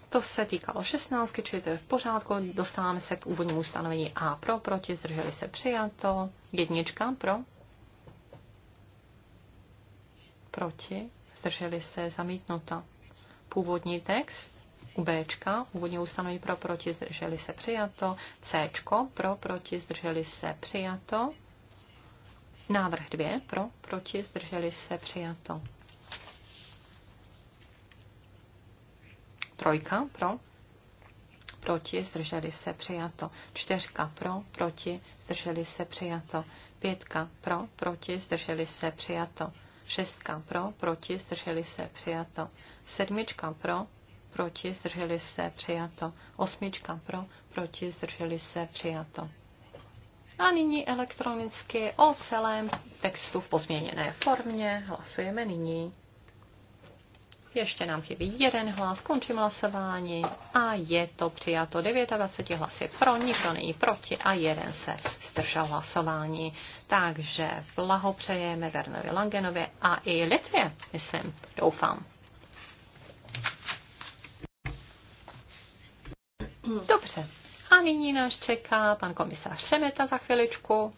to se týkalo 16, čili to je v pořádku. Dostáváme se k úvodnímu stanovení A pro, proti, zdrželi se přijato. Jednička pro, proti, zdrželi se zamítnuto. Původní text u Bčka, úvodní ustanovení pro, proti, zdrželi se přijato. Cčko pro, proti, zdrželi se přijato. Návrh 2, pro, proti, zdrželi se přijato. Trojka pro, proti, zdrželi se, přijato. Čtyřka pro, proti, zdrželi se, přijato. Pětka pro, proti, zdrželi se, přijato. Šestka pro, proti, zdrželi se, přijato. Sedmička pro, proti, zdrželi se, přijato. Osmička pro, proti, zdrželi se, přijato. A nyní elektronicky o celém textu v pozměněné formě hlasujeme nyní. Ještě nám chybí jeden hlas, končím hlasování a je to přijato 29 hlasy pro, nikdo není proti a jeden se zdržel hlasování. Takže blahopřejeme Vernovi Langenovi a i Litvě, myslím, doufám. Dobře. A nyní nás čeká pan komisář Šemeta za chviličku.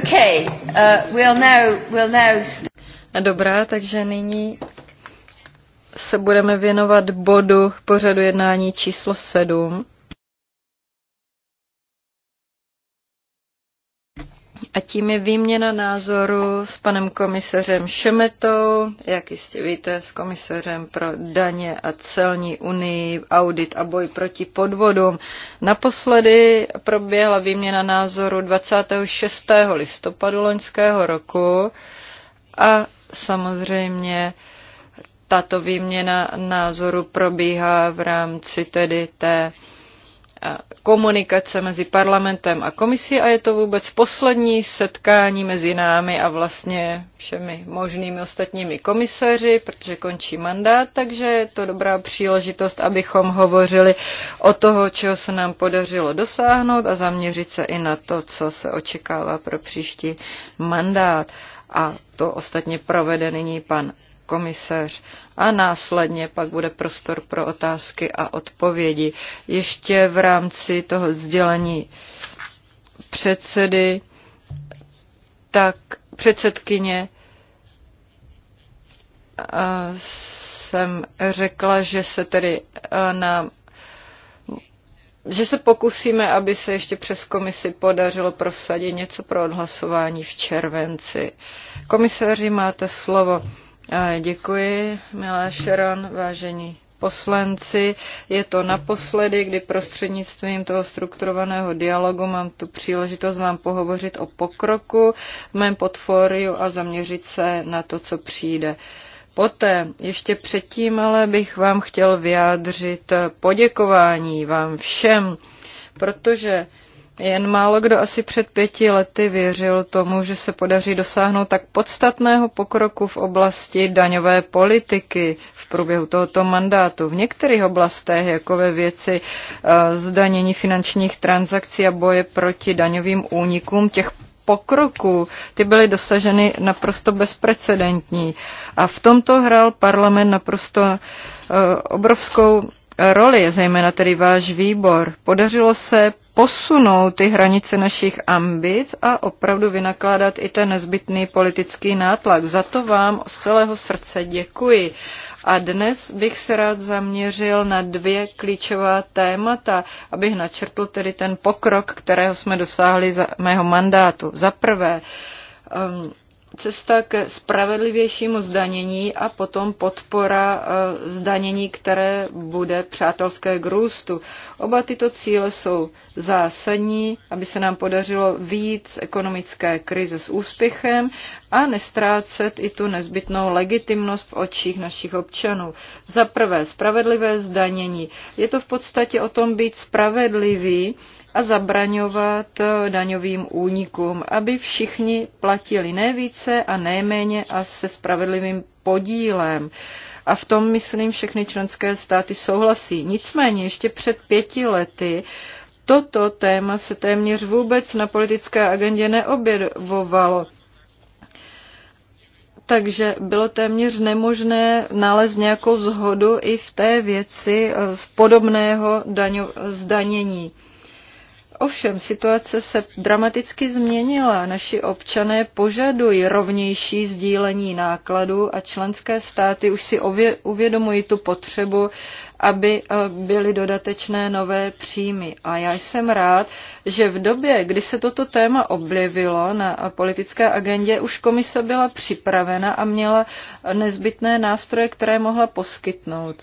Okay, uh, we'll now, we'll now... Dobrá, takže nyní se budeme věnovat bodu pořadu jednání číslo 7. Tím je výměna názoru s panem komisařem Šemetou, jak jistě víte, s komisařem pro daně a celní unii, audit a boj proti podvodům. Naposledy proběhla výměna názoru 26. listopadu loňského roku a samozřejmě tato výměna názoru probíhá v rámci tedy té komunikace mezi parlamentem a komisí a je to vůbec poslední setkání mezi námi a vlastně všemi možnými ostatními komisaři, protože končí mandát, takže je to dobrá příležitost, abychom hovořili o toho, čeho se nám podařilo dosáhnout a zaměřit se i na to, co se očekává pro příští mandát. A to ostatně provede nyní pan komisař a následně pak bude prostor pro otázky a odpovědi. Ještě v rámci toho sdělení předsedy, tak předsedkyně jsem řekla, že se tedy na že se pokusíme, aby se ještě přes komisi podařilo prosadit něco pro odhlasování v červenci. Komisaři, máte slovo. Děkuji, milá Sharon, vážení poslanci. Je to naposledy, kdy prostřednictvím toho strukturovaného dialogu mám tu příležitost vám pohovořit o pokroku v mém portfoliu a zaměřit se na to, co přijde. Poté, ještě předtím ale bych vám chtěl vyjádřit poděkování vám všem, protože jen málo kdo asi před pěti lety věřil tomu, že se podaří dosáhnout tak podstatného pokroku v oblasti daňové politiky v průběhu tohoto mandátu. V některých oblastech, jako ve věci eh, zdanění finančních transakcí a boje proti daňovým únikům, těch pokroků, ty byly dosaženy naprosto bezprecedentní. A v tomto hrál parlament naprosto eh, obrovskou roli, zejména tedy váš výbor. Podařilo se posunout ty hranice našich ambic a opravdu vynakládat i ten nezbytný politický nátlak. Za to vám z celého srdce děkuji. A dnes bych se rád zaměřil na dvě klíčová témata, abych načrtl tedy ten pokrok, kterého jsme dosáhli za mého mandátu. Za prvé, um, cesta ke spravedlivějšímu zdanění a potom podpora e, zdanění, které bude přátelské k růstu. Oba tyto cíle jsou zásadní, aby se nám podařilo víc ekonomické krize s úspěchem a nestrácet i tu nezbytnou legitimnost v očích našich občanů. Za prvé, spravedlivé zdanění. Je to v podstatě o tom být spravedlivý a zabraňovat eh, daňovým únikům, aby všichni platili nejvíce a nejméně a se spravedlivým podílem. A v tom, myslím, všechny členské státy souhlasí. Nicméně ještě před pěti lety toto téma se téměř vůbec na politické agendě neobjevovalo takže bylo téměř nemožné nalézt nějakou zhodu i v té věci eh, z podobného daňo, zdanění. Ovšem, situace se dramaticky změnila. Naši občané požadují rovnější sdílení nákladů a členské státy už si uvědomují tu potřebu, aby eh, byly dodatečné nové příjmy. A já jsem rád, že v době, kdy se toto téma objevilo na politické agendě, už komise byla připravena a měla nezbytné nástroje, které mohla poskytnout.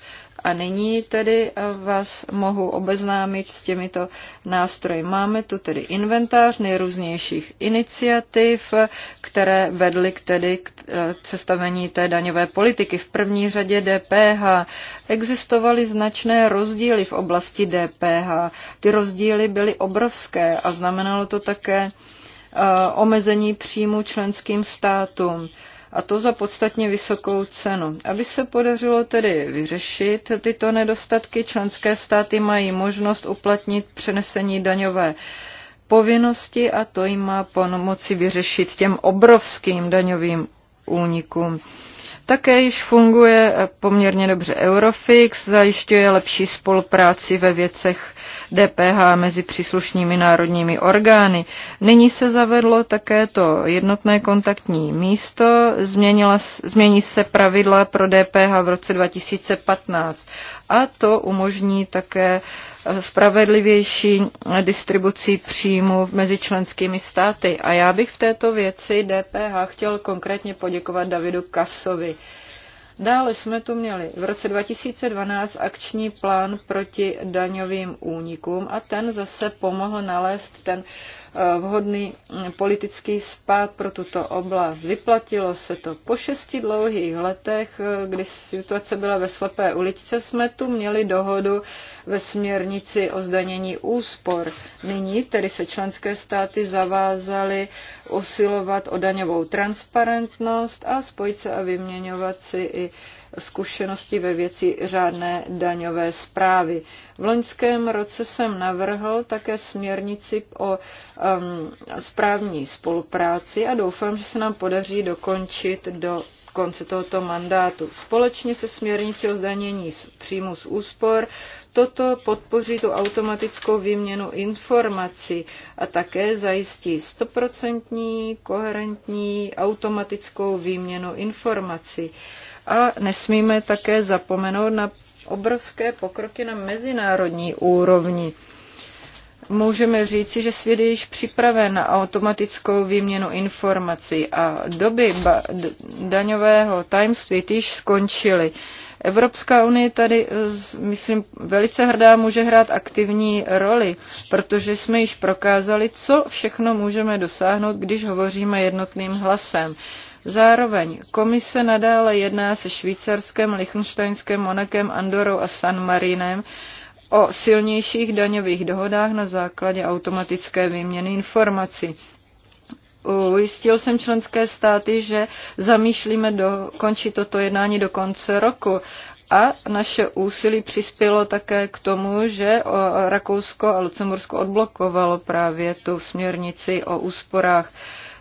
A nyní tedy eh, vás mohu obeznámit s těmito nástroji. Máme tu tedy inventář nejrůznějších iniciativ, které vedly k tedy k eh, sestavení té daňové politiky. V první řadě DPH existovaly značné rozdíly v oblasti DPH. Ty rozdíly byly obrovské a znamenalo to také eh, omezení příjmu členským státům a to za podstatně vysokou cenu. Aby se podařilo tedy vyřešit tyto nedostatky, členské státy mají možnost uplatnit přenesení daňové povinnosti a to jim má pomoci vyřešit těm obrovským daňovým únikům. Také již funguje poměrně dobře Eurofix, zajišťuje lepší spolupráci ve věcech DPH mezi příslušnými národními orgány. Nyní se zavedlo také to jednotné kontaktní místo, změnila, změní se pravidla pro DPH v roce 2015 a to umožní také uh, spravedlivější distribucí příjmů mezi členskými státy. A já bych v této věci DPH chtěl konkrétně poděkovat Davidu Kasovi. Dále jsme tu měli v roce 2012 akční plán proti daňovým únikům a ten zase pomohl nalézt ten vhodný politický spát pro tuto oblast. Vyplatilo se to po šesti dlouhých letech, eh, kdy situace byla ve slepé uličce, jsme tu měli dohodu ve směrnici o zdanění úspor. Nyní tedy se členské státy zavázaly usilovat o daňovou transparentnost a spojit se a vyměňovat si i zkušenosti ve věci řádné daňové zprávy. V loňském roce jsem navrhl také směrnici o um, správní spolupráci a doufám, že se nám podaří dokončit do konce tohoto mandátu. Společně se směrnicí o zdanění příjmu z úspor toto podpoří tu automatickou výměnu informací a také zajistí stoprocentní, koherentní, automatickou výměnu informací. A nesmíme také zapomenout na obrovské pokroky na mezinárodní úrovni můžeme říci, že svět je již připraven na automatickou výměnu informací a doby daňového tajemství již skončily. Evropská unie tady, eh, myslím, velice hrdá může hrát aktivní roli, protože jsme již prokázali, co všechno můžeme dosáhnout, když hovoříme jednotným hlasem. Zároveň komise nadále jedná se Švýcarskem, Liechtensteinskem, Monakem, Andorou a San Marinem o silnějších daňových dohodách na základě automatické výměny informací. Ujistil jsem členské státy, že zamýšlíme dokončit toto jednání do konce roku. A naše úsilí přispělo také k tomu, že Rakousko a Lucembursko odblokovalo právě tu směrnici o úsporách.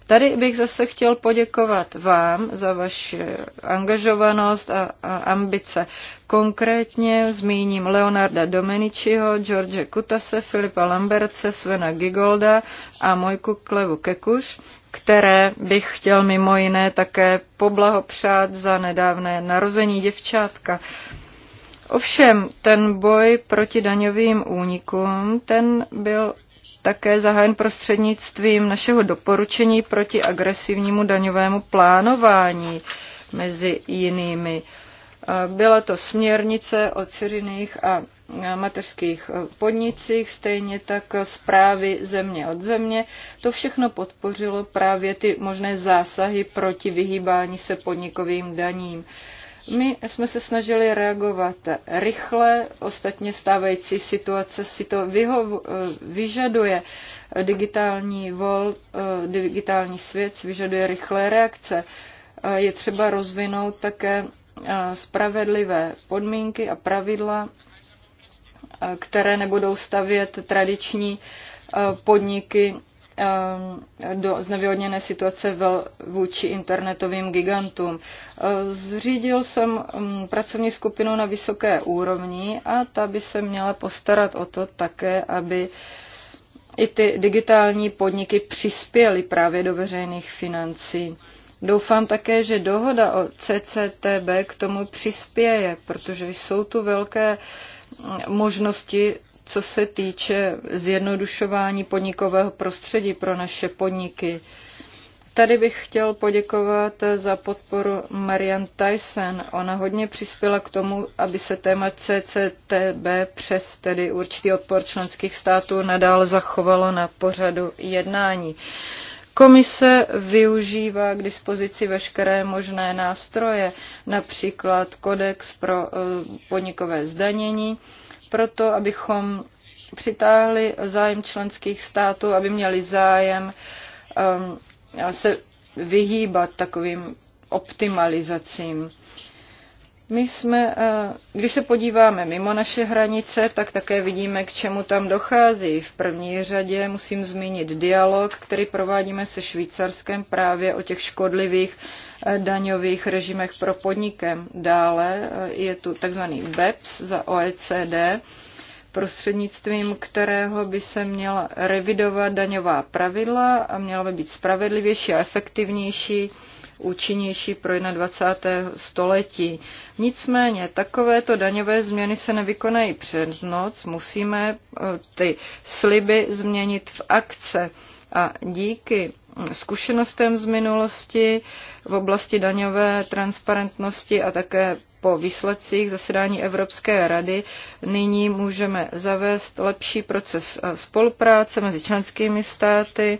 Tady bych zase chtěl poděkovat vám za vaši angažovanost a, a ambice. Konkrétně zmíním Leonarda Domeničiho, George Kutase, Filipa Lamberce, Svena Gigolda a Mojku Klevu Kekuš, které bych chtěl mimo jiné také poblahopřát za nedávné narození děvčátka. Ovšem, ten boj proti daňovým únikům, ten byl také zahájen prostřednictvím našeho doporučení proti agresivnímu daňovému plánování mezi jinými. Byla to směrnice o ciřiných a mateřských podnicích, stejně tak zprávy země od země. To všechno podpořilo právě ty možné zásahy proti vyhýbání se podnikovým daním. My jsme se snažili reagovat rychle, ostatně stávající situace si to vyho- eh, vyžaduje. Digitální, vol, eh, digitální svět vyžaduje rychlé reakce. Je třeba rozvinout také eh, spravedlivé podmínky a pravidla, které nebudou stavět tradiční podniky Ehm, do znevýhodněné situace vůči internetovým gigantům. Ehm, zřídil jsem ehm, pracovní skupinu na vysoké úrovni a ta by se měla postarat o to také, aby i ty digitální podniky přispěly právě do veřejných financí. Doufám také, že dohoda o CCTB k tomu přispěje, protože jsou tu velké mm, možnosti co se týče zjednodušování podnikového prostředí pro naše podniky. Tady bych chtěl poděkovat za podporu Marian Tyson. Ona hodně přispěla k tomu, aby se téma CCTB přes tedy určitý odpor členských států nadále zachovalo na pořadu jednání. Komise využívá k dispozici veškeré možné nástroje, například kodex pro eh, podnikové zdanění, proto, abychom přitáhli zájem členských států, aby měli zájem um, se vyhýbat takovým optimalizacím. My jsme, uh, když se podíváme mimo naše hranice, tak také vidíme, k čemu tam dochází. V první řadě musím zmínit dialog, který provádíme se Švýcarskem právě o těch škodlivých daňových režimech pro podnikem. Dále eh, je tu tzv. BEPS za OECD, prostřednictvím kterého by se měla revidovat daňová pravidla a měla by být spravedlivější a efektivnější účinnější pro 21. století. Nicméně takovéto daňové změny se nevykonají přes noc, musíme eh, ty sliby změnit v akce. A díky zkušenostem z minulosti v oblasti daňové transparentnosti a také po výsledcích zasedání Evropské rady nyní můžeme zavést lepší proces spolupráce mezi členskými státy,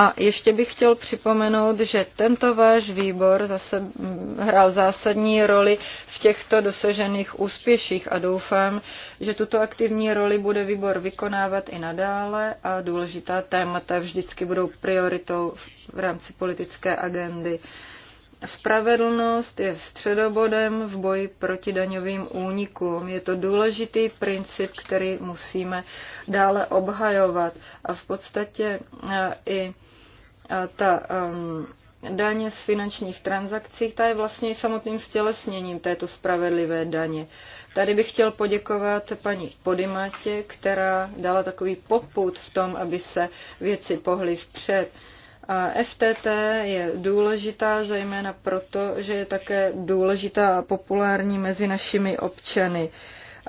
a ještě bych chtěl připomenout, že tento váš výbor zase mm, hrál zásadní roli v těchto dosažených úspěších a doufám, že tuto aktivní roli bude výbor vykonávat i nadále a důležitá témata vždycky budou prioritou v rámci politické agendy. Spravedlnost je středobodem v boji proti daňovým únikům. Je to důležitý princip, který musíme dále obhajovat. A v podstatě e, i ta um, daně z finančních transakcí, ta je vlastně i samotným stělesněním této spravedlivé daně. Tady bych chtěl poděkovat paní Podimatě, která dala takový poput v tom, aby se věci pohly vpřed. A FTT je důležitá zejména proto, že je také důležitá a populární mezi našimi občany. Uh,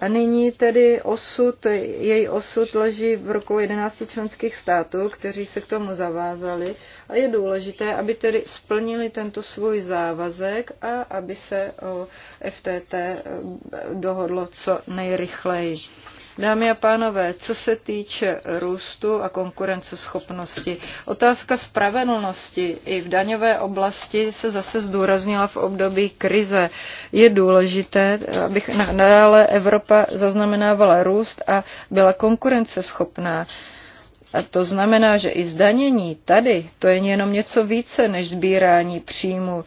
a nyní tedy osud, její osud leží v rukou 11 členských států, kteří se k tomu zavázali a je důležité, aby tedy splnili tento svůj závazek a aby se o FTT eh, dohodlo co nejrychleji. Dámy a pánové, co se týče růstu a konkurenceschopnosti, otázka spravedlnosti i v daňové oblasti se zase zdůraznila v období krize. Je důležité, abych nadále Evropa zaznamenávala růst a byla konkurenceschopná. A to znamená, že i zdanění tady, to je jenom něco více než sbírání příjmu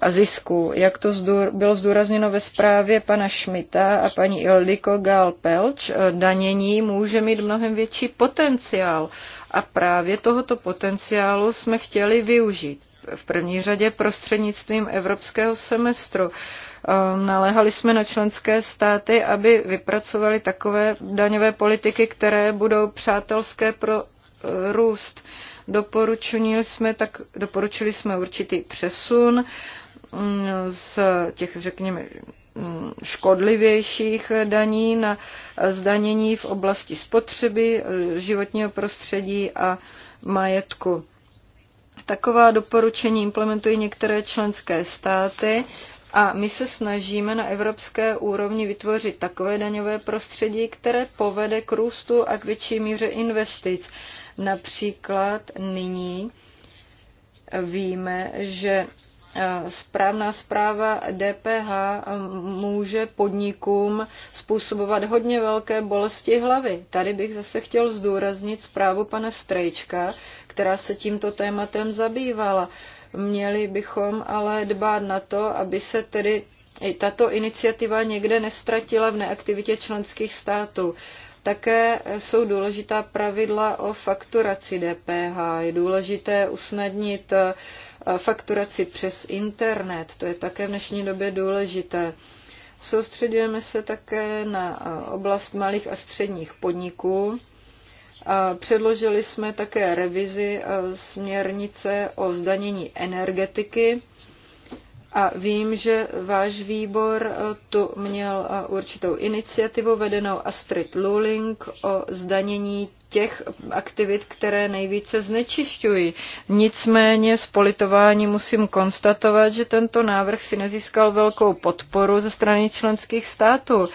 a zisku, jak to zdůr, bylo zdůrazněno ve zprávě pana Šmita a paní Ildiko Galpelč, eh, danění může mít mnohem větší potenciál a právě tohoto potenciálu jsme chtěli využít. V první řadě prostřednictvím evropského semestru. Eh, naléhali jsme na členské státy, aby vypracovali takové daňové politiky, které budou přátelské pro eh, růst doporučili jsme, tak, doporučili jsme určitý přesun Mm, z těch, řekněme, mm, škodlivějších daní na zdanění v oblasti spotřeby, eh, životního prostředí a majetku. Taková doporučení implementují některé členské státy a my se snažíme na evropské úrovni vytvořit takové daňové prostředí, které povede k růstu a k větší míře investic. Například nyní víme, že Eh, správná zpráva DPH může podnikům způsobovat hodně velké bolesti hlavy. Tady bych zase chtěl zdůraznit zprávu pana Strejčka, která se tímto tématem zabývala. Měli bychom ale dbát na to, aby se tedy i tato iniciativa někde nestratila v neaktivitě členských států. Také jsou důležitá pravidla o fakturaci DPH. Je důležité usnadnit uh, fakturaci přes internet. To je také v dnešní době důležité. Soustředujeme se také na oblast malých a středních podniků. Předložili jsme také revizi směrnice o zdanění energetiky a vím, že váš výbor eh, tu měl eh, určitou iniciativu vedenou Astrid Luling o zdanění těch aktivit, které nejvíce znečišťují. Nicméně s politování musím konstatovat, že tento návrh si nezískal velkou podporu ze strany členských států.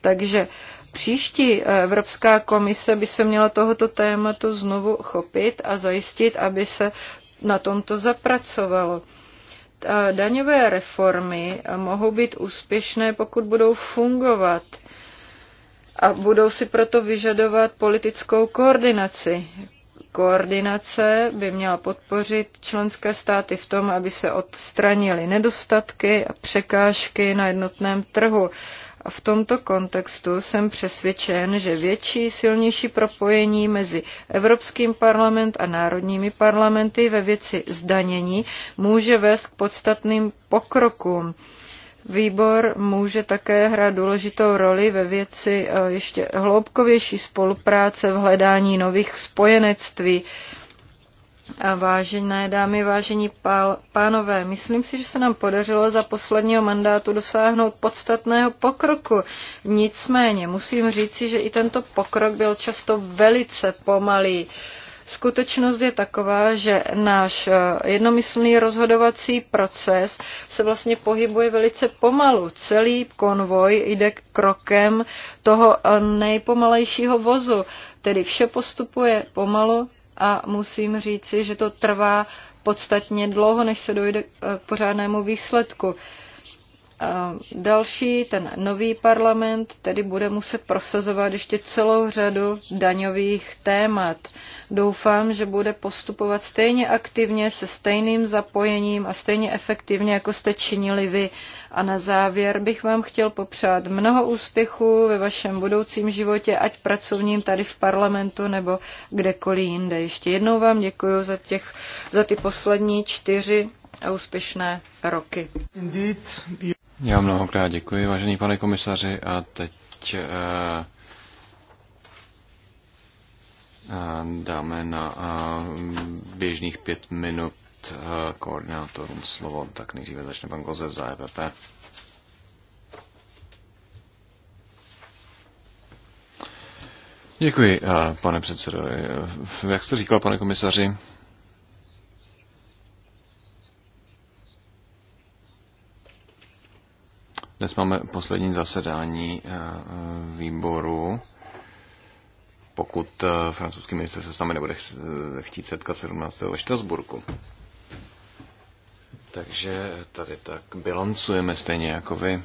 Takže Příští eh, Evropská komise by se měla tohoto tématu znovu chopit a zajistit, aby se na tomto zapracovalo daňové reformy mohou být úspěšné, pokud budou fungovat a budou si proto vyžadovat politickou koordinaci. Koordinace by měla podpořit členské státy v tom, aby se odstranily nedostatky a překážky na jednotném trhu v tomto kontextu jsem přesvědčen, že větší, silnější propojení mezi Evropským parlament a národními parlamenty ve věci zdanění může vést k podstatným pokrokům. Výbor může také hrát důležitou roli ve věci eh, ještě hloubkovější spolupráce v hledání nových spojenectví. A vážené dámy, vážení pánové, myslím si, že se nám podařilo za posledního mandátu dosáhnout podstatného pokroku. Nicméně musím říci, že i tento pokrok byl často velice pomalý. Skutečnost je taková, že náš eh, jednomyslný rozhodovací proces se vlastně pohybuje velice pomalu. Celý konvoj jde krokem toho eh, nejpomalejšího vozu, tedy vše postupuje pomalu a musím říci, že to trvá podstatně dlouho, než se dojde eh, k pořádnému výsledku. Další, ten nový parlament, tedy bude muset prosazovat ještě celou řadu daňových témat. Doufám, že bude postupovat stejně aktivně, se stejným zapojením a stejně efektivně, jako jste činili vy. A na závěr bych vám chtěl popřát mnoho úspěchů ve vašem budoucím životě, ať pracovním tady v parlamentu nebo kdekoliv jinde. Ještě jednou vám děkuji za, těch, za ty poslední čtyři úspěšné roky. Já mnohokrát děkuji, vážený pane komisaři, a teď eh, eh, dáme na eh, běžných pět minut koordinátorům slovo, tak nejdříve začne pan Koze za EPP. Děkuji, pane předsedo. Jak jste říkal, pane komisaři, Dnes máme poslední zasedání eh, výboru. Pokud eh, francouzský minister se s námi nebude eh, chtít setkat 17. ve Štrasburku. Takže tady tak bilancujeme stejně jako vy.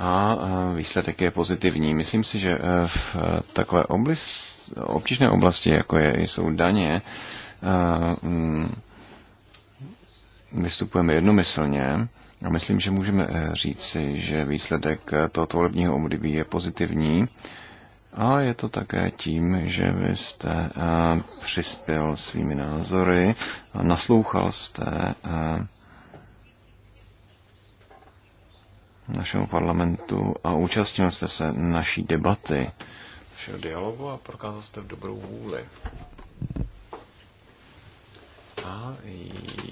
A výsledek je pozitivní. Myslím si, že v takové oblis, obtížné oblasti, jako je, jsou daně, mm, vystupujeme jednomyslně a myslím, že můžeme eh, říci, že výsledek eh, tohoto volebního období je pozitivní. A je to také tím, že vy jste eh, přispěl svými názory, naslouchal jste našemu parlamentu a účastnil jste se naší debaty, našeho dialogu a prokázal jste v dobrou vůli. A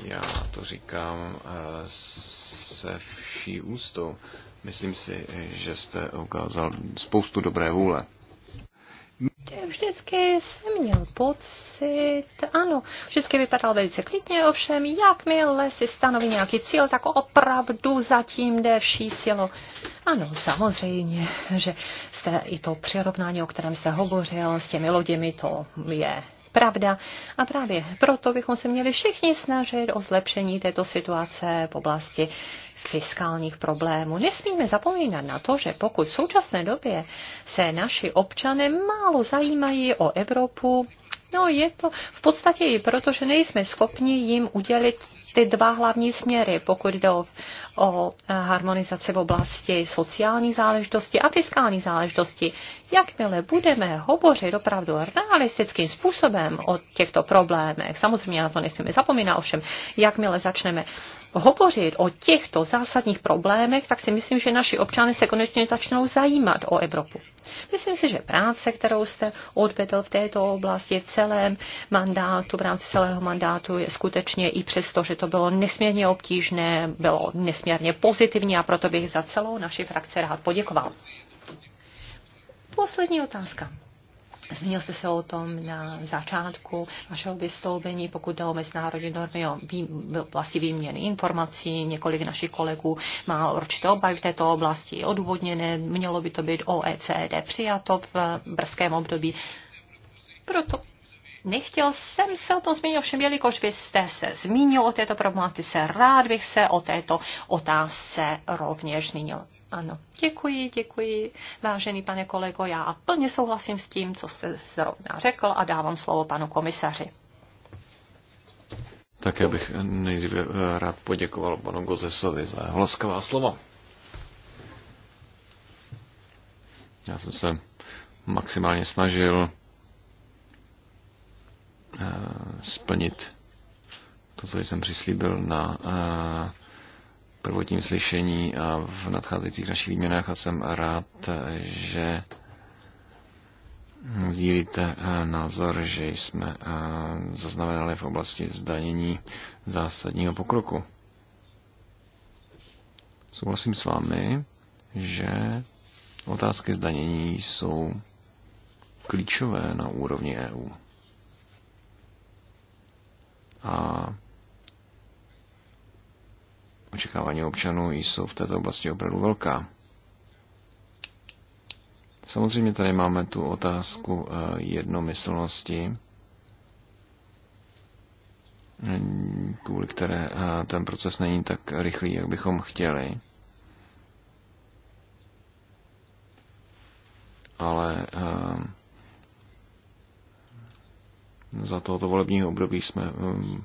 já to říkám s se vší ústou. Myslím si, že jste ukázal spoustu dobré vůle. Vždycky jsem měl pocit, ano, vždycky vypadal velice klidně, ovšem jakmile si stanoví nějaký cíl, tak opravdu zatím jde vší silo. Ano, samozřejmě, že jste i to přirovnání, o kterém jste hovořil, s těmi loděmi, to je pravda. A právě proto bychom se měli všichni snažit o zlepšení této situace v oblasti fiskálních problémů. Nesmíme zapomínat na to, že pokud v současné době se naši občané málo zajímají o Evropu, No je to v podstatě i proto, že nejsme schopni jim udělit ty dva hlavní směry, pokud jde o, o harmonizaci v oblasti sociální záležitosti a fiskální záležitosti. Jakmile budeme hovořit opravdu realistickým způsobem o těchto problémech, samozřejmě na to nesmíme zapomínat, ovšem, jakmile začneme hovořit o těchto zásadních problémech, tak si myslím, že naši občany se konečně začnou zajímat o Evropu. Myslím si, že práce, kterou jste odvedl v této oblasti, v celém mandátu, v rámci celého mandátu, je skutečně i přesto, že to bylo nesmírně obtížné, bylo nesmírně pozitivní a proto bych za celou naši frakci rád poděkoval. Poslední otázka. Zmínil jste se o tom na začátku vašeho vystoupení, pokud jde o mezinárodní normy o vý, výměny informací. Několik našich kolegů má určité obavy v této oblasti odůvodněné. Mělo by to být OECD přijato v brzkém období. Proto Nechtěl jsem se o tom zmínit, ovšem jelikož byste se zmínil o této problematice, rád bych se o této otázce rovněž zmínil. Ano, děkuji, děkuji, vážený pane kolego, já plně souhlasím s tím, co jste zrovna řekl a dávám slovo panu komisaři. Tak já bych nejdříve rád poděkoval panu Gozesovi za jeho laskavá slova. Já jsem se maximálně snažil Eh, splnit to, co jsem přislíbil na eh, prvotním slyšení a v nadcházejících našich výměnách a jsem rád, že sdílíte eh, názor, že jsme zaznamenali v oblasti zdanění zásadního pokroku. Souhlasím s vámi, že otázky zdanění jsou klíčové na úrovni EU a očekávání občanů jsou v této oblasti opravdu velká. Samozřejmě tady máme tu otázku eh, jednomyslnosti, kvůli které eh, ten proces není tak rychlý, jak bychom chtěli. Ale eh, za tohoto volebního období jsme um,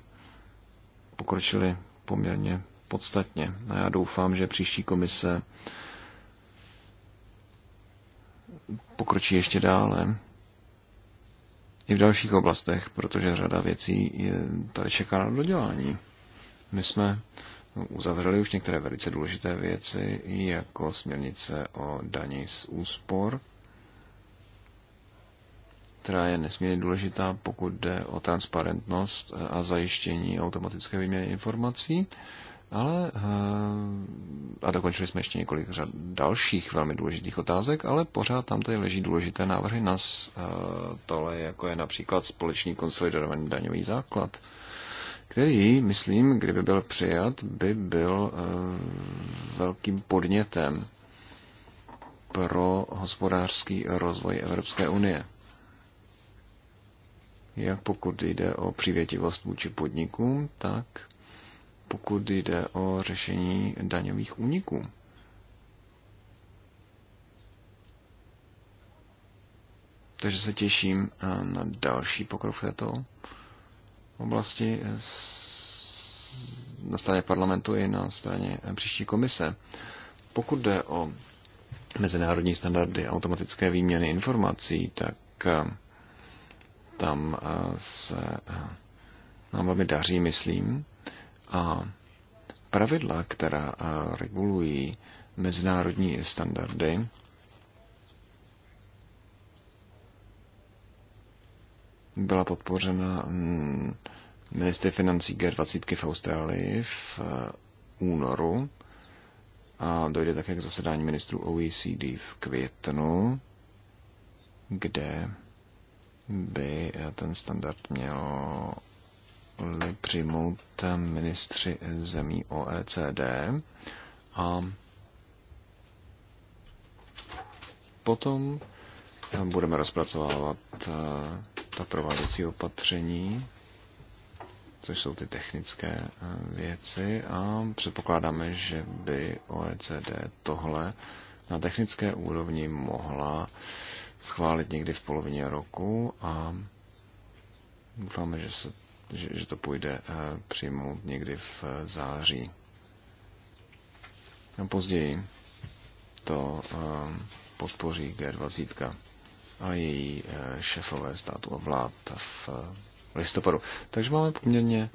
pokročili poměrně podstatně. A já doufám, že příští komise pokročí ještě dále i v dalších oblastech, protože řada věcí je tady čeká na dodělání. My jsme uzavřeli už některé velice důležité věci, jako směrnice o daní z úspor, která je nesmírně důležitá, pokud jde o transparentnost a zajištění automatické výměny informací. Ale, eh, a dokončili jsme ještě několik řad dalších velmi důležitých otázek, ale pořád tam tady leží důležité návrhy na eh, tohle, jako je například společný konsolidovaný daňový základ, který, myslím, kdyby byl přijat, by byl eh, velkým podnětem pro hospodářský rozvoj Evropské unie jak pokud jde o přivětivost vůči podnikům, tak pokud jde o řešení daňových úniků. Takže se těším eh, na další pokrok v této oblasti eh, na straně parlamentu i na straně eh, příští komise. Pokud jde o mezinárodní standardy automatické výměny informací, tak tam eh, se eh, nám velmi daří, myslím. A pravidla, která eh, regulují mezinárodní standardy, byla podpořena mm, ministry financí G20 v Austrálii v únoru a dojde také k zasedání ministrů OECD v květnu, kde by ten standard měl přijmout ministři zemí OECD a potom budeme rozpracovávat eh, ta prováděcí opatření, což jsou ty technické eh, věci a předpokládáme, že by OECD tohle na technické úrovni mohla uh, schválit někdy v polovině roku a doufáme, že, se, že, že to půjde eh, přijmout někdy v eh, září. A později to eh, podpoří G20 a její šefové státu a vlád v listopadu. Takže máme poměrně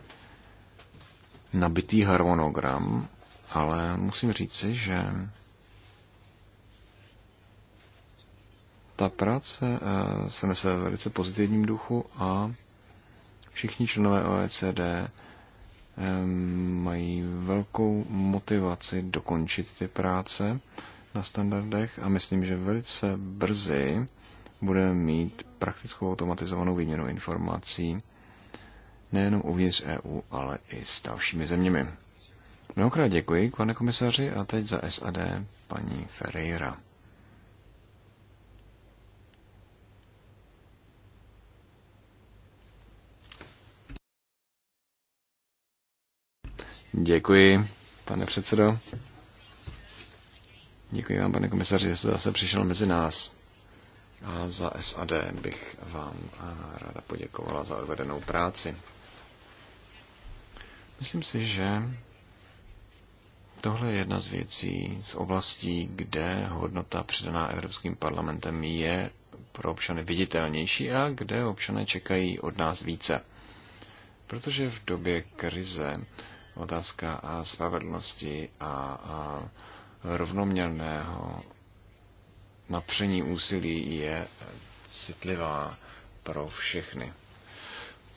nabitý harmonogram, ale musím říci, že ta práce eh, se nese ve velice pozitivním duchu a všichni členové OECD eh, mají velkou motivaci dokončit ty práce na standardech a myslím, že velice brzy budeme mít praktickou automatizovanou výměnu informací nejenom uvnitř EU, ale i s dalšími zeměmi. Mnohokrát děkuji, pane komisaři, a teď za SAD paní Ferreira. Děkuji, pane předsedo. Děkuji vám, pane komisaři, že jste zase přišel mezi nás. A za SAD bych vám ráda poděkovala za odvedenou práci. Myslím si, že tohle je jedna z věcí, z oblastí, kde hodnota přidaná Evropským parlamentem je pro občany viditelnější a kde občané čekají od nás více. Protože v době krize Otázka a spravedlnosti a, a rovnoměrného napření úsilí je citlivá pro všechny.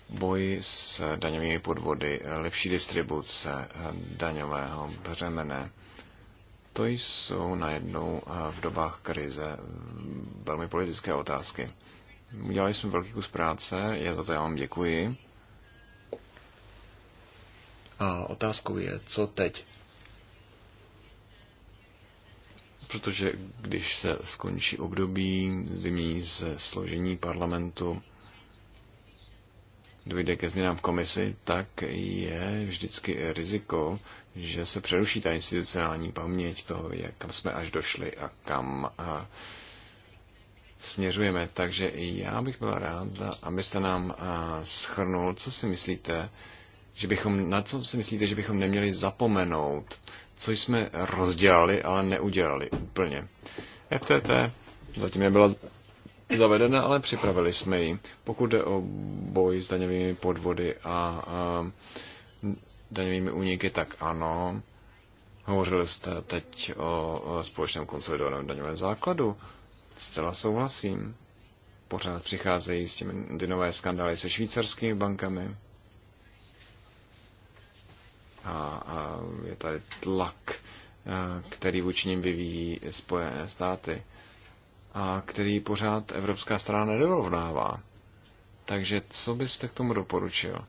Boj s daňovými podvody, lepší distribuce daňového břemene, to jsou najednou v dobách krize velmi politické otázky. Udělali jsme velký kus práce, já za to já vám děkuji. A otázkou je, co teď? Protože když se skončí období, vymění se složení parlamentu, dojde ke změnám v komisi, tak je vždycky riziko, že se přeruší ta institucionální paměť toho, jak, kam jsme až došli a kam a směřujeme. Takže já bych byla ráda, abyste nám schrnul, co si myslíte, že bychom, na co si myslíte, že bychom neměli zapomenout, co jsme rozdělali, ale neudělali úplně. FTT zatím nebyla zavedena, ale připravili jsme ji. Pokud jde o boj s daňovými podvody a, a daňovými úniky, tak ano. Hovořili jste teď o společném konsolidovaném daňovém základu. Zcela souhlasím. Pořád přicházejí s těmi nové skandály se švýcarskými bankami a je tady tlak, e, který vůči ním vyvíjí Spojené státy a který pořád evropská strana nedorovnává. Takže co byste k tomu doporučil?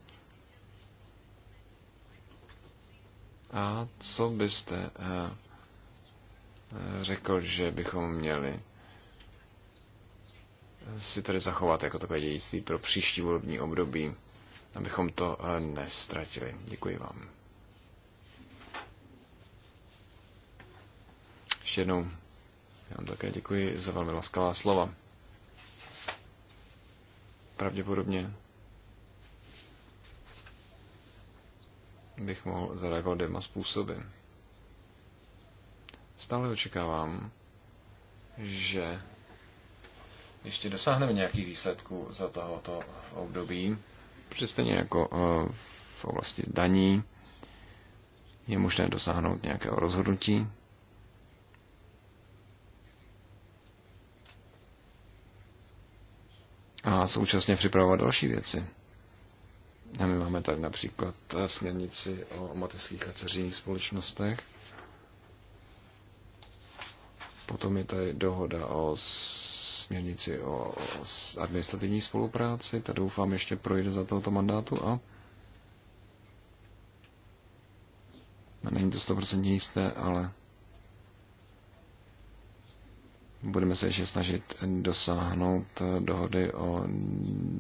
A co byste e, e, řekl, že bychom měli si tady zachovat jako takové dějství pro příští volební období, abychom to nestratili. Děkuji vám. ještě jednou. Já vám také děkuji za velmi laskavá slova. Pravděpodobně bych mohl zareagovat dvěma způsoby. Stále očekávám, že ještě dosáhneme nějakých výsledků za tohoto období, protože stejně jako eh, v oblasti daní je možné dosáhnout nějakého rozhodnutí, a současně připravovat další věci. A my máme tady například eh, směrnici o mateřských a dceřinných společnostech. Potom je tady dohoda o směrnici o administrativní spolupráci. Ta doufám ještě projde za tohoto mandátu a není to 100% jisté, ale Budeme se ještě snažit dosáhnout eh, dohody o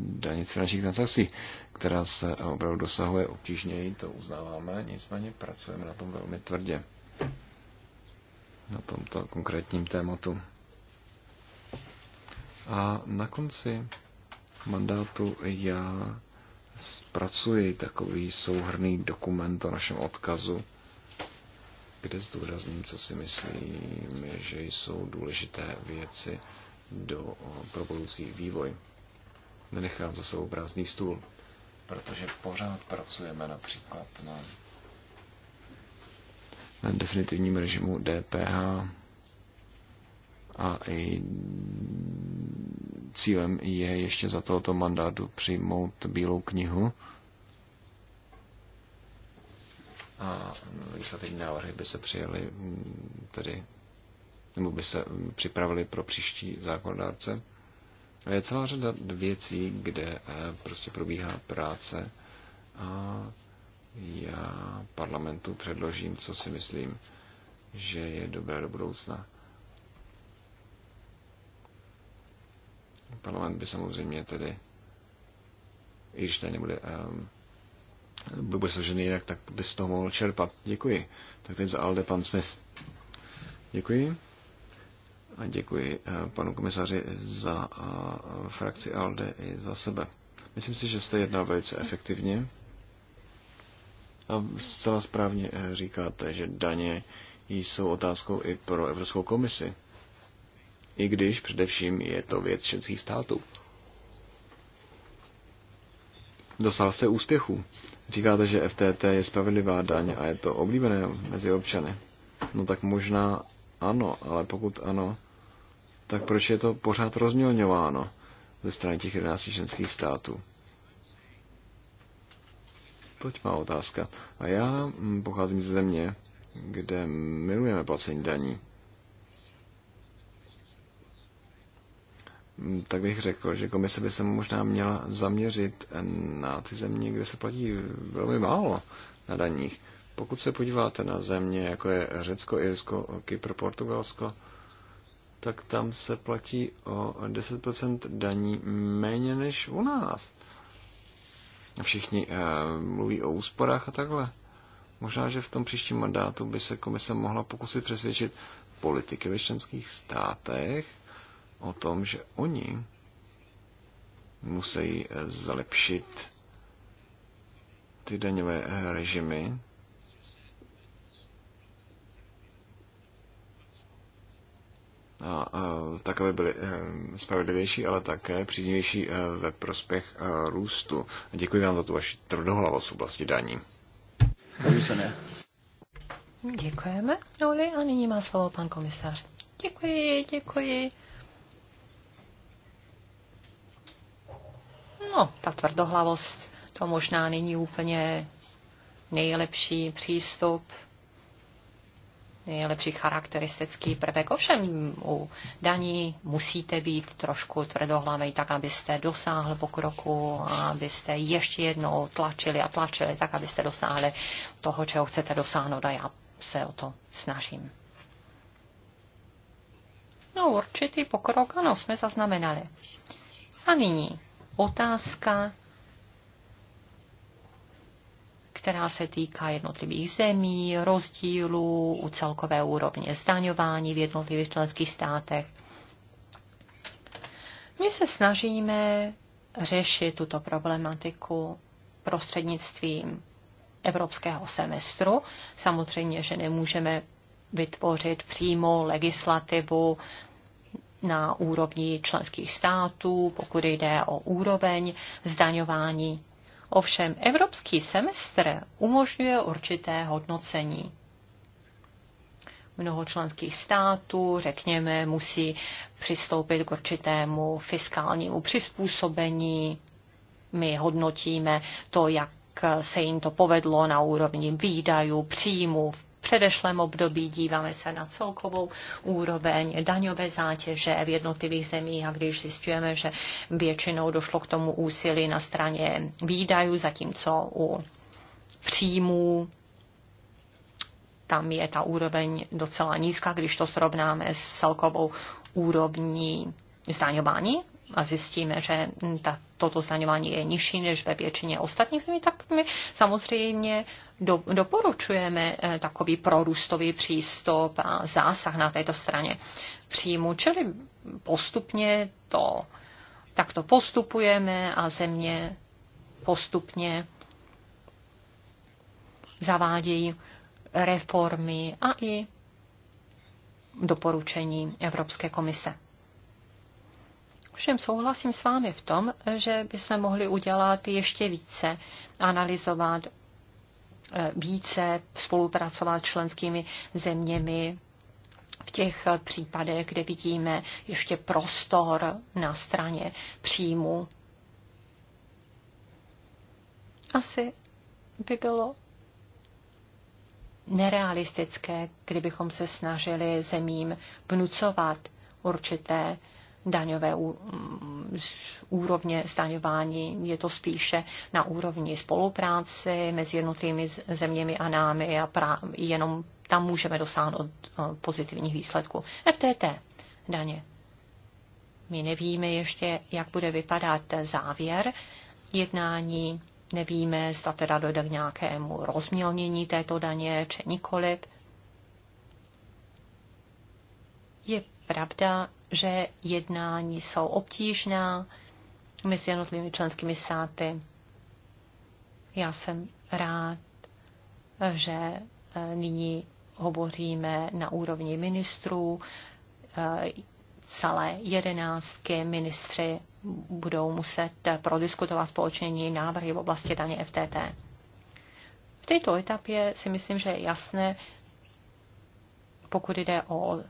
daní z finančních transakcí, která se opravdu dosahuje obtížněji, to uznáváme, nicméně pracujeme na tom velmi tvrdě, na tomto konkrétním tématu. A na konci mandátu já zpracuji takový souhrný dokument o našem odkazu kde zdůrazním, co si myslím, že jsou důležité věci do, pro budoucí vývoj. Nenechám za sebou prázdný stůl, protože pořád pracujeme například na, na definitivním režimu DPH a i cílem je ještě za tohoto mandátu přijmout bílou knihu, a legislativní návrhy by se přijeli mm, tedy, nebo by se mm, připravili pro příští zákonodárce. Je celá řada věcí, kde eh, prostě probíhá práce a já parlamentu předložím, co si myslím, že je dobré do budoucna. Parlament by samozřejmě tedy, i když tady nebude um, by bude složený jinak, tak by z toho mohl čerpat. Děkuji. Tak teď za Alde pan Smith. Děkuji. A děkuji eh, panu komisaři za eh, frakci ALDE i za sebe. Myslím si, že jste jedná velice efektivně. A zcela správně eh, říkáte, že daně jsou otázkou i pro Evropskou komisi. I když především je to věc členských států. Dosáhl jste úspěchu, Říkáte, že FTT je spravedlivá daň a je to oblíbené mezi občany. No tak možná ano, ale pokud ano, tak proč je to pořád rozmělňováno ze strany těch 11 členských států? Toť má otázka. A já mm, pocházím ze země, kde milujeme placení daní. tak bych řekl, že komise by se možná měla zaměřit na ty země, kde se platí velmi málo na daních. Pokud se podíváte na země, jako je Řecko, Irsko, Kypr, Portugalsko, tak tam se platí o 10% daní méně než u nás. Všichni e, mluví o úsporách a takhle. Možná, že v tom příštím mandátu by se komise mohla pokusit přesvědčit politiky ve členských státech, o tom, že oni musí eh, zlepšit ty daňové eh, režimy, a, a, eh, tak, aby byly e, spravedlivější, ale také příznivější e, ve prospěch e, růstu. A děkuji vám za tu vaši trdohlavost v oblasti daní. Děkujeme, Oli, a nyní má slovo pan komisař. Děkuji, děkuji. No, ta tvrdohlavost, to možná není úplně nejlepší přístup, nejlepší charakteristický prvek. Ovšem u daní musíte být trošku tvrdohlavý, tak abyste dosáhli pokroku, abyste ještě jednou tlačili a tlačili, tak abyste dosáhli toho, čeho chcete dosáhnout a já se o to snažím. No určitý pokrok, ano, jsme zaznamenali. A nyní otázka, která se týká jednotlivých zemí, rozdílů u celkové úrovně zdaňování v jednotlivých členských státech. My se snažíme řešit tuto problematiku prostřednictvím evropského semestru. Samozřejmě, že nemůžeme vytvořit přímo legislativu na úrovni členských států, pokud jde o úroveň zdaňování. Ovšem evropský semestr umožňuje určité hodnocení. Mnoho členských států, řekněme, musí přistoupit k určitému fiskálnímu přizpůsobení. My hodnotíme to, jak se jim to povedlo na úrovni výdajů, příjmů, předešlém období, díváme se na celkovou úroveň daňové zátěže v jednotlivých zemích a když zjistujeme, že většinou došlo k tomu úsilí na straně výdajů, zatímco u příjmů tam je ta úroveň docela nízká, když to srovnáme s celkovou úrovní zdaňování a zjistíme, že ta, toto zdaňování je nižší než ve většině ostatních zemí, tak my samozřejmě do, doporučujeme eh, takový prorůstový přístup a zásah na této straně příjmu, čili postupně to takto postupujeme a země postupně zavádějí reformy a i doporučení Evropské komise. Všem souhlasím s vámi v tom, že bychom mohli udělat ještě více, analyzovat e, více, spolupracovat s členskými zeměmi v těch případech, kde vidíme ještě prostor na straně příjmu. Asi by bylo nerealistické, kdybychom se snažili zemím vnucovat určité daňové mm, úrovně zdaňování. Je to spíše na úrovni spolupráce mezi jednotlivými zeměmi a námi a prá- jenom tam můžeme dosáhnout eh, pozitivních výsledků. FTT, daně. My nevíme ještě, jak bude vypadat závěr jednání, nevíme, zda teda dojde k nějakému rozmělnění této daně, či nikoliv. Je pravda, že jednání jsou obtížná mezi jednotlivými členskými státy. Já jsem rád, že eh, nyní hovoříme na úrovni ministrů, eh, celé jedenáctky ministři budou muset prodiskutovat společně návrhy v oblasti daně FTT. V této etapě si myslím, že je jasné, pokud jde o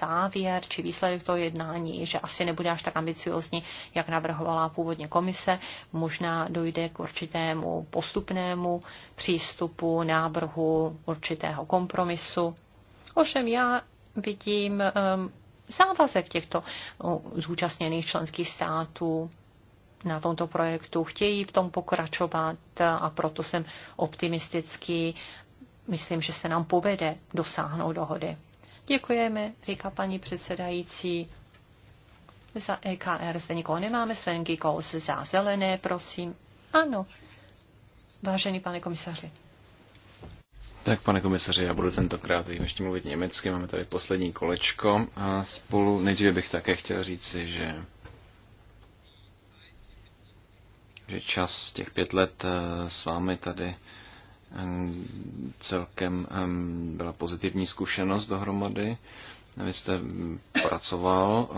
závěr či výsledek toho jednání, že asi nebude až tak ambiciozní, jak navrhovala původně komise. Možná dojde k určitému postupnému přístupu, návrhu určitého kompromisu. Ovšem já vidím um, závazek těchto uh, zúčastněných členských států na tomto projektu, chtějí v tom pokračovat a proto jsem optimistický. Myslím, že se nám povede dosáhnout dohody. Děkujeme, říká paní předsedající. Za EKR zde nikoho nemáme, Sven Gikos za zelené, prosím. Ano, vážený pane komisaři. Tak, pane komisaři, já budu tentokrát ještě mluvit německy. Máme tady poslední kolečko a spolu nejdříve bych také chtěl říci, že že čas těch pět let eh, s vámi tady celkem byla pozitivní zkušenost dohromady. Vy jste pracoval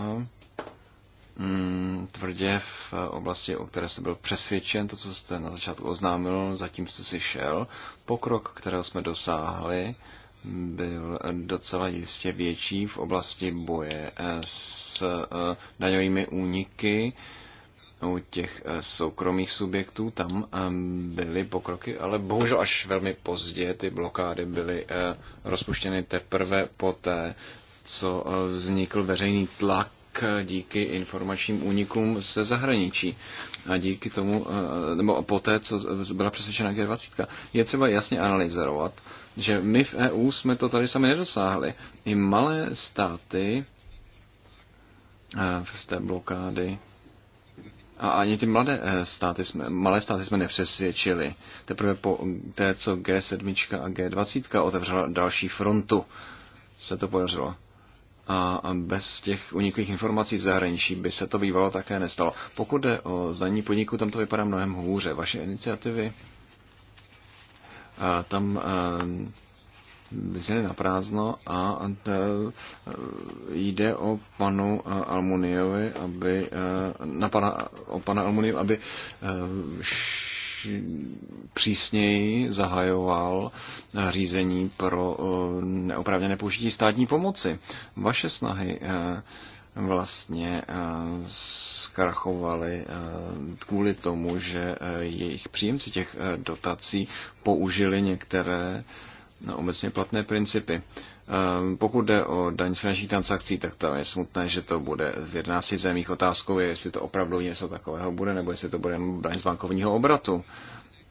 mm, tvrdě v eh, oblasti, o které jste byl přesvědčen, to, co jste na začátku oznámil, zatím jste si šel. Pokrok, kterého jsme dosáhli, byl docela jistě větší v oblasti boje eh, s eh, daňovými úniky, u těch eh, soukromých subjektů tam ehm, byly pokroky, ale bohužel až velmi pozdě ty blokády byly eh, rozpuštěny teprve poté, co eh, vznikl veřejný tlak díky informačním únikům ze zahraničí a díky tomu, nebo poté, co byla přesvědčena G20. Je třeba jasně analyzovat, že my v EU jsme to tady sami nedosáhli. I malé státy v té blokády a ani ty mladé eh, státy jsme, malé státy jsme nepřesvědčili. Teprve po té, co G7 a G20 otevřela další frontu, se to podařilo. A bez těch uniklých informací z zahraničí by se to bývalo také nestalo. Pokud jde o zdaní podniku, tam to vypadá mnohem hůře. Vaše iniciativy A tam eh, vyzněly na prázdno a jde o panu Almuniovi, aby, na pana, o pana Almuniovi, aby přísněji zahajoval řízení pro neoprávněné použití státní pomoci. Vaše snahy vlastně zkrachovaly kvůli tomu, že jejich příjemci těch dotací použili některé obecně platné principy. Ehm, pokud jde o daň z finančních transakcí, tak tam je smutné, že to bude v 11 zemích otázkou, je, jestli to opravdu něco takového bude, nebo jestli to bude daň z bankovního obratu.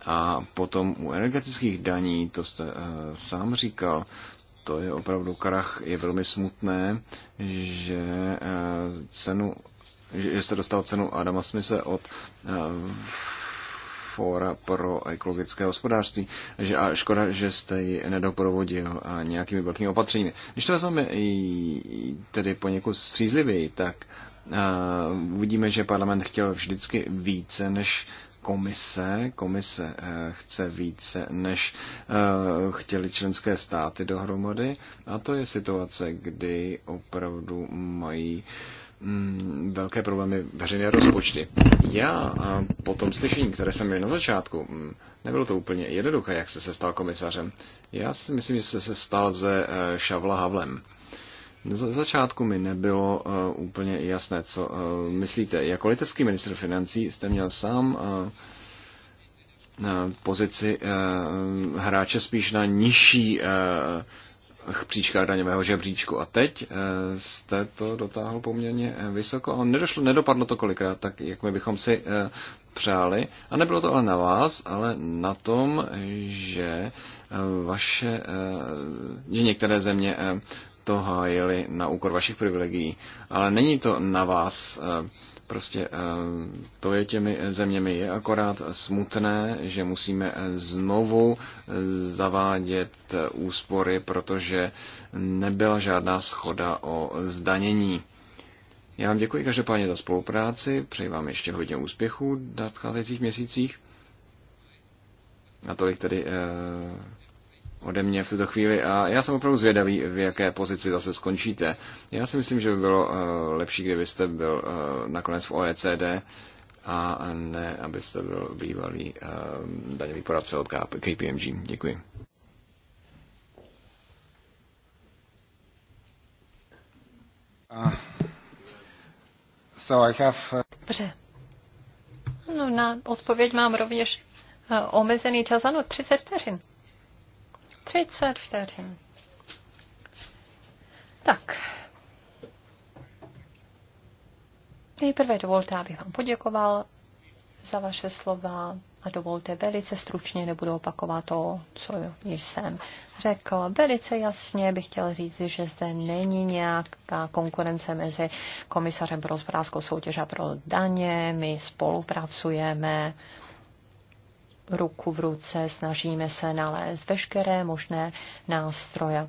A potom u energetických daní, to jste uh, sám říkal, to je opravdu krach, je velmi smutné, že uh, cenu že jste dostal cenu Adama Smise od uh, Fóra pro ekologické hospodářství. Že, a škoda, že jste ji nedoprovodil nějakými velkými opatřeními. Když to vezmeme tedy poněkud střízlivěji, tak uvidíme, že parlament chtěl vždycky více než komise. Komise e, chce více, než e, chtěli členské státy dohromady. A to je situace, kdy opravdu mají Mm, velké problémy veřejné rozpočty. Já po tom slyšení, které jsem měl na začátku, mm, nebylo to úplně jednoduché, jak jste se stal komisařem. Já si myslím, že jste se stal ze eh, Šavla Havlem. Na začátku mi nebylo uh, úplně jasné, co uh, myslíte. Jako litevský ministr financí jste měl sám uh, pozici hráče spíš na nižší příčkách daňového žebříčku. A teď eh, jste to dotáhl poměrně eh, vysoko. A nedošlo, nedopadlo to kolikrát tak, jak my bychom si eh, přáli. A nebylo to ale na vás, ale na tom, že vaše, že některé země to hájily na úkor vašich privilegií. Ale není to na vás Prostě eh, to je těmi zeměmi. Je akorát smutné, že musíme eh, znovu eh, zavádět úspory, protože nebyla žádná schoda o zdanění. Já vám děkuji každopádně za spolupráci, přeji vám ještě hodně úspěchů v nadcházejících měsících. A tolik tedy ode mě v tuto chvíli a já jsem opravdu zvědavý, v jaké pozici zase skončíte. Já si myslím, že by bylo eh, lepší, kdybyste byl eh, nakonec v OECD a ne, abyste byl bývalý eh, daňový poradce od KPMG. Děkuji. Ah. Dobře. No, na odpověď mám rovněž omezený čas, ano, 30 vteřin. 30 vteřin. Tak. Nejprve dovolte, abych vám poděkoval za vaše slova a dovolte velice stručně, nebudu opakovat to, co již jsem řekl. Velice jasně bych chtěl říct, že zde není nějaká konkurence mezi komisařem pro zprávskou soutěž a pro daně. My spolupracujeme ruku v ruce snažíme se nalézt veškeré možné nástroje,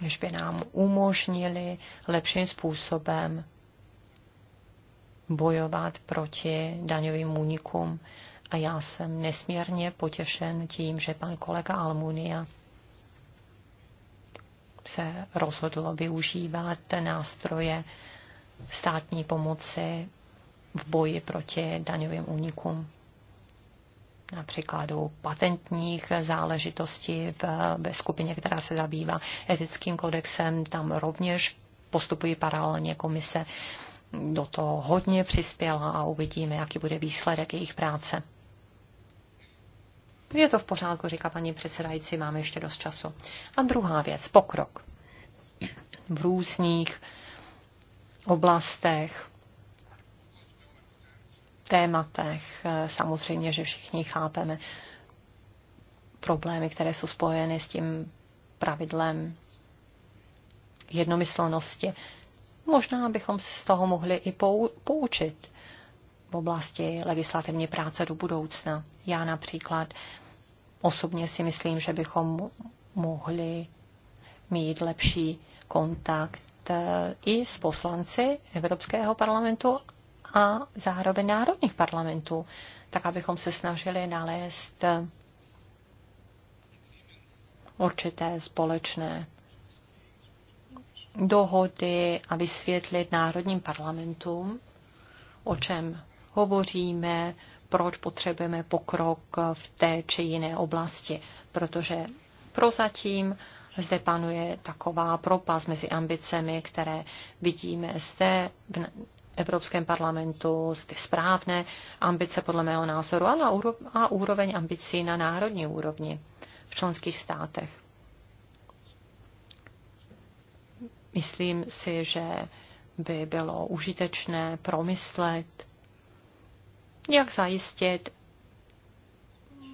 když by nám umožnili lepším způsobem bojovat proti daňovým únikům. A já jsem nesmírně potěšen tím, že pan kolega Almunia se rozhodlo využívat nástroje státní pomoci v boji proti daňovým únikům například u patentních záležitostí v, ve skupině, která se zabývá etickým kodexem, tam rovněž postupují paralelně komise. Do toho hodně přispěla a uvidíme, jaký bude výsledek jejich práce. Je to v pořádku, říká paní předsedající, máme ještě dost času. A druhá věc, pokrok. V různých oblastech tématech. Samozřejmě, že všichni chápeme problémy, které jsou spojeny s tím pravidlem jednomyslnosti. Možná bychom se z toho mohli i poučit v oblasti legislativní práce do budoucna. Já například osobně si myslím, že bychom mohli mít lepší kontakt eh, i s poslanci Evropského parlamentu a zároveň národních parlamentů, tak abychom se snažili nalézt určité společné dohody a vysvětlit národním parlamentům, o čem hovoříme, proč potřebujeme pokrok v té či jiné oblasti, protože prozatím zde panuje taková propas mezi ambicemi, které vidíme zde Evropském parlamentu, ty správné ambice podle mého názoru a úroveň ambicí na národní úrovni v členských státech. Myslím si, že by bylo užitečné promyslet, jak zajistit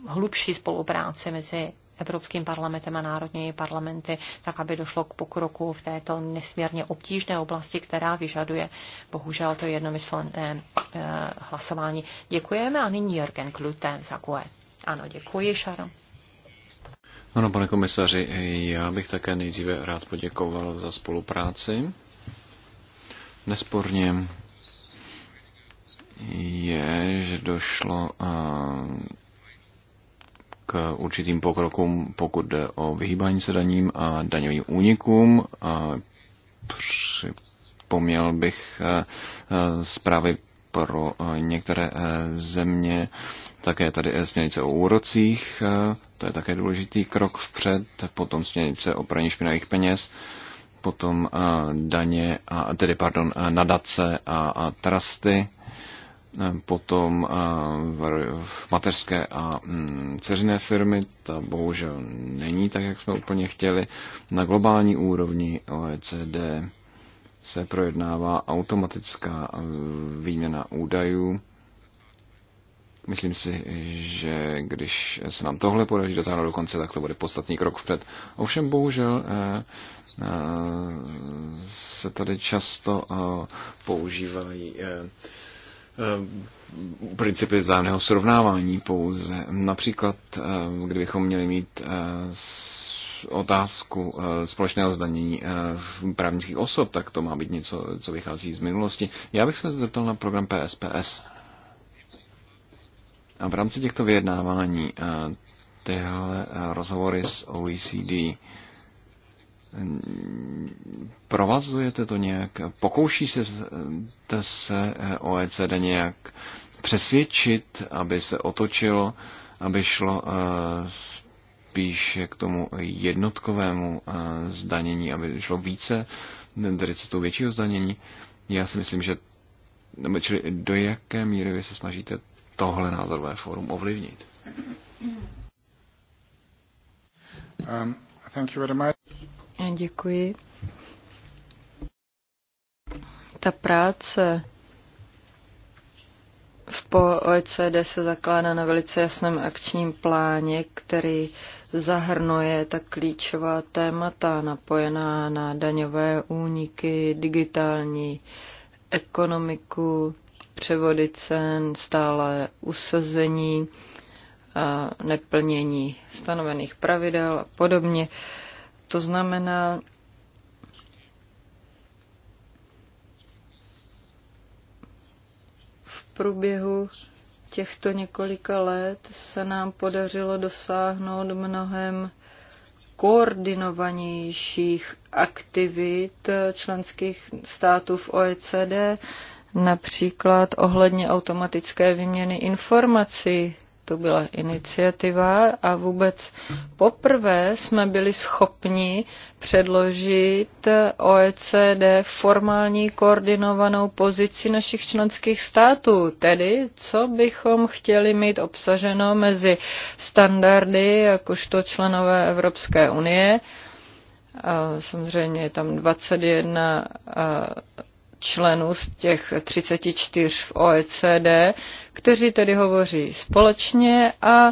hlubší spolupráci mezi Evropským parlamentem a národními parlamenty, tak aby došlo k pokroku v této nesmírně obtížné oblasti, která vyžaduje bohužel to jednomyslné eh, hlasování. Děkujeme a nyní Jürgen Klute za KUE. Ano, děkuji, Šaro. Ano, pane komisaři, já bych také nejdříve rád poděkoval za spolupráci. Nesporně je, že došlo eh, k určitým pokrokům, pokud jde o vyhýbání se daním a daňovým únikům. A připomněl bych eh, eh, zprávy pro eh, některé země, také tady směrnice o úrocích, to je také důležitý krok vpřed, potom směrnice o praní špinavých peněz, potom daně, a, tedy pardon, nadace a, a trasty potom eh, v mateřské a mm, ceřiné firmy, ta bohužel není tak, jak jsme úplně chtěli. Na globální úrovni OECD se projednává automatická eh, výměna údajů. Myslím si, že když se nám tohle podaří dotáhnout do konce, tak to bude podstatný krok vpřed. Ovšem bohužel eh, se tady často používají Eh, principy vzájemného srovnávání pouze. Například, eh, kdybychom měli mít eh, otázku společného zdanění právnických osob, tak to má být něco, co vychází z minulosti. Já bych se zeptal na program PSPS. A v rámci těchto vyjednávání tyhle rozhovory s OECD Provazujete to nějak? Pokouší se, se eh, OECD nějak přesvědčit, aby se otočilo, aby šlo eh, spíše k tomu jednotkovému eh, zdanění, aby šlo více, tedy cestou většího zdanění? Já si myslím, že čili do jaké míry vy se snažíte tohle názorové fórum ovlivnit? Um, thank you very much. Děkuji. Ta práce v po OECD se zakládá na velice jasném akčním pláně, který zahrnuje ta klíčová témata napojená na daňové úniky, digitální ekonomiku, převody cen, stále usazení, neplnění stanovených pravidel a podobně. To znamená, v průběhu těchto několika let se nám podařilo dosáhnout mnohem koordinovanějších aktivit členských států v OECD, například ohledně automatické výměny informací to byla iniciativa a vůbec poprvé jsme byli schopni předložit OECD formální koordinovanou pozici našich členských států, tedy co bychom chtěli mít obsaženo mezi standardy, jakožto členové Evropské unie, Samozřejmě je tam 21 členů z těch 34 v OECD, kteří tedy hovoří společně a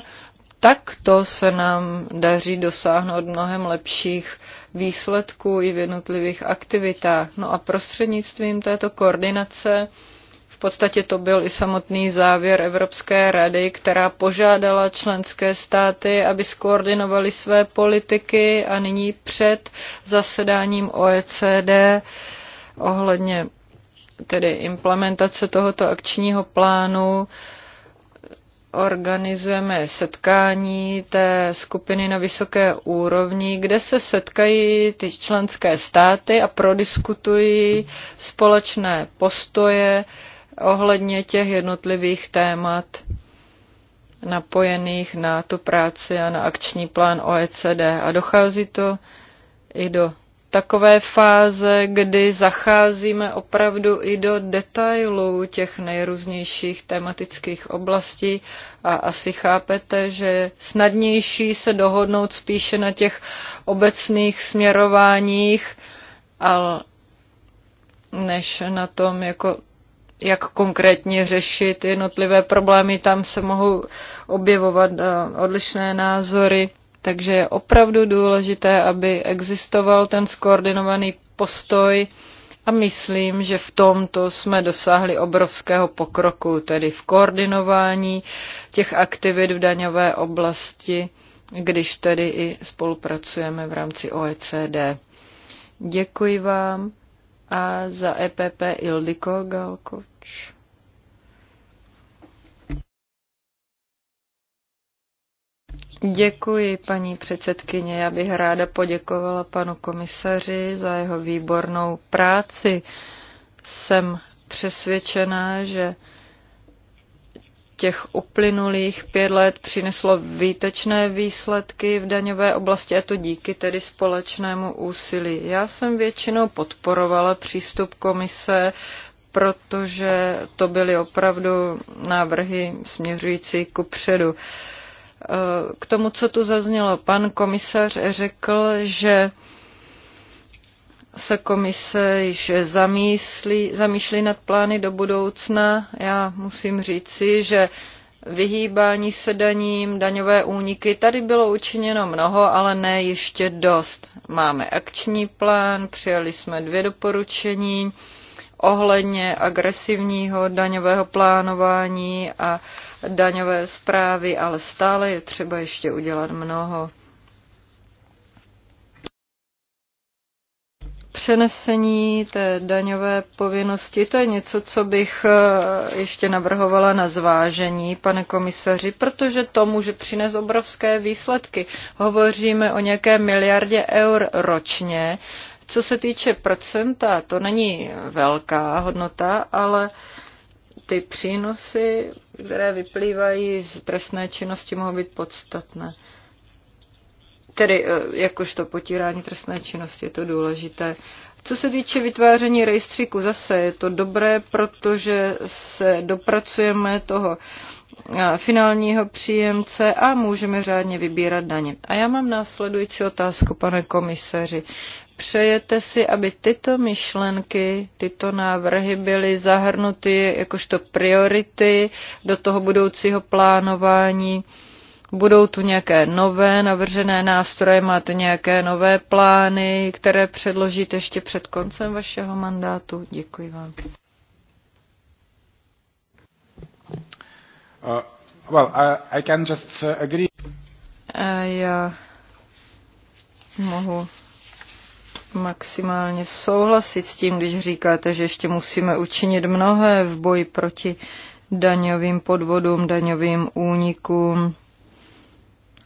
tak to se nám daří dosáhnout mnohem lepších výsledků i v jednotlivých aktivitách. No a prostřednictvím této koordinace v podstatě to byl i samotný závěr Evropské rady, která požádala členské státy, aby skoordinovali své politiky a nyní před zasedáním OECD ohledně tedy implementace tohoto akčního plánu organizujeme setkání té skupiny na vysoké úrovni, kde se setkají ty členské státy a prodiskutují společné postoje ohledně těch jednotlivých témat napojených na tu práci a na akční plán OECD. A dochází to i do takové fáze, kdy zacházíme opravdu i do detailů těch nejrůznějších tematických oblastí a asi chápete, že je snadnější se dohodnout spíše na těch obecných směrováních, ale než na tom, jako, jak konkrétně řešit jednotlivé problémy. Tam se mohou objevovat eh, odlišné názory. Takže je opravdu důležité, aby existoval ten skoordinovaný postoj a myslím, že v tomto jsme dosáhli obrovského pokroku, tedy v koordinování těch aktivit v daňové oblasti, když tedy i spolupracujeme v rámci OECD. Děkuji vám a za EPP Ildiko Galkoč. Děkuji, paní předsedkyně. Já bych ráda poděkovala panu komisaři za jeho výbornou práci. Jsem přesvědčená, že těch uplynulých pět let přineslo výtečné výsledky v daňové oblasti a to díky tedy společnému úsilí. Já jsem většinou podporovala přístup komise, protože to byly opravdu návrhy směřující ku předu. Uh, k tomu, co tu zaznělo, pan komisař řekl, že se komise již zamýšlí, zamýšlí nad plány do budoucna. Já musím říci, že vyhýbání se daním, daňové úniky, tady bylo učiněno mnoho, ale ne ještě dost. Máme akční plán, přijali jsme dvě doporučení ohledně agresivního daňového plánování a uh, daňové zprávy, ale stále je třeba ještě udělat mnoho. přenesení té daňové povinnosti, to je něco, co bych eh, ještě navrhovala na zvážení, pane komisaři, protože to může přinést obrovské výsledky. Hovoříme o nějaké miliardě eur ročně. Co se týče procenta, to není velká hodnota, ale uh, ty přínosy, které vyplývají z trestné činnosti, mohou být podstatné. Tedy eh, jakožto potírání trestné činnosti je to důležité. Co se týče vytváření rejstříku, zase je to dobré, protože se dopracujeme toho eh, finálního příjemce a můžeme řádně vybírat daně. A já mám následující otázku, pane komisaři. Přejete si, aby tyto myšlenky, tyto návrhy byly zahrnuty jakožto priority do toho budoucího plánování? Budou tu nějaké nové navržené nástroje, máte nějaké nové plány, které předložíte ještě před koncem vašeho mandátu? Děkuji vám. Uh, well, I, I can just uh, agree. Uh, já mohu maximálně souhlasit s tím, když říkáte, že ještě musíme učinit mnohé v boji proti daňovým podvodům, daňovým únikům,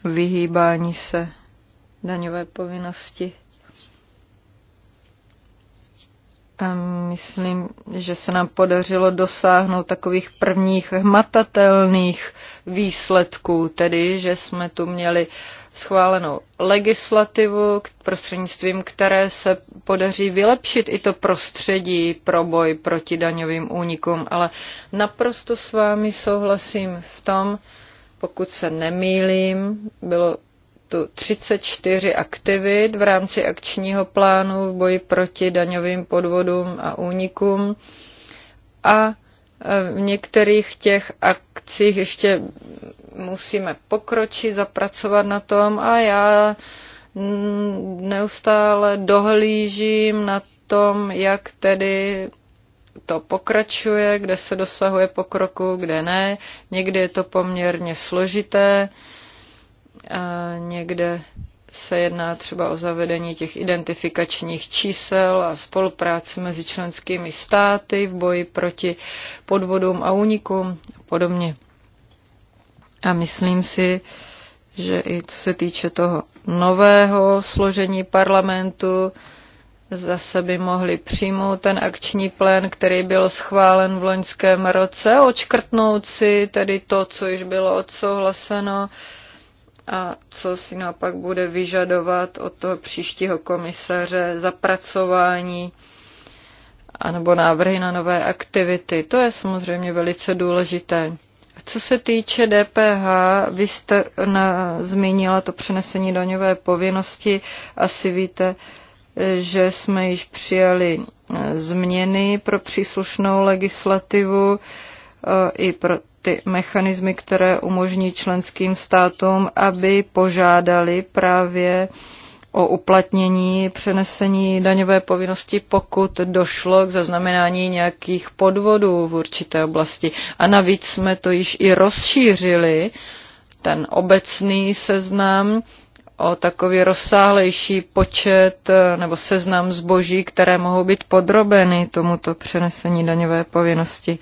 vyhýbání se daňové povinnosti. A myslím, že se nám podařilo dosáhnout takových prvních hmatatelných výsledků, tedy že jsme tu měli schválenou legislativu, prostřednictvím které se podaří vylepšit i to prostředí pro boj proti daňovým únikům. Ale naprosto s vámi souhlasím v tom, pokud se nemýlím, bylo tu 34 aktivit v rámci akčního plánu v boji proti daňovým podvodům a únikům a v některých těch akcích ještě musíme pokročit, zapracovat na tom a já neustále dohlížím na tom, jak tedy to pokračuje, kde se dosahuje pokroku, kde ne. Někdy je to poměrně složité, někde se jedná třeba o zavedení těch identifikačních čísel a spolupráci mezi členskými státy v boji proti podvodům a únikům a podobně. A myslím si, že i co se týče toho nového složení parlamentu, zase by mohli přijmout ten akční plán, který byl schválen v loňském roce, očkrtnout si tedy to, co již bylo odsouhlaseno, a co si naopak bude vyžadovat od toho příštího komisaře zapracování anebo návrhy na nové aktivity. To je samozřejmě velice důležité. Co se týče DPH, vy jste na, zmínila to přenesení daňové povinnosti. Asi víte, že jsme již přijali eh, změny pro příslušnou legislativu eh, i pro ty mechanismy, které umožní členským státům, aby požádali právě o uplatnění přenesení daňové povinnosti, pokud došlo k zaznamenání nějakých podvodů v určité oblasti. A navíc jsme to již i rozšířili, ten obecný seznam o takový rozsáhlejší počet eh, nebo seznam zboží, které mohou být podrobeny tomuto přenesení daňové povinnosti.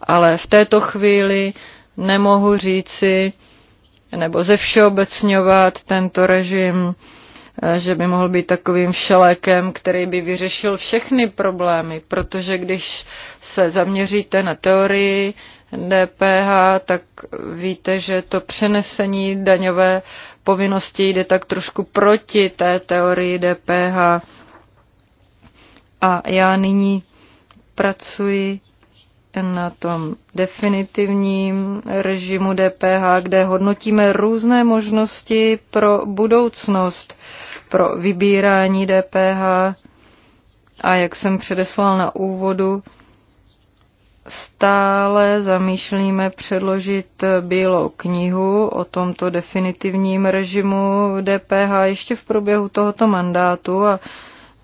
Ale v této chvíli nemohu říci nebo zevšeobecňovat tento režim, eh, že by mohl být takovým všelékem, který by vyřešil všechny problémy, protože když se zaměříte na teorii, DPH, tak víte, že to přenesení daňové Povinnosti jde tak trošku proti té teorii DPH. A já nyní pracuji na tom definitivním režimu DPH, kde hodnotíme různé možnosti pro budoucnost, pro vybírání DPH. A jak jsem předeslal na úvodu, stále zamýšlíme předložit bílou knihu o tomto definitivním režimu DPH ještě v průběhu tohoto mandátu a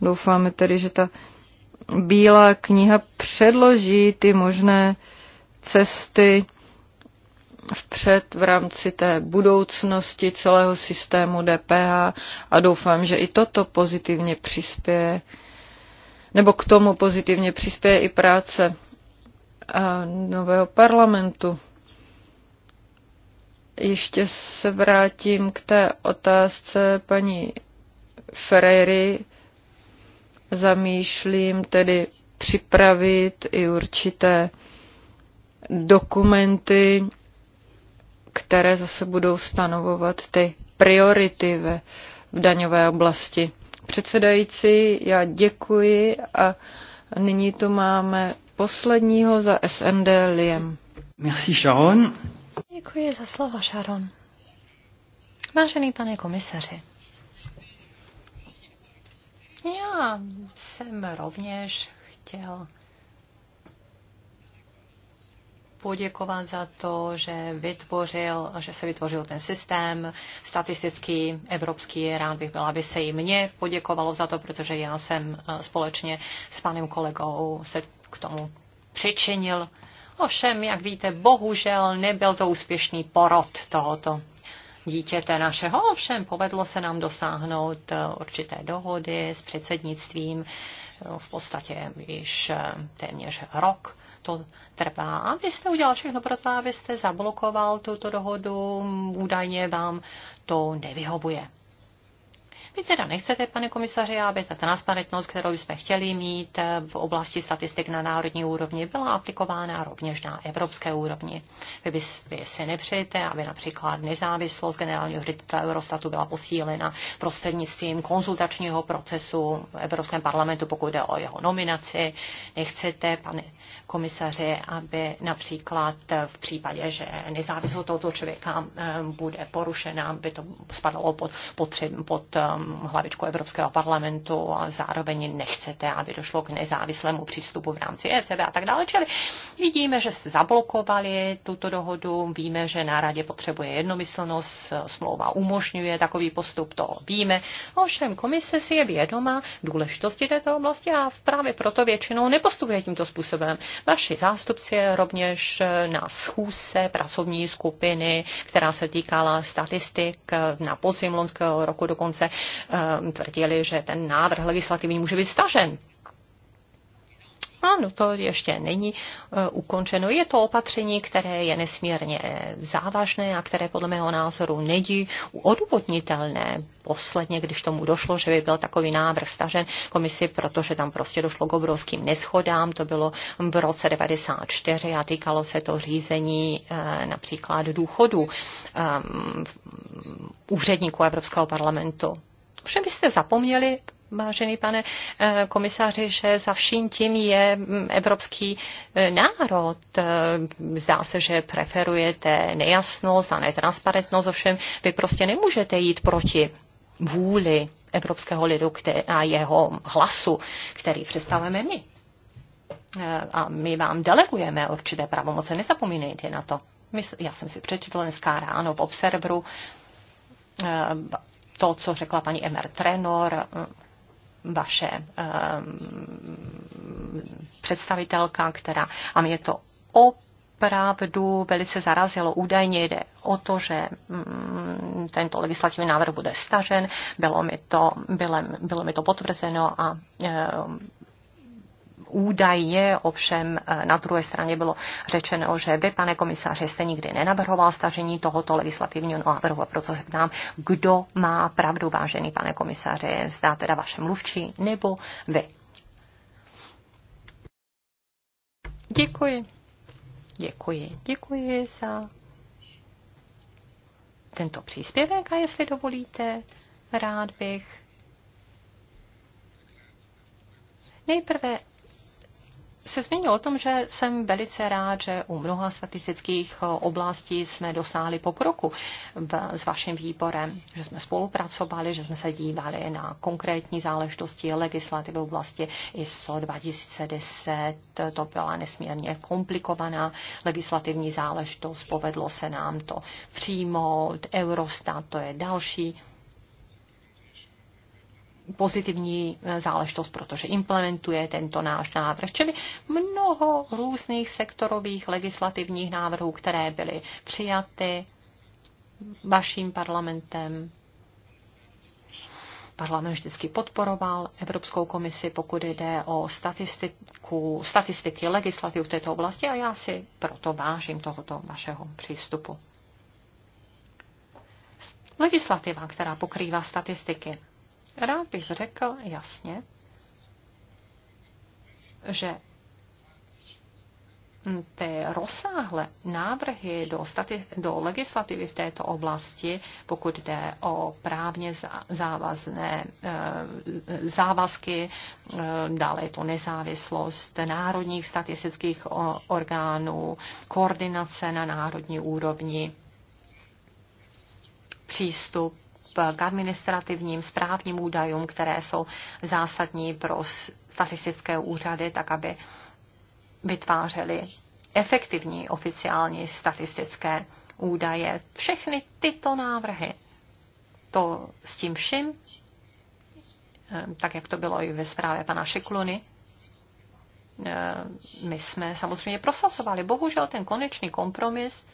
doufáme tedy, že ta bílá kniha předloží ty možné cesty vpřed v rámci té budoucnosti celého systému DPH a doufám, že i toto pozitivně přispěje, nebo k tomu pozitivně přispěje i práce nového parlamentu. Ještě se vrátím k té otázce paní Ferrery. Zamýšlím tedy připravit i určité dokumenty, které zase budou stanovovat ty priority ve, v daňové oblasti. Předsedající, já děkuji a nyní tu máme posledního za SND Liam. Merci Sharon. Děkuji za slovo Sharon. Vážený pane komisaři, já jsem rovněž chtěl poděkovat za to, že vytvořil, že se vytvořil ten systém statistický evropský. Rád bych byla, aby se i mně poděkovalo za to, protože já jsem eh, společně s panem kolegou se k tomu přičinil. Ovšem, jak víte, bohužel nebyl to úspěšný porod tohoto dítěte našeho. Ovšem, povedlo se nám dosáhnout eh, určité dohody s předsednictvím. No, v podstatě již eh, téměř rok to trvá. A vy jste udělal všechno pro to, abyste zablokoval tuto dohodu. Údajně vám to nevyhovuje. Vy teda nechcete, pane komisaři, aby ta transparentnost, kterou jsme chtěli mít eh, v oblasti statistik na národní úrovni, byla aplikována rovněž na evropské úrovni. Vy, by, vy si nepřejete, aby například nezávislost generálního ředitele Eurostatu byla posílena prostřednictvím konzultačního procesu v Evropském parlamentu, pokud jde o jeho nominaci. Nechcete, pane komisaři, aby například eh, v případě, že nezávislost tohoto člověka eh, bude porušena, by to spadalo pod, pod, pod hlavičku Evropského parlamentu a zároveň nechcete, aby došlo k nezávislému přístupu v rámci ECB a tak dále. Čili vidíme, že jste zablokovali tuto dohodu, víme, že na radě potřebuje jednomyslnost, smlouva umožňuje takový postup, to víme. Ovšem komise si je vědoma důležitosti této oblasti a právě proto většinou nepostupuje tímto způsobem. Vaši zástupci rovněž na schůzce pracovní skupiny, která se týkala statistik na podzim loňského roku dokonce Ehm, tvrdili, že ten návrh legislativní může být stažen. Ano, to ještě není eh, ukončeno. Je to opatření, které je nesmírně závažné a které podle mého názoru není odůvodnitelné. Posledně, když tomu došlo, že by byl takový návrh stažen komisi, protože tam prostě došlo k obrovským neschodám, to bylo v roce 94 a týkalo se to řízení eh, například důchodu um, úředníků Evropského parlamentu. Protože vy jste zapomněli, vážený pane eh, komisaři, že za vším tím je mm, evropský eh, národ. Eh, zdá se, že preferujete nejasnost a netransparentnost, ovšem vy prostě nemůžete jít proti vůli evropského lidu a jeho hlasu, který představujeme my. A my vám delegujeme určité pravomoce, nezapomínejte na to. já jsem si přečetla dneska ráno v Observeru to, co řekla paní Emer Trenor, vaše um, představitelka, která a mě to opravdu velice zarazilo. Údajně jde o to, že mm, tento legislativní návrh bude stažen, bylo mi to, bylo, bylo mi to potvrzeno a eh, Údajně ovšem eh, na druhé straně bylo řečeno, že vy, pane komisáře, jste nikdy nenavrhoval stažení tohoto legislativního návrhu a proto se ptám, kdo má pravdu, vážený pane komisáře, zdá teda vaše mluvčí nebo vy. Děkuji. Děkuji. Děkuji za tento příspěvek a jestli dovolíte, rád bych nejprve se zmínil o tom, že jsem velice rád, že u mnoha statistických eh, oblastí jsme dosáhli pokroku v, s vaším výborem, že jsme spolupracovali, že jsme se dívali na konkrétní záležitosti legislativy oblasti ISO 2010. To byla nesmírně komplikovaná legislativní záležitost, povedlo se nám to přijmout, Eurostat, to je další pozitivní eh, záležitost, protože implementuje tento náš návrh. Čili mnoho různých sektorových legislativních návrhů, které byly přijaty vaším parlamentem. Parlament vždycky podporoval Evropskou komisi, pokud jde o statistiku, statistiky legislativ v této oblasti a já si proto vážím tohoto vašeho přístupu. Legislativa, která pokrývá statistiky, Rád bych řekl jasně, že ty rozsáhlé návrhy do, stati- do legislativy v této oblasti, pokud jde o právně závazné eh, závazky, eh, dále je to nezávislost národních statistických orgánů, koordinace na národní úrovni, přístup k administrativním správním údajům, které jsou zásadní pro statistické úřady, tak aby vytvářely efektivní oficiální statistické údaje. Všechny tyto návrhy, to s tím vším, eh, tak jak to bylo i ve zprávě pana Šikluny, eh, my jsme samozřejmě prosazovali. Bohužel ten konečný kompromis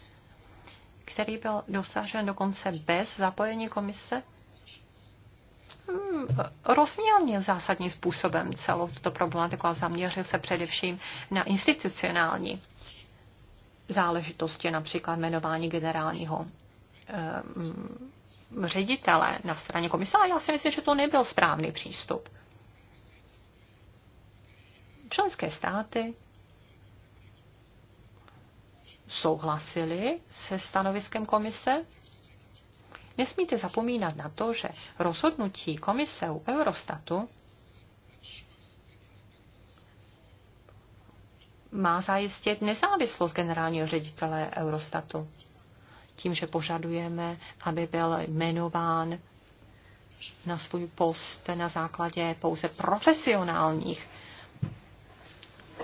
který byl dosažen dokonce bez zapojení komise, hmm, rozmělnil zásadním způsobem celou tuto problematiku a zaměřil se především na institucionální záležitosti, například jmenování generálního um, ředitele na straně komise. A já si myslím, že to nebyl správný přístup. Členské státy souhlasili se stanoviskem komise. Nesmíte zapomínat na to, že rozhodnutí komise u Eurostatu má zajistit nezávislost generálního ředitele Eurostatu. Tím, že požadujeme, aby byl jmenován na svůj post na základě pouze profesionálních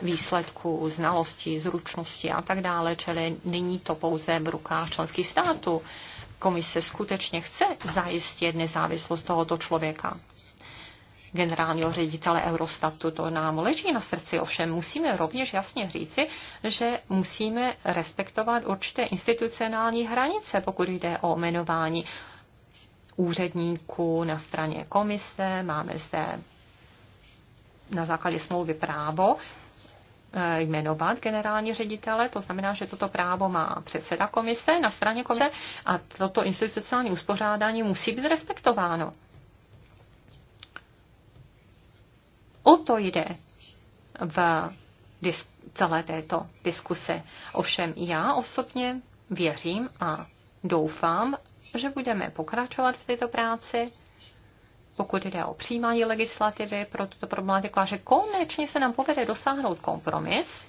výsledků, znalosti, zručnosti a tak dále, čili není to pouze v rukách členských států. Komise skutečně chce zajistit nezávislost tohoto člověka. Generálního ředitele Eurostatu to nám leží na srdci, ovšem musíme rovněž jasně říci, že musíme respektovat určité institucionální hranice, pokud jde o jmenování úředníků na straně komise, máme zde na základě smlouvy právo Eh, jmenovat generální ředitele, to znamená, že toto právo má předseda komise na straně komise a toto institucionální uspořádání musí být respektováno. O to jde v celé této diskuse. Ovšem já osobně věřím a doufám, že budeme pokračovat v této práci pokud jde o přijímání legislativy pro tuto problematiku a že konečně se nám povede dosáhnout kompromis,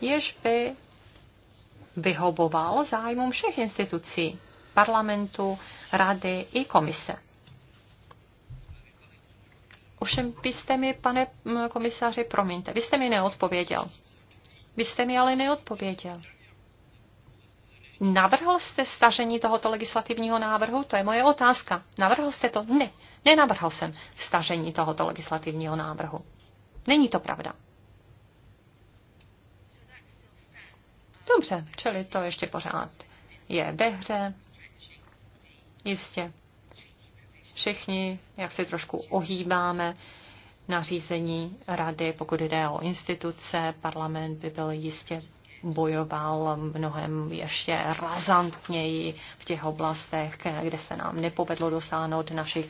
jež by vyhoboval zájmům všech institucí, parlamentu, rady i komise. Ovšem, vy jste mi, pane komisaři promiňte, vy jste mi neodpověděl. Vy jste mi ale neodpověděl. Navrhl jste stažení tohoto legislativního návrhu? To je moje otázka. Navrhl jste to? Ne. Nenavrhl jsem stažení tohoto legislativního návrhu. Není to pravda. Dobře, čili to ještě pořád je ve hře. Jistě. Všichni, jak si trošku ohýbáme nařízení rady, pokud jde o instituce, parlament by byl jistě bojoval mnohem ještě razantněji v těch oblastech, kde se nám nepovedlo dosáhnout našich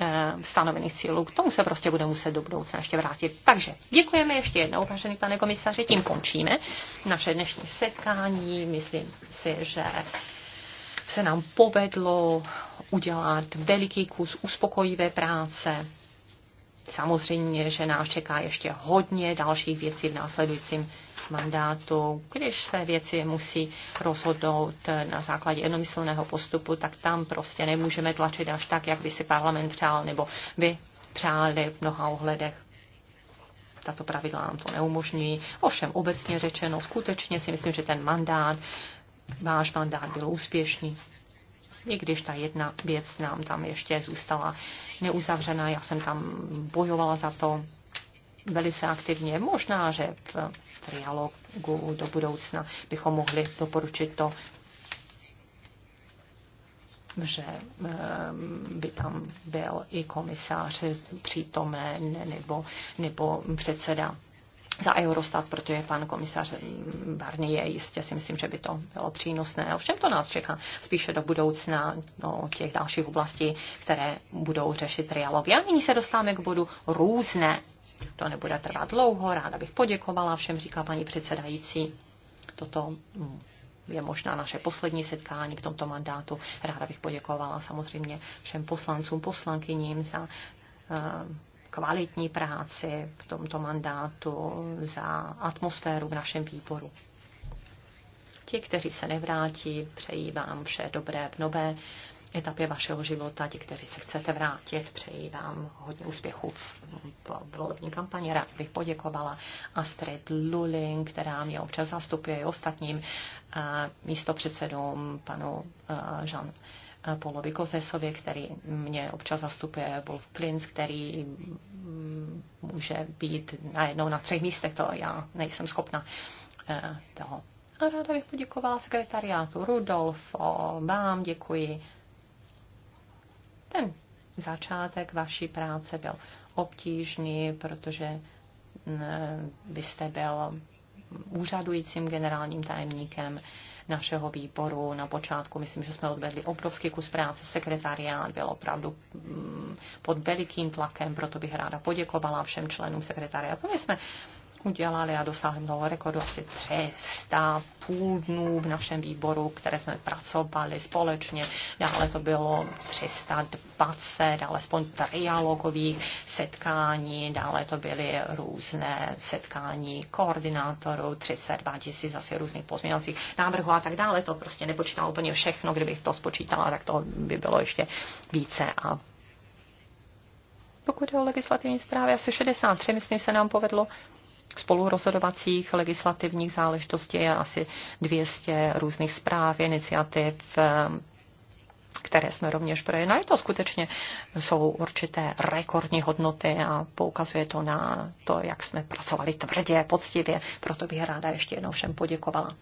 eh, stanovených cílů. K tomu se prostě bude muset do budoucna ještě vrátit. Takže děkujeme ještě jednou, vážený pane komisaři, tím končíme naše dnešní setkání. Myslím si, že se nám povedlo udělat veliký kus uspokojivé práce. Samozřejmě, že nás čeká ještě hodně dalších věcí v následujícím mandátu, když se věci musí rozhodnout na základě jednomyslného postupu, tak tam prostě nemůžeme tlačit až tak, jak by si parlament přál nebo by přáli v mnoha ohledech. Tato pravidla nám to neumožňují. Ovšem obecně řečeno, skutečně si myslím, že ten mandát, váš mandát byl úspěšný i když ta jedna věc nám tam ještě zůstala neuzavřená. Já jsem tam bojovala za to, velice aktivně. Možná, že v trialogu do budoucna bychom mohli doporučit to, že eh, by tam byl i komisář přítomen nebo, nebo předseda za Eurostat, protože pan komisař Barnier jistě si myslím, že by to bylo přínosné. Ovšem to nás čeká spíše do budoucna, no těch dalších oblastí, které budou řešit trialog. A nyní se dostáváme k bodu různé. To nebude trvat dlouho, ráda bych poděkovala všem, říká paní předsedající. Toto je možná naše poslední setkání v tomto mandátu. Ráda bych poděkovala samozřejmě všem poslancům, poslankyním za eh, kvalitní práci v tomto mandátu, za atmosféru v našem výboru. Ti, kteří se nevrátí, přeji vám vše dobré v nové etapě vašeho života, ti, kteří se chcete vrátit, přeji vám hodně úspěchů v, v volební kampani. Rád bych poděkovala Astrid Lulin, která mě občas zastupuje i ostatním eh, místopředsedům, panu Jean eh, eh, Polovi Kozesovi, který mě občas zastupuje, Wolf Klins, který mm, může být najednou na třech místech, to já nejsem schopna toho. A ráda bych poděkovala sekretariátu Rudolfo, vám děkuji ten začátek vaší práce byl obtížný, protože mm, vy jste byl úřadujícím generálním tajemníkem našeho výboru. Na počátku myslím, že jsme odvedli obrovský kus práce. Sekretariát byl opravdu mm, pod velikým tlakem, proto bych ráda poděkovala všem členům sekretariátu. My jsme udělali a dosáhli mnoho rekordu asi 300 půl dnů v našem výboru, které jsme pracovali společně. Dále to bylo 320, alespoň trialogových setkání, dále to byly různé setkání koordinátorů, 32 tisíc asi různých pozměňovacích návrhů a tak dále. To prostě nepočítalo úplně všechno, kdybych to spočítala, tak to by bylo ještě více a pokud je o legislativní zprávy, asi 63, myslím, se nám povedlo spolurozhodovacích legislativních záležitostí je asi 200 různých zpráv, iniciativ, ehm, které jsme rovněž projednali. To skutečně jsou určité rekordní hodnoty a poukazuje to na to, jak jsme pracovali tvrdě, poctivě. Proto bych ráda ještě jednou všem poděkovala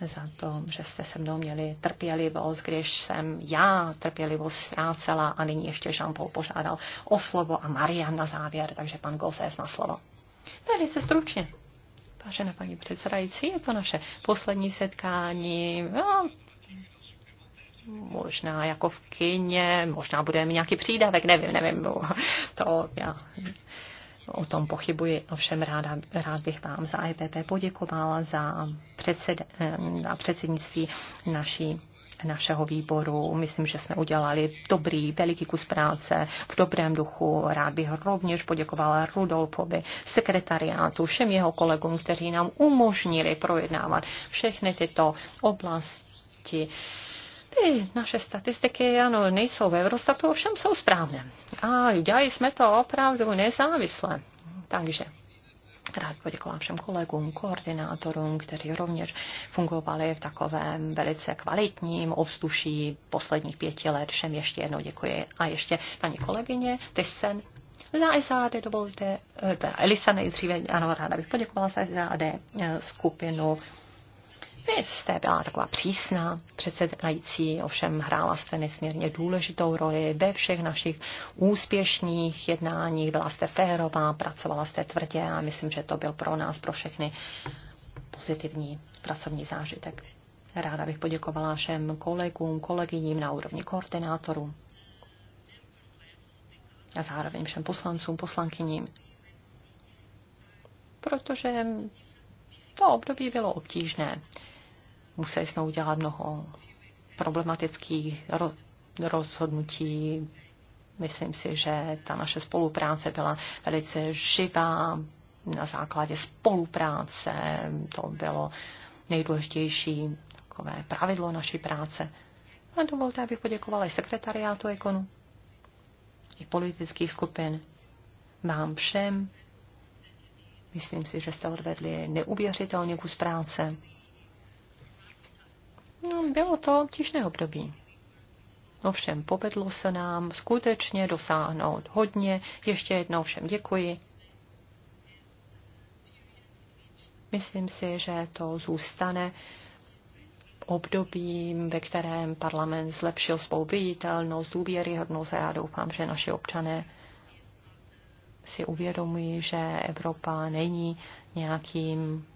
za to, že jste se mnou měli trpělivost, když jsem já trpělivost ztrácela a nyní ještě Jean-Paul požádal o slovo a Marian na závěr, takže pan Gosés má slovo. Velice stručně. Vážená paní předsedající, je to naše poslední setkání. No, možná jako v kině, možná mi nějaký přídavek, nevím, nevím, to já o tom pochybuji, ovšem ráda, rád bych vám za EPP poděkovala za, předsed, eh, za předsednictví naší našeho výboru. Myslím, že jsme udělali dobrý, veliký kus práce v dobrém duchu. Rád bych rovněž poděkovala Rudolfovi, sekretariátu, všem jeho kolegům, kteří nám umožnili projednávat všechny tyto oblasti oblasti ty naše statistiky, ano, nejsou v Eurostatu, ovšem jsou správné. A udělali jsme to opravdu nezávisle. Takže rád poděkovám všem kolegům, koordinátorům, kteří rovněž fungovali v takovém velice kvalitním ovzduší posledních pěti let. Všem ještě jednou děkuji. A ještě paní kolegyně Tysen za SAD dovolte, teda eh, Elisa nejdříve, ano, ráda bych poděkovala za SAD eh, skupinu vy jste byla taková přísná předsedající, ovšem hrála jste nesmírně důležitou roli ve všech našich úspěšných jednáních, byla jste férová, pracovala jste tvrdě a myslím, že to byl pro nás, pro všechny pozitivní pracovní zážitek. Ráda bych poděkovala všem kolegům, kolegyním na úrovni koordinátorů a zároveň všem poslancům, poslankyním, protože to období bylo obtížné. Museli jsme udělat mnoho problematických rozhodnutí. Myslím si, že ta naše spolupráce byla velice živá na základě spolupráce. To bylo nejdůležitější takové pravidlo naší práce. A dovolte, abych poděkovala i sekretariátu Ekonu, i politických skupin, vám všem. Myslím si, že jste odvedli neuvěřitelně kus práce. No, bylo to těžné období. Ovšem, povedlo se nám skutečně dosáhnout hodně. Ještě jednou všem děkuji. Myslím si, že to zůstane obdobím, ve kterém parlament zlepšil svou viditelnost, důvěryhodnost a já doufám, že naši občané si uvědomují, že Evropa není nějakým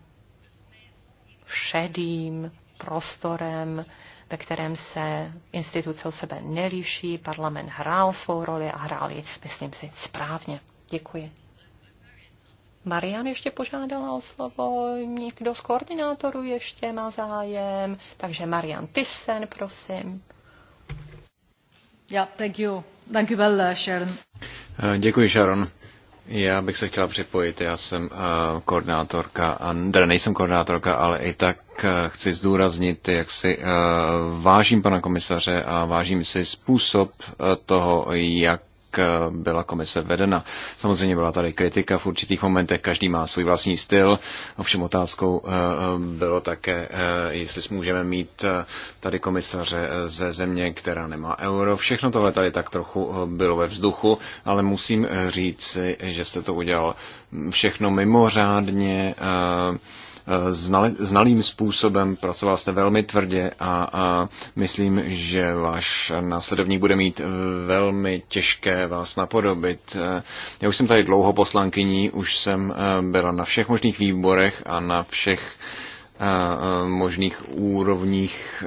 šedým prostorem, ve kterém se instituce od sebe neliší, parlament hrál svou roli a hrál ji, myslím si, správně. Děkuji. Marian ještě požádala o slovo, někdo z koordinátorů ještě má zájem, takže Marian Tysen, prosím. yeah, thank you. Thank you well, uh, Sharon. Eh, děkuji, Sharon. Já bych se chtěla připojit. Já jsem eh, koordinátorka, teda nejsem koordinátorka, ale i tak eh, chci zdůraznit, jak si eh, vážím pana komisaře a vážím si způsob toho, jak jak byla komise vedena. Samozřejmě byla tady kritika v určitých momentech, každý má svůj vlastní styl, ovšem otázkou eh, bylo také, eh, jestli můžeme mít eh, tady komisaře ze země, která nemá euro. Všechno tohle tady tak trochu bylo ve vzduchu, ale musím říct, že jste to udělal všechno mimořádně Eh, znali, znalým způsobem, pracoval jste velmi tvrdě a, a myslím, že váš následovník bude mít velmi těžké vás napodobit. Eh, já už jsem tady dlouho poslankyní, už jsem eh, byla na všech možných výborech a na všech možných úrovních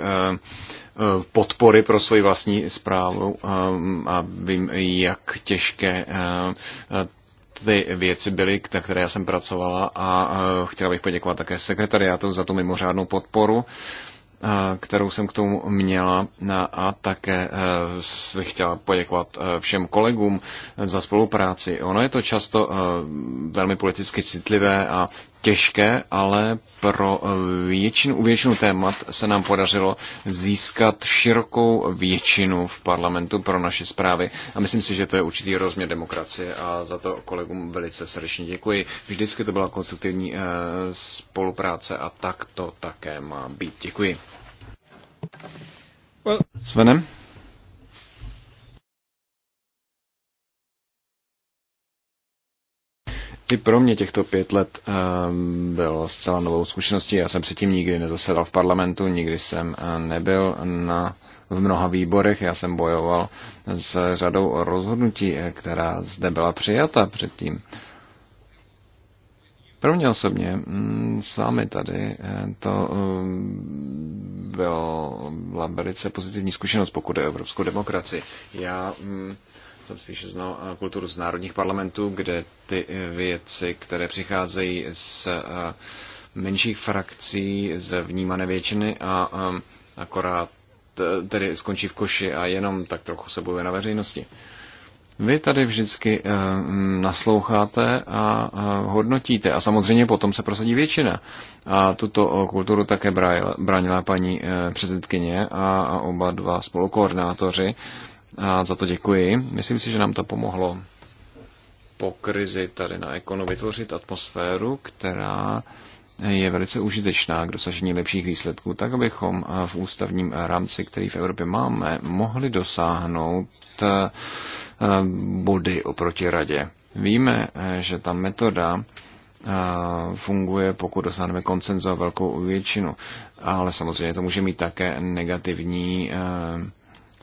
podpory pro svoji vlastní zprávu a vím, jak těžké ty věci byly, na které já jsem pracovala a chtěla bych poděkovat také sekretariátu za tu mimořádnou podporu kterou jsem k tomu měla a také e, bych chtěla poděkovat e, všem kolegům za spolupráci. Ono je to často e, velmi politicky citlivé a těžké, ale pro eh, většinu, většinu témat se nám podařilo získat širokou většinu v parlamentu pro naše zprávy. A myslím si, že to je určitý rozměr demokracie a za to kolegům velice srdečně děkuji. Vždycky to byla konstruktivní eh, spolupráce a tak to také má být. Děkuji. Well, Svenem? I pro mě těchto pět let ehm, bylo zcela novou zkušeností. Já jsem předtím nikdy nezasedal v parlamentu, nikdy jsem eh, nebyl na v mnoha výborech. Já jsem bojoval s řadou rozhodnutí, eh, která zde byla přijata předtím. Pro mě osobně mm, s vámi tady eh, to ehm, byla velice pozitivní zkušenost, pokud je o evropskou demokracii. Já mm, jsem spíše znal eh, kulturu z národních parlamentů, kde ty eh, věci, které přicházejí z eh, menších frakcí, z vnímané většiny a akorát tedy skončí v koši a jenom tak trochu se bojuje na veřejnosti. Vy tady vždycky mm, nasloucháte a hodnotíte a samozřejmě potom se prosadí většina. A tuto kulturu také bránila paní předsedkyně a oba dva spolukoordinátoři a za to děkuji. Myslím si, že nám to pomohlo po krizi tady na Ekonu vytvořit atmosféru, která je velice užitečná k dosažení lepších výsledků, tak abychom eh, v ústavním rámci, který v Evropě máme, mohli dosáhnout eh, body oproti radě. Víme, eh, že ta metoda funguje, pokud dosáhneme koncenzu a velkou většinu, ale samozřejmě to může mít také negativní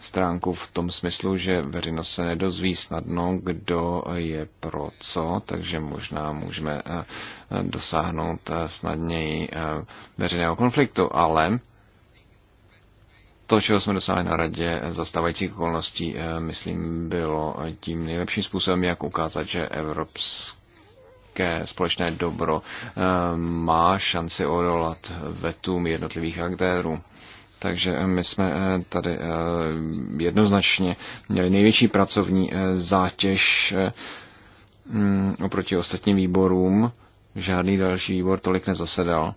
stránku v tom smyslu, že veřejnost se nedozví snadno, kdo je pro co, takže možná můžeme eh, eh, dosáhnout eh, snadněji veřejného konfliktu, ale to, čeho jsme dosáhli na radě zastávajících okolností, myslím, bylo tím nejlepším způsobem, jak ukázat, že evropské společné dobro má šanci odolat vetům jednotlivých aktérů. Takže eh, my jsme eh, tady eh, jednoznačně měli největší pracovní zátěž mm, oproti ostatním výborům. Žádný další výbor tolik nezasedal.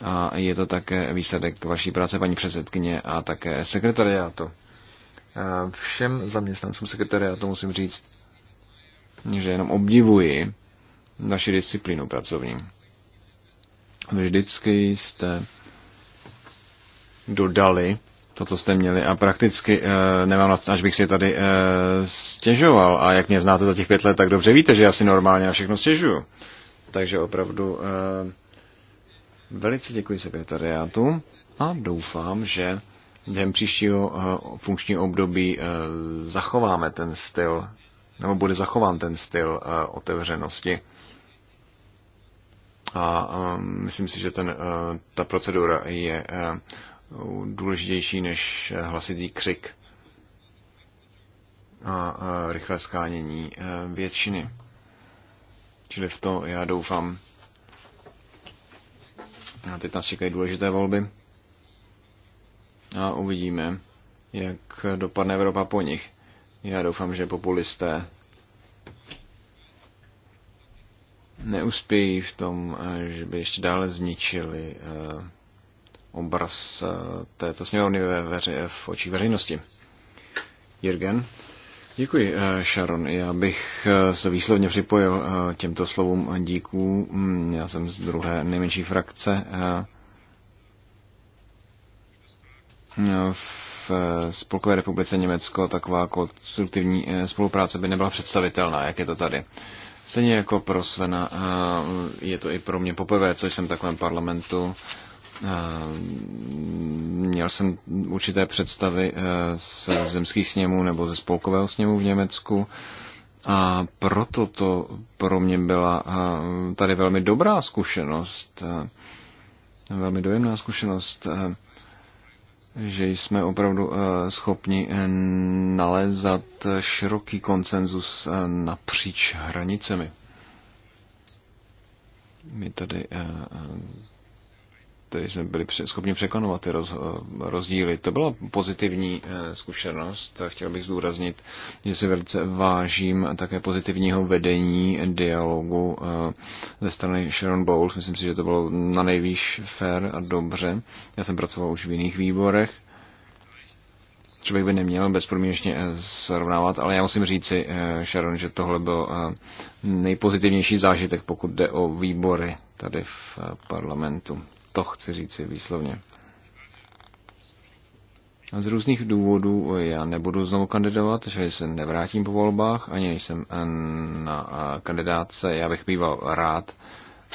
A je to také výsledek vaší práce, paní předsedkyně, a také sekretariátu. Všem zaměstnancům sekretariátu musím říct, že jenom obdivuji naši disciplínu pracovní. Vždycky jste dodali to, co jste měli a prakticky e, nemám, až bych si tady e, stěžoval a jak mě znáte za těch pět let, tak dobře víte, že já si normálně na všechno stěžuju. Takže opravdu e, velice děkuji sekretariátu a doufám, že během příštího e, funkčního období e, zachováme ten styl, nebo bude zachován ten styl e, otevřenosti a um, myslím si, že ten, uh, ta procedura je uh, důležitější než hlasitý křik a rychlé skánění e, většiny. Čili v to já doufám. A teď nás čekají důležité volby. A uvidíme, jak dopadne Evropa po nich. Já doufám, že populisté neuspějí v tom, e, že by ještě dále zničili e, obraz eh, této sněmovny ve veři, v očích veřejnosti. Jirgen? Děkuji, eh, Sharon. Já bych eh, se výslovně připojil těmto slovům díků. Hmm, já jsem z druhé nejmenší frakce. V Spolkové republice Německo taková konstruktivní spolupráce by nebyla představitelná, jak je to tady. Stejně jako pro Svena je to i pro mě poprvé, co jsem v takovém parlamentu Eh, měl jsem určité představy eh, z zemských sněmů nebo ze spolkového sněmu v Německu a proto to pro mě byla eh, tady velmi dobrá zkušenost, velmi dojemná zkušenost, že jsme opravdu schopni nalézat široký konsenzus napříč hranicemi. My tady že jsme byli schopni překonovat ty eh, rozdíly. To byla pozitivní eh, zkušenost. Chtěl bych zdůraznit, že si velice vážím také pozitivního vedení dialogu eh, ze strany Sharon Bowles. Myslím si, že to bylo na nejvýš fair a dobře. Já jsem pracoval už v jiných výborech, člověk by neměl bezpodmínečně srovnávat, ale já musím říct si Sharon, že tohle byl nejpozitivnější zážitek, pokud jde o výbory tady v parlamentu to chci říci výslovně. Z různých důvodů já nebudu znovu kandidovat, že se nevrátím po volbách, ani nejsem eh, na eh, kandidátce, já bych býval rád,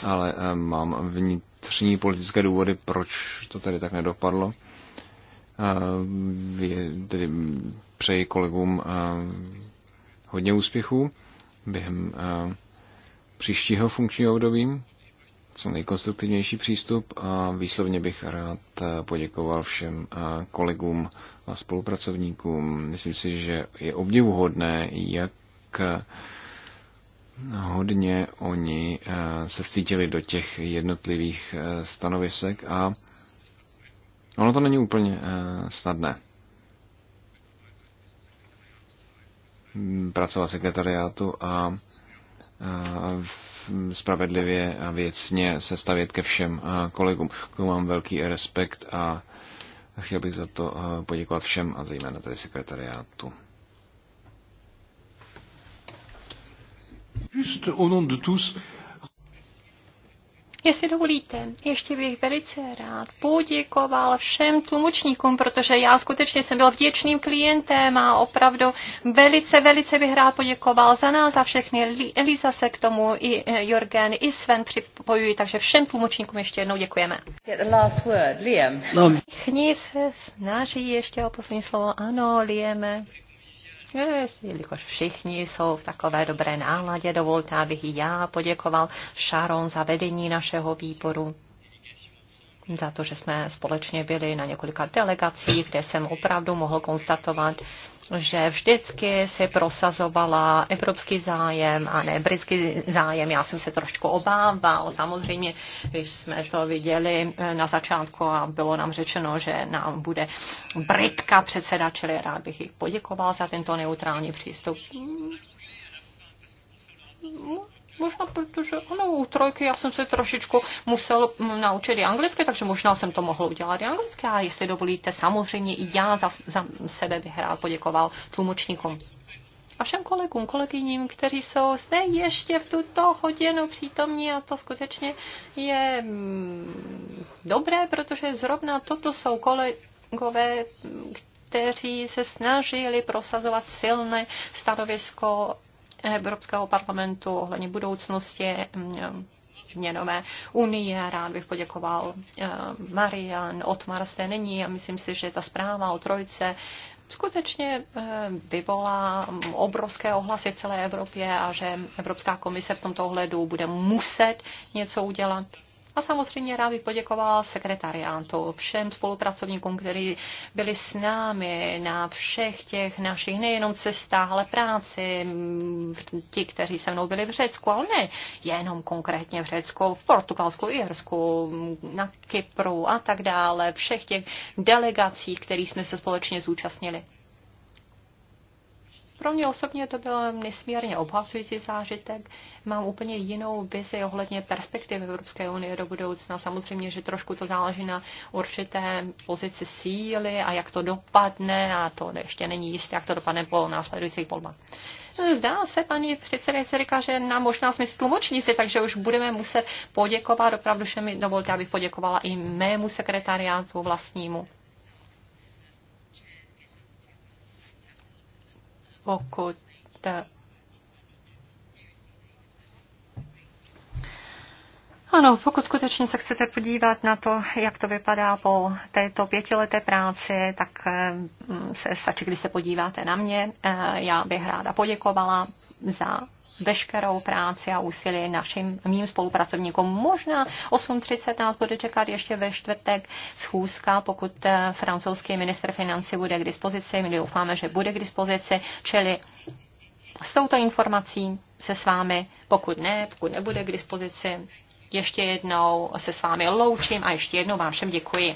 ale eh, mám vnitřní politické důvody, proč to tady tak nedopadlo. Tedy přeji kolegům hodně úspěchů během příštího funkčního období co nejkonstruktivnější přístup a výslovně bych rád eh, poděkoval všem eh, kolegům a spolupracovníkům. Myslím si, že je obdivuhodné, jak eh, hodně oni se vcítili do těch jednotlivých stanovisek a ono to není úplně snadné. Pracovat sekretariátu a v spravedlivě a věcně se stavět ke všem kolegům. K mám velký respekt a chtěl bych za to poděkovat všem a zejména tady sekretariátu. Just au nom de tous, Jestli dovolíte, ještě bych velice rád poděkoval všem tlumočníkům, protože já skutečně jsem byl vděčným klientem a opravdu velice, velice bych rád poděkoval za nás, za všechny. Elisa se k tomu, i eh, Jorgen, i Sven připojují, takže všem tlumočníkům ještě jednou děkujeme. Last word, Liam. No. Všichni se snaží ještě o poslední slovo. Ano, Lieme jelikož všichni jsou v takové dobré náladě, dovolte, abych i já poděkoval Sharon za vedení našeho výboru za to, že jsme společně byli na několika delegacích, kde jsem opravdu mohl konstatovat, že vždycky si prosazovala evropský zájem a ne britský zájem. Já jsem se trošku obával, samozřejmě, když jsme to viděli eh, na začátku a bylo nám řečeno, že nám bude Britka předseda, čili rád bych jich poděkoval za tento neutrální přístup. Možná protože, ano, u trojky já jsem se trošičku musel mm, naučit i anglicky, takže možná jsem to mohl udělat i anglicky. A jestli dovolíte, samozřejmě i já za, za sebe bych rád poděkoval tlumočníkům a všem kolegům, kolegyním, kteří jsou zde ještě v tuto hodinu přítomní a to skutečně je mm, dobré, protože zrovna toto jsou kolegové, kteří se snažili prosazovat silné stanovisko Evropského parlamentu ohledně budoucnosti mm, měnové unie. Rád bych poděkoval eh, Marian, Otmar zde není a myslím si, že ta zpráva o trojce skutečně eh, vyvolá mm, obrovské ohlasy v celé Evropě a že Evropská komise v tomto ohledu bude muset něco udělat. A samozřejmě rád bych poděkoval sekretariátu, všem spolupracovníkům, kteří byli s námi na všech těch našich nejenom cestách, ale práci, mm, ti, kteří se mnou byli v Řecku, ale ne jenom konkrétně v Řecku, v Portugalsku, Jirsku, na Kypru a tak dále, všech těch delegací, kterých jsme se společně zúčastnili. Pro mě osobně to byl nesmírně obhazující zážitek. Mám úplně jinou vizi ohledně perspektivy Evropské unie do budoucna. Samozřejmě, že trošku to záleží na určité pozici síly a jak to dopadne a to ještě není jisté, jak to dopadne po následujících volbách. No, zdá se, paní předsedající říká, že nám možná jsme tlumočníci, takže už budeme muset poděkovat. Opravdu, že mi dovolte, abych poděkovala i mému sekretariátu vlastnímu. pokud eh, ano, pokud skutečně se chcete podívat na to, jak to vypadá po této pětileté práci, tak eh, se stačí, když se podíváte na mě. Eh, já bych ráda poděkovala za veškerou práci a úsilí našim mým spolupracovníkům. Možná 8.30 nás bude čekat ještě ve čtvrtek schůzka, pokud eh, francouzský minister financí bude k dispozici. My doufáme, že bude k dispozici, čili s touto informací se s vámi, pokud ne, pokud nebude k dispozici, ještě jednou se s vámi loučím a ještě jednou vám všem děkuji.